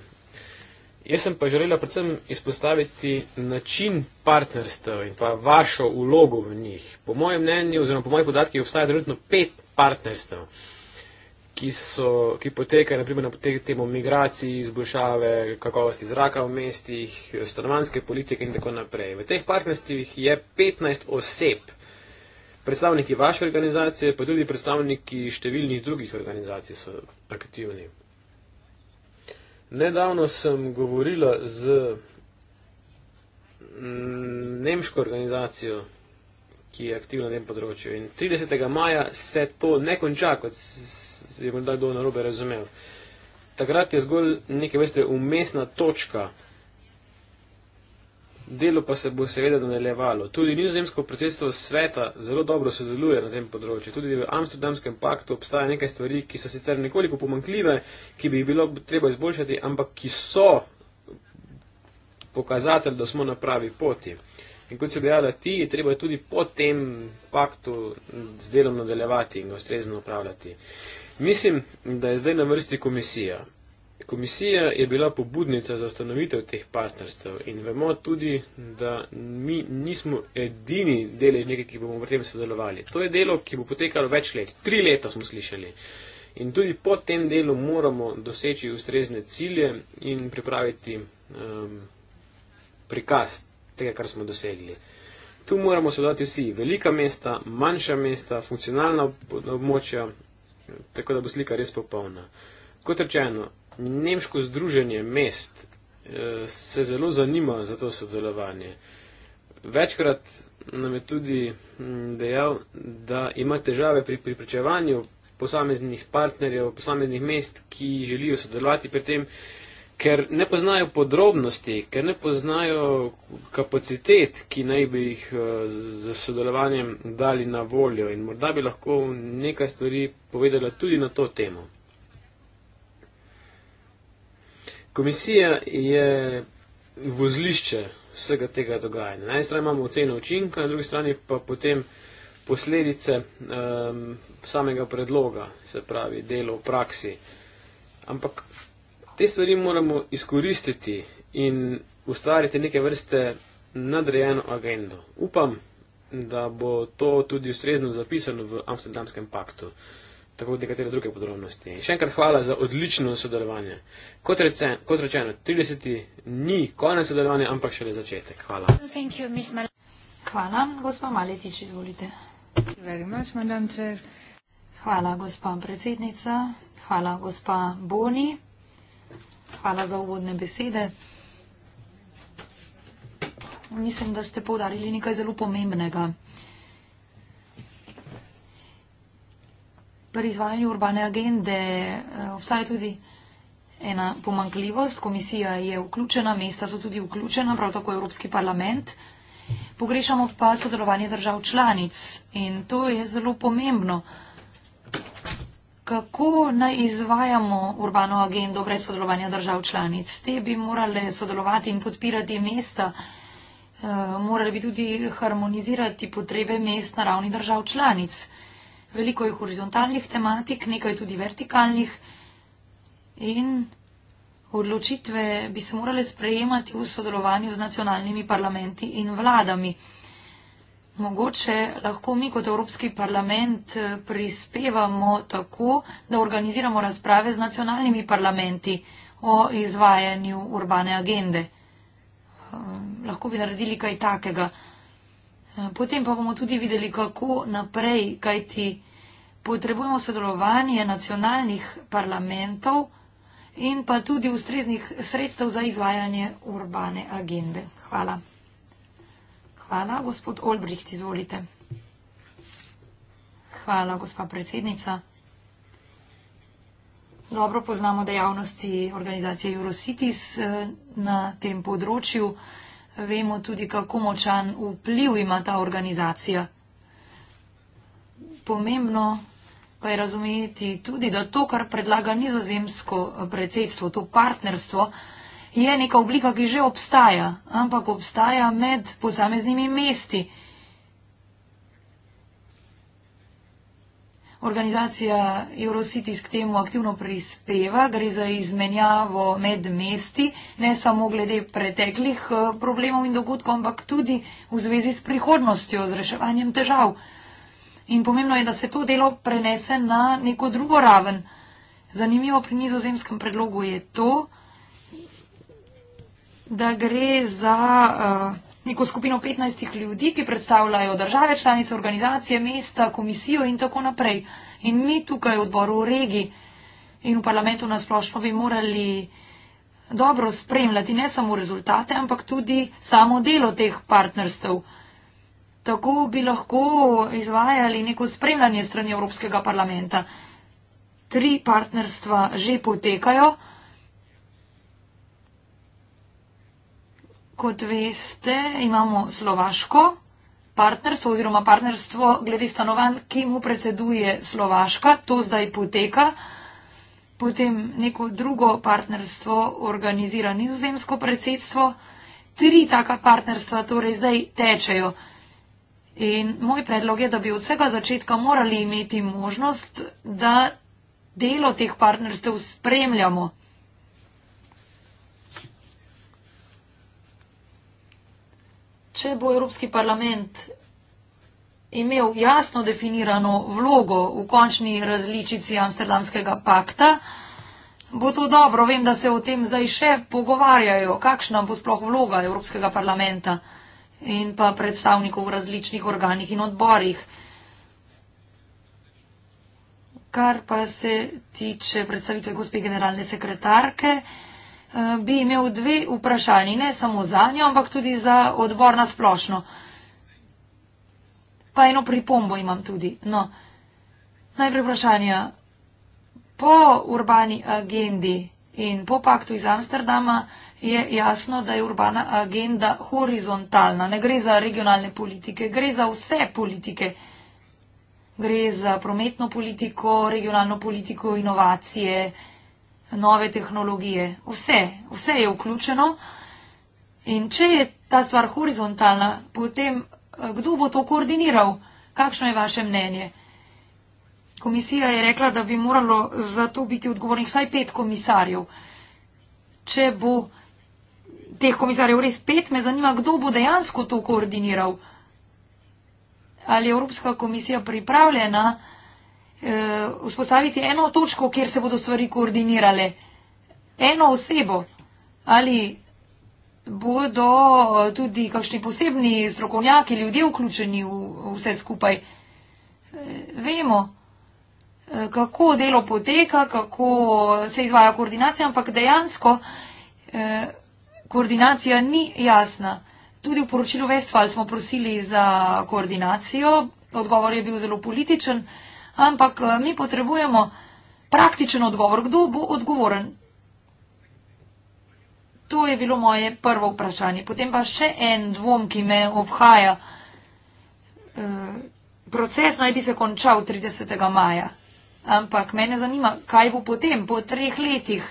Jaz sem pa želela predvsem izpostaviti način partnerstev in pa vašo ulogo v njih. Po mojem mnenju oziroma po mojih podatkih obstaja trenutno pet partnerstev. Eh, ki, so, ki potekajo naprimer na temo migracij, izboljšave kakovosti zraka v mestih, stanovanske politike in tako naprej. V teh partnerstvih je 15 oseb, predstavniki vaše organizacije, pa tudi predstavniki številnih drugih organizacij so aktivni. Nedavno sem govorila z mm, nemško organizacijo, ki je aktivna na tem področju. In 30. maja se to ne konča, kot je morda kdo narobe razumel. Takrat je zgolj nekaj, veste, umestna točka. Delo pa se bo seveda nadaljevalo. Tudi nizozemsko predsedstvo sveta zelo dobro sodeluje na tem področju. Tudi v Amsterdamskem paktu obstaja nekaj stvari, ki so sicer nekoliko pomankljive, ki bi jih bilo treba izboljšati, ampak ki so pokazatelj, da smo na pravi poti. In kot se dejala ti, je treba tudi po tem paktu z delom nadaljevati in ga ustrezno upravljati. Mislim, da je zdaj na vrsti komisija. Komisija je bila pobudnica za ustanovitev teh partnerstv in vemo tudi, da mi nismo edini deležniki, ki bomo pri tem sodelovali. To je delo, ki bo potekalo več let. Tri leta smo slišali. In tudi po tem delu moramo doseči ustrezne cilje in pripraviti um, prikaz tega, kar smo dosegli. Tu moramo sodelovati vsi, velika mesta, manjša mesta, funkcionalna območja, Tako da bo slika res popolna. Kot rečeno, Nemško združenje mest eh, se zelo zanima za to sodelovanje. Večkrat nam je tudi mm, dejal, da ima težave pri pripričevanju posameznih partnerjev, posameznih mest, ki želijo sodelovati pri tem ker ne poznajo podrobnosti, ker ne poznajo kapacitet, ki naj bi jih uh, z sodelovanjem dali na voljo in morda bi lahko nekaj stvari povedala tudi na to temo. Komisija je vozlišče vsega tega dogajanja. Na eni strani imamo oceno učinka, na drugi strani pa potem posledice um, samega predloga, se pravi delo v praksi. Ampak te stvari moramo izkoristiti in ustvariti neke vrste nadrejeno agendo. Upam, da bo to tudi ustrezno zapisano v Amsterdamskem paktu, tako kot nekatere druge podrobnosti. Še enkrat hvala za odlično sodelovanje. Kot, rece, kot rečeno, 30 ni konec sodelovanja, ampak šele začetek. Hvala. You, Mal- hvala, gospod Maletič, izvolite. Much, hvala, gospod predsednica. Hvala, gospod Boni. Hvala za uvodne besede. Mislim, da ste povdarili nekaj zelo pomembnega. Pri izvajanju urbane agende eh, obstaja tudi ena pomankljivost. Komisija je vključena, mesta so tudi vključena, prav tako Evropski parlament. Pogrešamo pa sodelovanje držav članic in to je zelo pomembno kako naj izvajamo urbano agendo brez sodelovanja držav članic. Te bi morale sodelovati in podpirati mesta, eh, morale bi tudi harmonizirati potrebe mest na ravni držav članic. Veliko je horizontalnih tematik, nekaj tudi vertikalnih in odločitve bi se morale sprejemati v sodelovanju z nacionalnimi parlamenti in vladami. Mogoče lahko mi kot Evropski parlament eh, prispevamo tako, da organiziramo razprave z nacionalnimi parlamenti o izvajanju urbane agende. Eh, lahko bi naredili kaj takega. Eh, potem pa bomo tudi videli, kako naprej, kajti potrebujemo sodelovanje nacionalnih parlamentov in pa tudi ustreznih sredstev za izvajanje urbane agende. Hvala. Hvala, gospod Olbricht, izvolite. Hvala, gospa predsednica. Dobro poznamo dejavnosti organizacije Eurocities eh, na tem področju. Vemo tudi, kako močan vpliv ima ta organizacija. Pomembno pa je razumeti tudi, da to, kar predlaga nizozemsko eh, predsedstvo, to partnerstvo, je neka oblika, ki že obstaja, ampak obstaja med posameznimi mesti. Organizacija Eurocities k temu aktivno prispeva, gre za izmenjavo med mesti, ne samo glede preteklih eh, problemov in dogodkov, ampak tudi v zvezi s prihodnostjo, z reševanjem težav. In pomembno je, da se to delo prenese na neko drugo raven. Zanimivo pri nizozemskem predlogu je to, da gre za uh, neko skupino 15 ljudi, ki predstavljajo države, članice, organizacije, mesta, komisijo in tako naprej. In mi tukaj v odboru v regiji in v parlamentu nasplošno bi morali dobro spremljati ne samo rezultate, ampak tudi samo delo teh partnerstv. Tako bi lahko izvajali neko spremljanje strani Evropskega parlamenta. Tri partnerstva že potekajo. Kot veste, imamo slovaško partnerstvo oziroma partnerstvo glede stanovanj, ki mu predseduje Slovaška. To zdaj poteka. Potem neko drugo partnerstvo organizira nizozemsko predsedstvo. Tri taka partnerstva torej zdaj tečejo. In moj predlog je, da bi od vsega začetka morali imeti možnost, da delo teh partnerstv spremljamo. če bo Evropski parlament imel jasno definirano vlogo v končni različici Amsterdamskega pakta, bo to dobro. Vem, da se o tem zdaj še pogovarjajo, kakšna bo sploh vloga Evropskega parlamenta in pa predstavnikov v različnih organih in odborih. Kar pa se tiče predstavitve gospe generalne sekretarke, Eh, bi imel dve vprašanji, ne samo za njo, ampak tudi za odbor na splošno. Pa eno pripombo imam tudi. No, najprej vprašanje. Po urbani agendi in po paktu iz Amsterdama je jasno, da je urbana agenda horizontalna. Ne gre za regionalne politike, gre za vse politike. Gre za prometno politiko, regionalno politiko, inovacije, nove tehnologije. Vse, vse je vključeno. In če je ta stvar horizontalna, potem eh, kdo bo to koordiniral? Kakšno je vaše mnenje? Komisija je rekla, da bi moralo za to biti odgovornih vsaj pet komisarjev. Če bo teh komisarjev res pet, me zanima, kdo bo dejansko to koordiniral. Ali je Evropska komisija pripravljena? eh, vzpostaviti eno točko, kjer se bodo stvari koordinirale. Eno osebo ali bodo eh, tudi kakšni posebni strokovnjaki, ljudje vključeni v, v vse skupaj. Eh, vemo, eh, kako delo poteka, kako se izvaja koordinacija, ampak dejansko koordinacija ni jasna. Tudi v poročilu Vestfal smo prosili za koordinacijo, odgovor je bil zelo političen ampak eh, mi potrebujemo praktičen odgovor, kdo bo odgovoren. To je bilo moje prvo vprašanje. Potem pa še en dvom, ki me obhaja. Eh, proces naj bi se končal 30. maja, ampak mene zanima, kaj bo potem, po treh letih.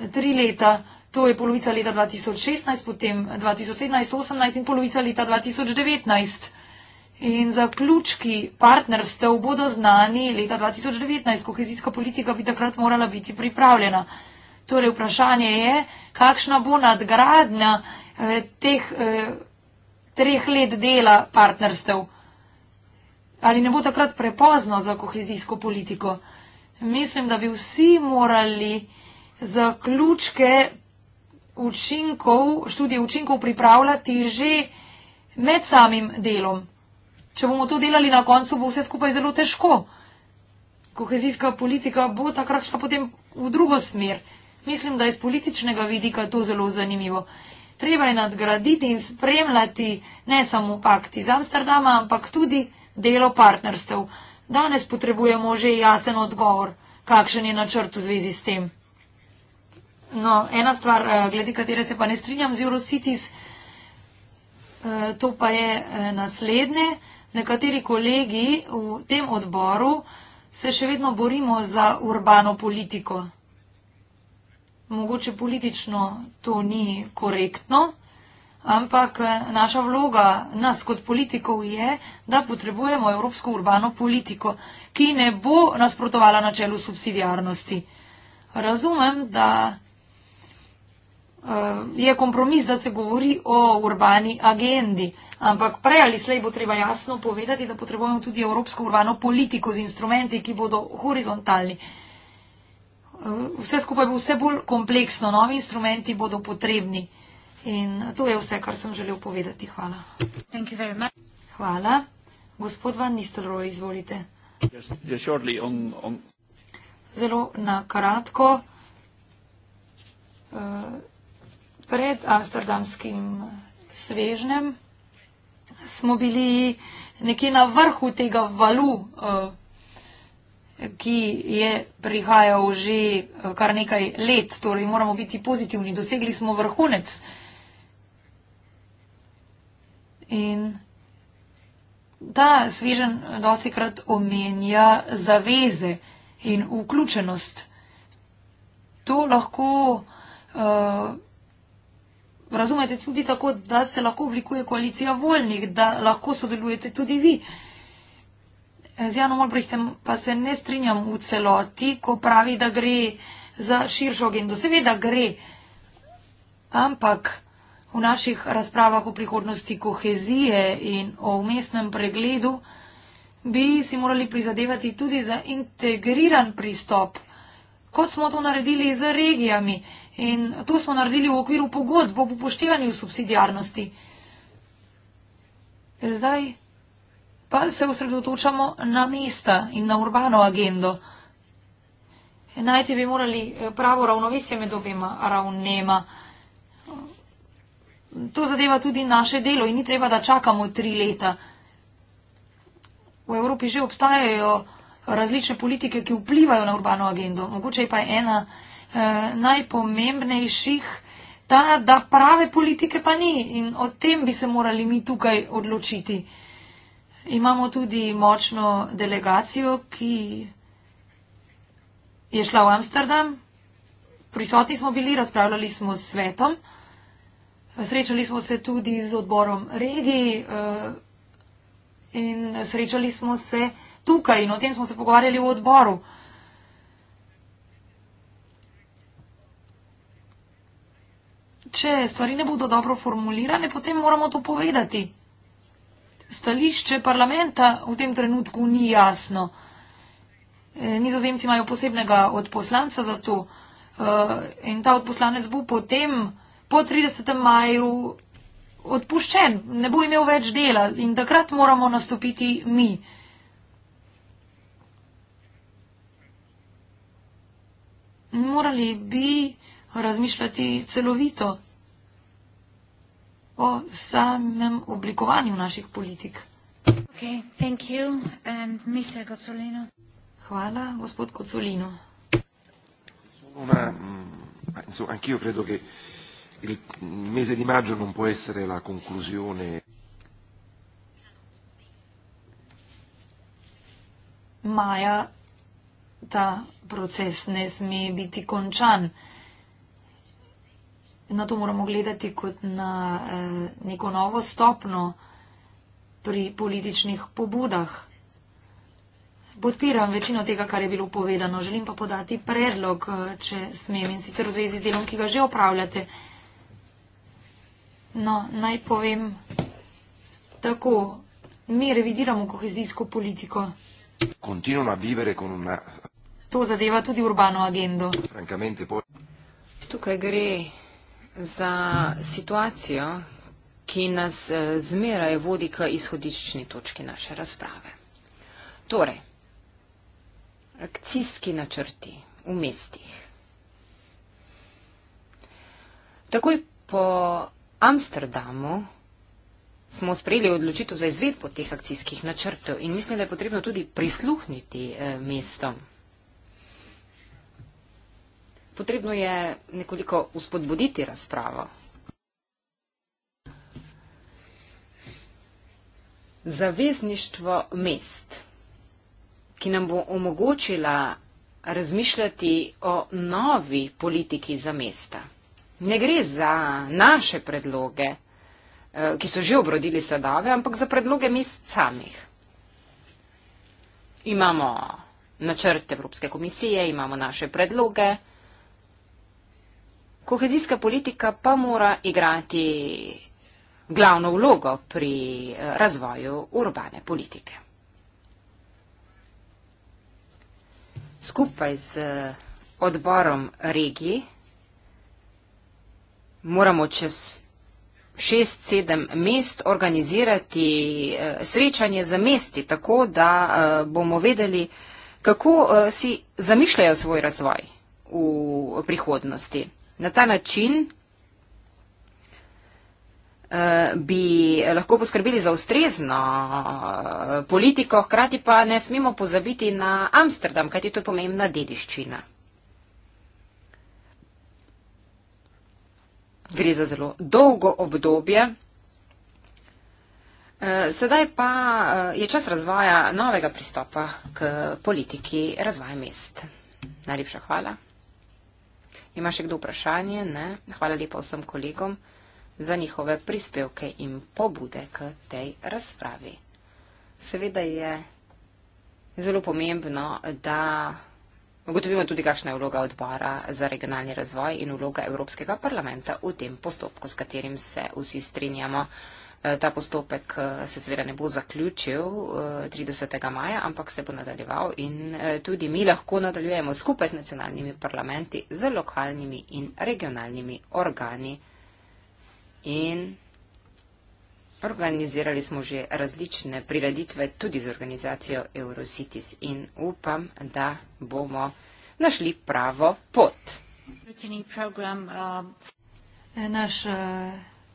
Tri leta, to je polovica leta 2016, potem 2017, 2018 in polovica leta 2019. In zaključki partnerstev bodo znani leta 2019. Kohezijska politika bi takrat morala biti pripravljena. Torej vprašanje je, kakšna bo nadgradnja eh, teh eh, treh let dela partnerstev. Ali ne bo takrat prepozno za kohezijsko politiko? Mislim, da bi vsi morali zaključke učinkov, študije učinkov pripravljati že med samim delom Če bomo to delali na koncu, bo vse skupaj zelo težko. Kohezijska politika bo takrat šla potem v drugo smer. Mislim, da je z političnega vidika to zelo zanimivo. Treba je nadgraditi in spremljati ne samo pakt iz Amsterdama, ampak tudi delo partnerstev. Danes potrebujemo že jasen odgovor, kakšen je načrt v zvezi s tem. No, ena stvar, eh, glede katere se pa ne strinjam z Eurocities, eh, to pa je eh, naslednje nekateri kolegi v tem odboru se še vedno borimo za urbano politiko. Mogoče politično to ni korektno, ampak eh, naša vloga nas kot politikov je, da potrebujemo evropsko urbano politiko, ki ne bo nasprotovala načelu subsidijarnosti. Razumem, da eh, je kompromis, da se govori o urbani agendi. Ampak prej ali slej bo treba jasno povedati, da potrebujemo tudi evropsko urbano politiko z instrumenti, ki bodo horizontalni. Eh, vse skupaj bo vse bolj kompleksno, novi instrumenti bodo potrebni. In to je vse, kar sem želel povedati. Hvala. Hvala. Gospod Van Nistelrooy, izvolite. Just, just on, on... Zelo na kratko. Eh, pred amsterdamskim svežnem smo bili nekje na vrhu tega valu, eh, ki je prihajal že eh, kar nekaj let, torej moramo biti pozitivni, dosegli smo vrhunec. In ta svežen dostikrat omenja zaveze in vključenost. To lahko uh, razumete tudi tako, da se lahko oblikuje koalicija voljnih, da lahko sodelujete tudi vi. Z Janom Olbrihtem pa se ne strinjam v celoti, ko pravi, da gre za širšo agendo. Seveda gre, ampak v naših razpravah o prihodnosti kohezije in o umestnem pregledu bi si morali prizadevati tudi za integriran pristop, kot smo to naredili z regijami In to smo naredili v okviru pogodb o upoštevanju subsidijarnosti. Zdaj pa se osredotočamo na mesta in na urbano agendo. Najte bi morali eh, pravo ravnovesje med obema ravnema. To zadeva tudi naše delo in ni treba, da čakamo tri leta. V Evropi že obstajajo različne politike, ki vplivajo na urbano agendo. Mogoče pa je ena Eh, najpomembnejših, ta, da prave politike pa ni in o tem bi se morali mi tukaj odločiti. Imamo tudi močno delegacijo, ki je šla v Amsterdam. Prisotni smo bili, razpravljali smo s svetom. Srečali smo se tudi z odborom regiji eh, in srečali smo se tukaj in o tem smo se pogovarjali v odboru. če stvari ne bodo dobro formulirane, potem moramo to povedati. Stališče parlamenta v tem trenutku ni jasno. E, Nizozemci imajo posebnega odposlanca za to e, in ta odposlanec bo potem po 30. maju odpuščen, ne bo imel več dela in takrat moramo nastopiti mi. Morali bi razmišljati celovito o samem oblikovanju naših politik. Okay, Hvala, gospod Cozzolino. Mm, anch'io credo che il mese di maggio non può essere la conclusione. Maja, ta proces ne sme biti končan na to moramo gledati kot na eh, neko novo stopno pri političnih pobudah. Podpiram večino tega, kar je bilo povedano. Želim pa podati predlog, eh, če smem, in sicer v zvezi z delom, ki ga že opravljate. No, naj povem tako. Mi revidiramo kohezijsko politiko. To zadeva tudi urbano agendo. Tukaj gre za situacijo, ki nas eh, zmeraj vodi k izhodiščni točki naše razprave. Torej, akcijski načrti v mestih. Takoj po Amsterdamu smo sprejeli odločitev za izvedbo teh akcijskih načrtov in mislim, da je potrebno tudi prisluhniti eh, mestom potrebno je nekoliko uspodbuditi razpravo. Zavezništvo mest, ki nam bo omogočila razmišljati o novi politiki za mesta. Ne gre za naše predloge, eh, ki so že obrodili sadove, ampak za predloge mest samih. Imamo načrt Evropske komisije, imamo naše predloge kohezijska politika pa mora igrati glavno vlogo pri eh, razvoju urbane politike. Skupaj z eh, odborom regiji moramo čez šest, sedem mest organizirati eh, srečanje za mesti, tako da bomo vedeli, kako si zamišljajo svoj razvoj v prihodnosti. Na ta način eh, bi lahko poskrbeli za ustrezno eh, politiko, hkrati pa ne smemo pozabiti na Amsterdam, kajti to je pomembna dediščina. Gre za zelo dolgo obdobje. Eh, sedaj pa je čas razvoja novega pristopa k politiki razvoja mest. Najlepša hvala. Ima še kdo vprašanje? Ne? Hvala lepa vsem kolegom za njihove prispevke in pobude k tej razpravi. Seveda je zelo pomembno, da ugotovimo tudi, kakšna je vloga odbora za regionalni razvoj in vloga Evropskega parlamenta v tem postopku, s katerim se vsi strinjamo. Eh, ta postopek eh, se seveda ne bo zaključil 30. Eh, maja, ampak se bo nadaljeval in tudi mi lahko nadaljujemo skupaj z nacionalnimi parlamenti, z lokalnimi in regionalnimi organi. In organizirali smo že različne prireditve tudi z organizacijo Eurocities in upam, da bomo našli pravo pot. Program, uh... Naš uh,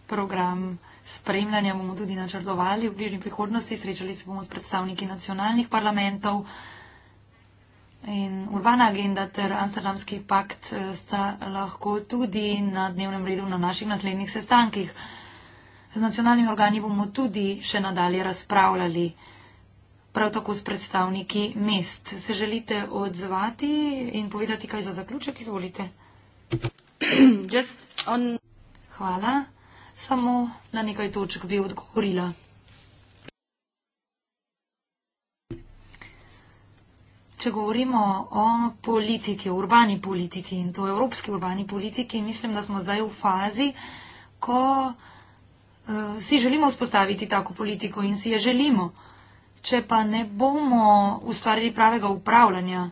program spremljanja bomo tudi načrtovali v bližnji prihodnosti. Srečali se bomo s predstavniki nacionalnih parlamentov. In urbana agenda ter Amsterdamski pakt eh, sta lahko tudi na dnevnem redu na naših naslednjih sestankih. Z nacionalnimi organi bomo tudi še nadalje razpravljali, prav tako s predstavniki mest. Se želite odzvati in povedati kaj za zaključek? Izvolite. Hvala samo na nekaj točk bi odgovorila. Če govorimo o politiki, urbani politiki in to evropski urbani politiki, mislim, da smo zdaj v fazi, ko uh, si želimo vzpostaviti tako politiko in si je želimo. Če pa ne bomo ustvarili pravega upravljanja,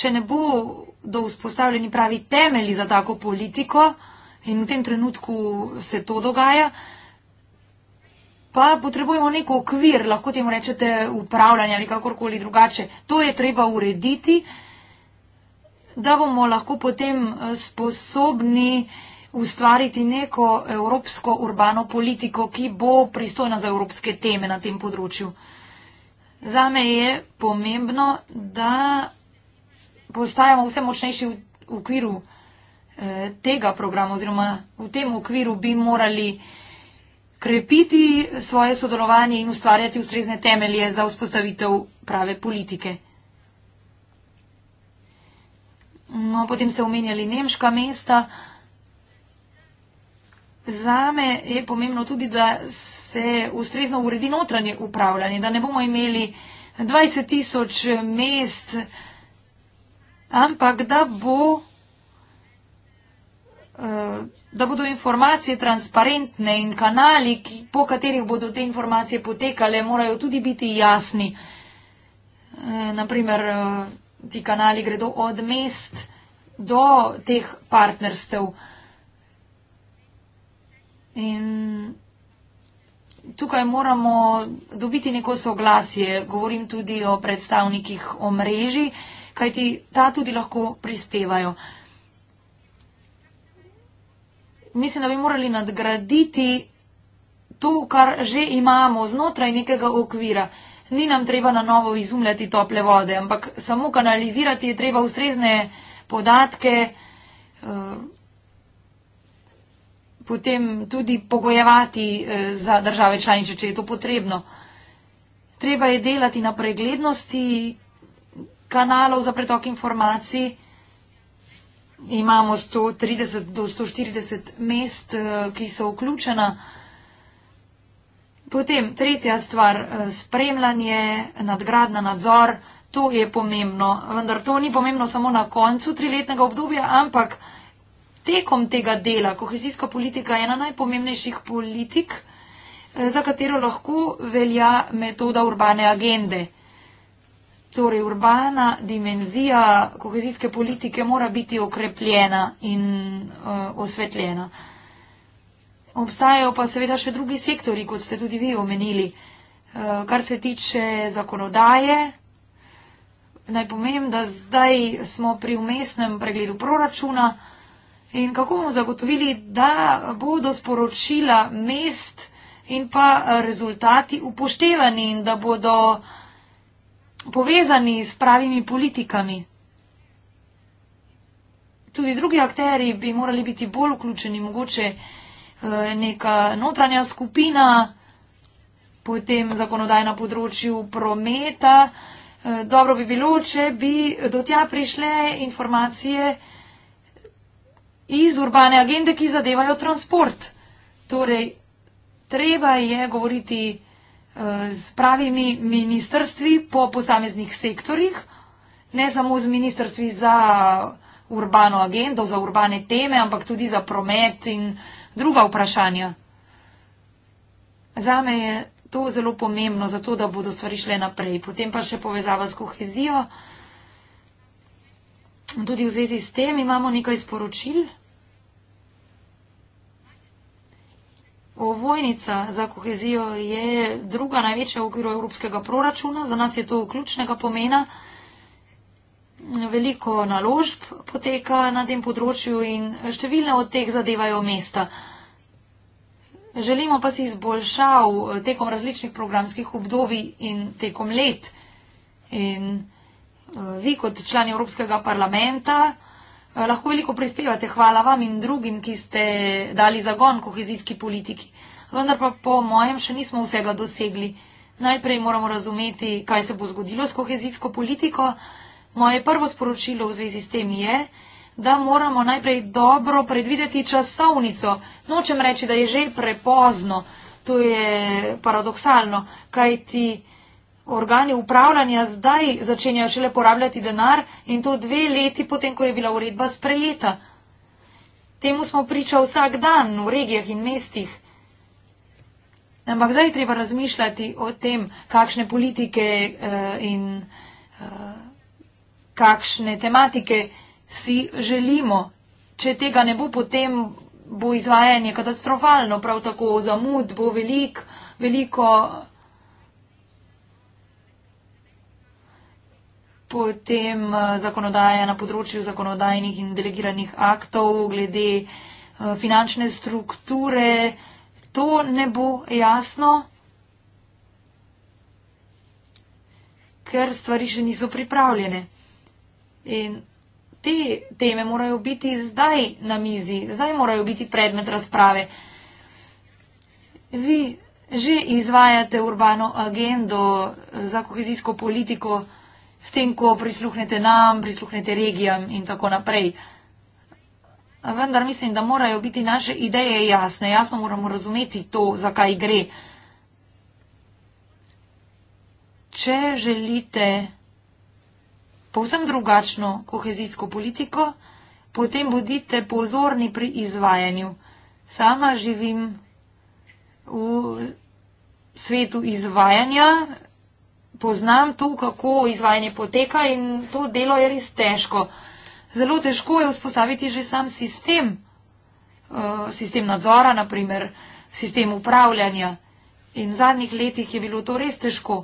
če ne bodo vzpostavljeni pravi temelji za tako politiko, uh, In v tem trenutku se to dogaja. Pa potrebujemo neko okvir, lahko temu rečete upravljanje ali kakorkoli drugače. To je treba urediti, da bomo lahko potem eh, sposobni ustvariti neko evropsko urbano politiko, ki bo pristojna za evropske teme na tem področju. Zame je pomembno, da postajamo vse močnejši v okviru Eh, tega programa oziroma v tem okviru bi morali krepiti svoje sodelovanje in ustvarjati ustrezne temelje za vzpostavitev prave politike. No, potem ste omenjali nemška mesta. Zame je pomembno tudi, da se ustrezno uredi notranje upravljanje, da ne bomo imeli 20 tisoč mest, ampak da bo Eh, da bodo informacije transparentne in kanali, ki, po katerih bodo te informacije potekale, morajo tudi biti jasni. Eh, Naprimer, eh, ti kanali gredo od mest do teh partnerstev. In tukaj moramo dobiti neko soglasje, govorim tudi o predstavnikih omrežij, kajti ta tudi lahko prispevajo mislim, da bi morali nadgraditi to, kar že imamo znotraj nekega okvira. Ni nam treba na novo izumljati tople vode, ampak samo kanalizirati je treba ustrezne podatke, eh, potem tudi pogojevati eh, za države članice, če je to potrebno. Treba je delati na preglednosti kanalov za pretok informacij imamo 130 do 140 mest, eh, ki so vključena. Potem tretja stvar, eh, spremljanje, nadgradna nadzor, to je pomembno, vendar to ni pomembno samo na koncu triletnega obdobja, ampak tekom tega dela. Kohezijska politika je ena najpomembnejših politik, eh, za katero lahko velja metoda urbane agende. Torej, urbana dimenzija kohezijske politike mora biti okrepljena in uh, osvetljena. Obstajajo pa seveda še drugi sektori, kot ste tudi vi omenili. Uh, kar se tiče zakonodaje, naj pomenim, da zdaj smo pri umestnem pregledu proračuna in kako bomo zagotovili, da bodo sporočila mest in pa eh, rezultati upoštevani in da bodo uh, povezani s pravimi politikami. Tudi drugi akteri bi morali biti bolj vključeni, mogoče eh, neka notranja skupina, potem zakonodajna področju prometa. Eh, dobro bi bilo, če bi do tja prišle informacije iz urbane agende, ki zadevajo transport. Torej, treba je govoriti. Eh, s pravimi ministrstvi po posameznih sektorjih, ne samo z ministrstvi za urbano agendo, za urbane teme, ampak tudi za promet in druga vprašanja. Zame je to zelo pomembno, zato da bodo stvari šle naprej. Potem pa še povezava s kohezijo. Tudi v zvezi s tem imamo nekaj sporočil. Ovojnica za kohezijo je druga največja v okviru evropskega proračuna, za nas je to ključnega pomena. Veliko naložb poteka na tem področju in številne od teh zadevajo mesta. Želimo pa si izboljšav tekom različnih programskih obdobij in tekom let. In eh, vi kot člani Evropskega parlamenta. Eh, lahko veliko prispevate, hvala vam in drugim, ki ste dali zagon kohezijski politiki. Vendar pa po mojem še nismo vsega dosegli. Najprej moramo razumeti, kaj se bo zgodilo s kohezijsko politiko. Moje prvo sporočilo v zvezi s tem je, da moramo najprej dobro predvideti časovnico. Nočem reči, da je že prepozno. To je paradoksalno, kaj ti organi upravljanja zdaj začenjajo šele porabljati denar in to dve leti potem, ko je bila uredba sprejeta. Temu smo priča vsak dan v regijah in mestih. Ampak zdaj treba razmišljati o tem, kakšne politike eh, in eh, kakšne tematike si želimo. Če tega ne bo, potem bo izvajanje katastrofalno, prav tako zamud bo velik, veliko. veliko potem eh, zakonodaja na področju zakonodajnih in delegiranih aktov glede eh, finančne strukture. To ne bo jasno, ker stvari še niso pripravljene. In te teme morajo biti zdaj na mizi, zdaj morajo biti predmet razprave. Vi že izvajate urbano agendo za kohezijsko politiko s tem, ko prisluhnete nam, prisluhnete regijam in tako naprej. Vendar mislim, da morajo biti naše ideje jasne, jasno moramo razumeti to, zakaj gre. Če želite povsem drugačno kohezijsko politiko, potem bodite pozorni pri izvajanju. Sama živim v svetu izvajanja, poznam to, kako izvajanje poteka in to delo je res težko. Zelo težko je vzpostaviti že sam sistem, eh, sistem nadzora, naprimer, sistem upravljanja. In v zadnjih letih je bilo to res težko.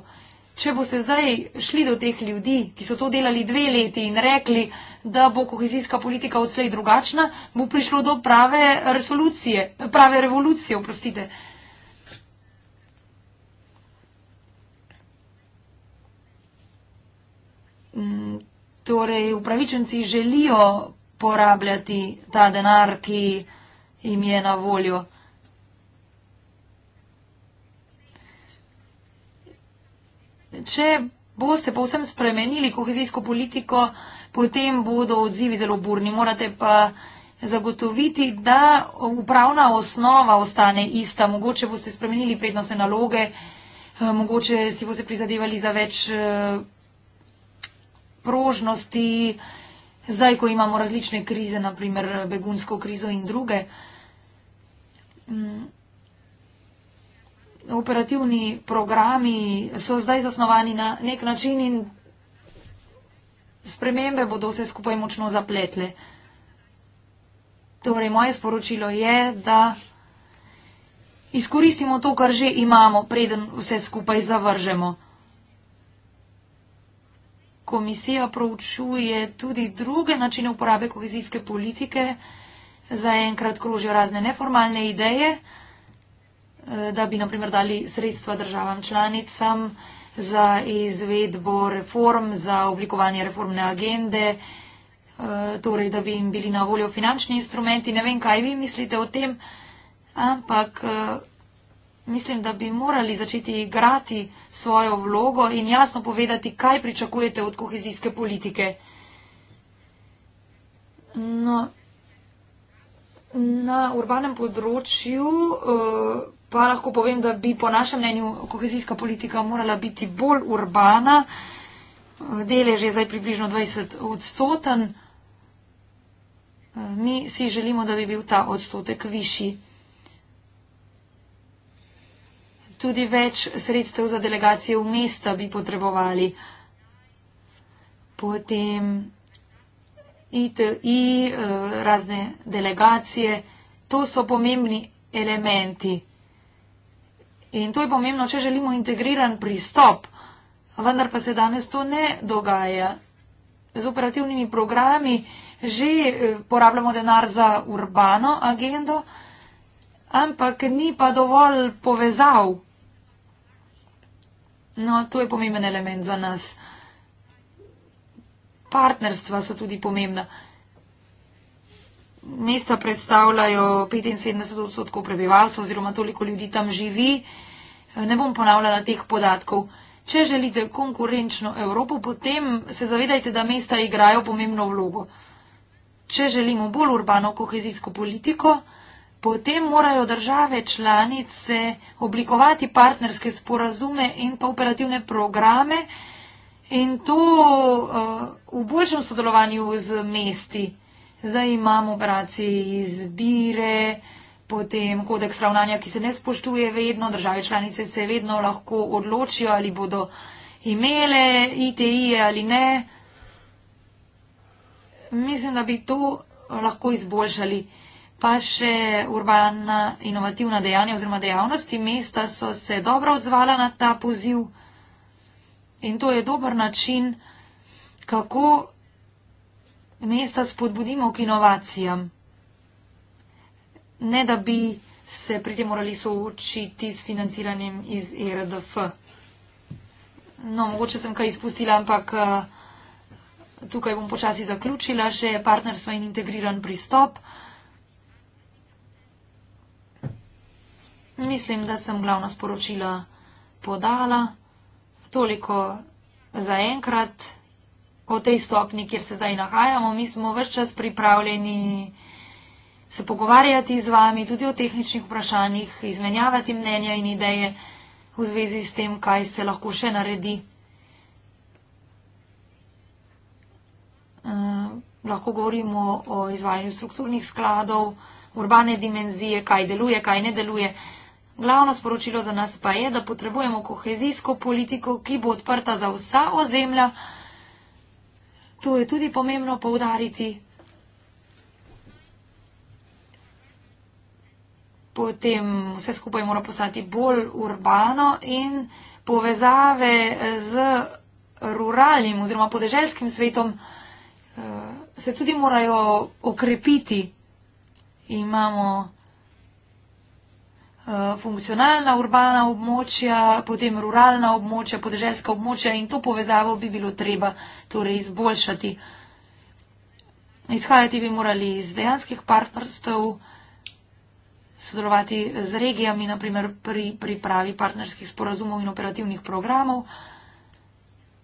Če boste zdaj šli do teh ljudi, ki so to delali dve leti in rekli, da bo kohezijska politika odslej drugačna, bo prišlo do prave resolucije, prave revolucije, oprostite. Mm, torej upravičenci želijo porabljati ta denar, ki jim je na voljo. Če boste povsem spremenili kohezijsko politiko, potem bodo odzivi zelo burni. Morate pa zagotoviti, da upravna osnova ostane ista. Mogoče boste spremenili prednostne naloge, eh, mogoče si boste prizadevali za več eh, prožnosti, zdaj, ko imamo različne krize, naprimer begunsko krizo in druge. Mm. Operativni programi so zdaj zasnovani na nek način in spremembe bodo vse skupaj močno zapletle. Torej, moje sporočilo je, da izkoristimo to, kar že imamo, preden vse skupaj zavržemo komisija proučuje tudi druge načine uporabe kohezijske politike. Zaenkrat krožijo razne neformalne ideje, eh, da bi naprimer dali sredstva državam članicam za izvedbo reform, za oblikovanje reformne agende, eh, torej da bi jim bili na voljo finančni instrumenti. Ne vem, kaj vi mislite o tem, ampak eh, mislim, da bi morali začeti igrati svojo vlogo in jasno povedati, kaj pričakujete od kohezijske politike. No, na urbanem področju eh, pa lahko povem, da bi po našem mnenju kohezijska politika morala biti bolj urbana. Eh, del je že zdaj približno 20 odstoten. Eh, mi si želimo, da bi bil ta odstotek višji. tudi več sredstev za delegacije v mesta bi potrebovali. Potem ITI, eh, razne delegacije. To so pomembni elementi. In to je pomembno, če želimo integriran pristop. Vendar pa se danes to ne dogaja. Z operativnimi programi že eh, porabljamo denar za urbano agendo, ampak ni pa dovolj povezav. No, to je pomemben element za nas. Partnerstva so tudi pomembna. Mesta predstavljajo 75 odstotkov prebivalstva oziroma toliko ljudi tam živi. Ne bom ponavljala teh podatkov. Če želite konkurenčno Evropo, potem se zavedajte, da mesta igrajo pomembno vlogo. Če želimo bolj urbano kohezijsko politiko, Potem morajo države članice oblikovati partnerske sporazume in pa operativne programe in to eh, v boljšem sodelovanju z mesti. Zdaj imamo operacije izbire, potem kodeks ravnanja, ki se ne spoštuje vedno, države članice se vedno lahko odločijo, ali bodo imele ITI ali ne. Mislim, da bi to lahko izboljšali pa še urbana inovativna dejanja oziroma dejavnosti. Mesta so se dobro odzvala na ta poziv in to je dober način, kako mesta spodbudimo k inovacijam. Ne da bi se pri tem morali soočiti s financiranjem iz ERDF. No, mogoče sem kaj izpustila, ampak eh, tukaj bom počasi zaključila še partnerstva in integriran pristop. Mislim, da sem glavna sporočila podala. Toliko zaenkrat o tej stopni, kjer se zdaj nahajamo. Mi smo vse čas pripravljeni se pogovarjati z vami tudi o tehničnih vprašanjih, izmenjavati mnenja in ideje v zvezi s tem, kaj se lahko še naredi. Uh, lahko govorimo o izvajanju strukturnih skladov, urbane dimenzije, kaj deluje, kaj ne deluje. Uh, Glavno sporočilo za nas pa je, da potrebujemo kohezijsko politiko, ki bo odprta za vsa ozemlja. To je tudi pomembno poudariti. Potem vse skupaj mora postati bolj urbano in povezave z ruralnim oziroma podeželskim svetom eh, se tudi morajo okrepiti. Imamo Eh, funkcionalna urbana območja, potem ruralna območja, podeželska območja in to povezavo bi bilo treba torej izboljšati. Izhajati bi morali iz dejanskih partnerstv, sodelovati z regijami, naprimer pri pripravi partnerskih sporazumov in operativnih programov.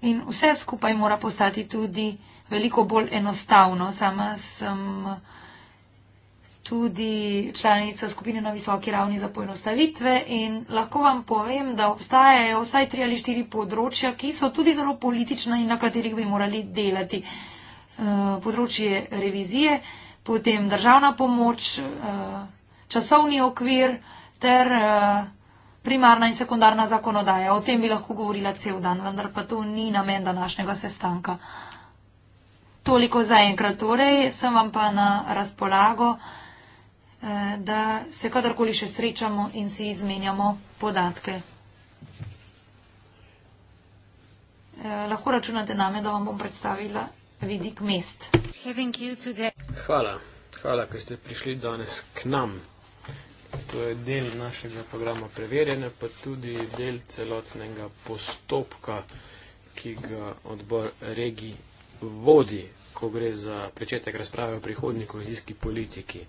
In vse skupaj mora postati tudi veliko bolj enostavno. Sama sem uh, tudi članica skupine na visoki ravni za poenostavitve in lahko vam povem, da obstajajo vsaj tri ali štiri področja, ki so tudi zelo politična in na katerih bi morali delati. Eh, področje revizije, potem državna pomoč, eh, časovni okvir ter eh, primarna in sekundarna zakonodaja. O tem bi lahko govorila cel dan, vendar pa to ni namen današnjega sestanka. Toliko zaenkrat torej, sem vam pa na razpolago. Eh, da se kadarkoli še srečamo in si izmenjamo podatke. Eh, lahko računate name, da vam bom predstavila vidik mest. Hvala, hvala, ker ste prišli danes k nam. To je del našega programa preverjanja, pa tudi del celotnega postopka, ki ga odbor regij vodi, ko gre za pričetek razprave o prihodni kohezijski politiki.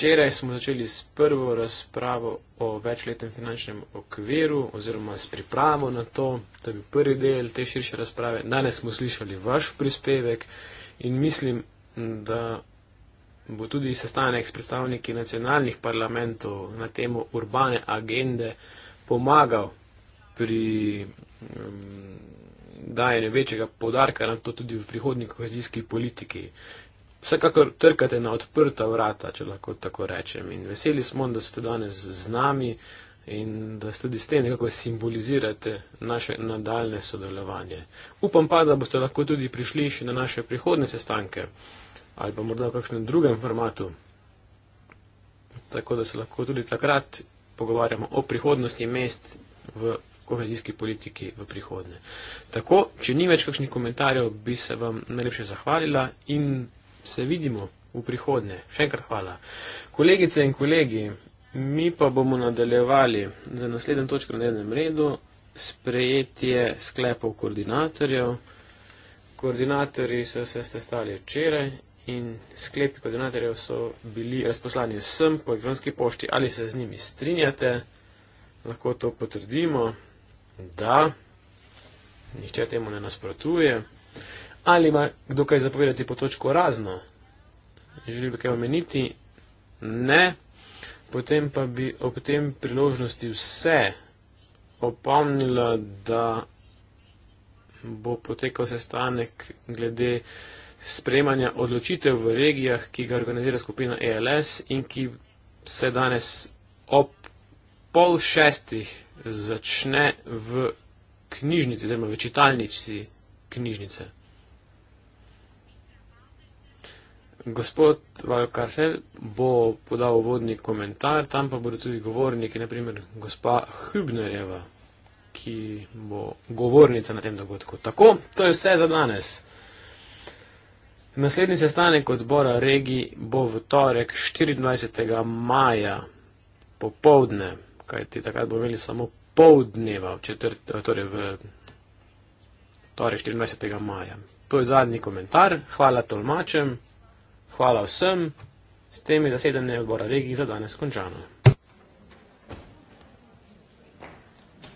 Včeraj smo začeli s prvo razpravo o večletnem finančnem okviru oziroma s pripravo na to. To je bil prvi del te širše razprave. Danes smo slišali vaš prispevek in mislim, da bo tudi sestanek s predstavniki nacionalnih parlamentov na temo urbane agende pomagal pri um, dajanju večjega podarka na to tudi v prihodnji kohezijski politiki. Vsekakor trkate na odprta vrata, če lahko tako rečem. In veseli smo, da ste danes z nami in da ste tudi s tem nekako simbolizirate naše nadaljne sodelovanje. Upam pa, da boste lahko tudi prišli še na naše prihodne sestanke ali pa morda v kakšnem drugem formatu. Tako da se lahko tudi takrat pogovarjamo o prihodnosti mest v kohezijski politiki v prihodnje. Tako, če ni več kakšnih komentarjev, bi se vam najlepše zahvalila in se vidimo v prihodnje. Še enkrat hvala. Kolegice in kolegi, mi pa bomo nadaljevali za naslednjo točko na enem redu sprejetje sklepov koordinatorjev. Koordinatorji so se sestali včeraj in sklepi koordinatorjev so bili razposlani vsem po elektronski pošti. Ali se z njimi strinjate? Lahko to potrdimo, da nihče temu ne nasprotuje. Ali ima kdo kaj zapovedati po točko razno? Želim kaj omeniti? Ne. Potem pa bi ob tem priložnosti vse opomnila, da bo potekal sestanek glede spremanja odločitev v regijah, ki ga organizira skupina ELS in ki se danes ob pol šestih začne v knjižnici, zelo v čitalnici knjižnice. Gospod Valkarsel bo podal uvodni komentar, tam pa bodo tudi govorniki, naprimer gospa Hübnerjeva, ki bo govornica na tem dogodku. Tako, to je vse za danes. Naslednji sestanek odbora regij bo v torek 24. maja popovdne, kajti takrat bomo imeli samo pol dneva, eh, torej v torek 24. maja. To je zadnji komentar. Hvala tolmačem. Hvala vsem. S tem je zasedanje odbora regij za danes končano.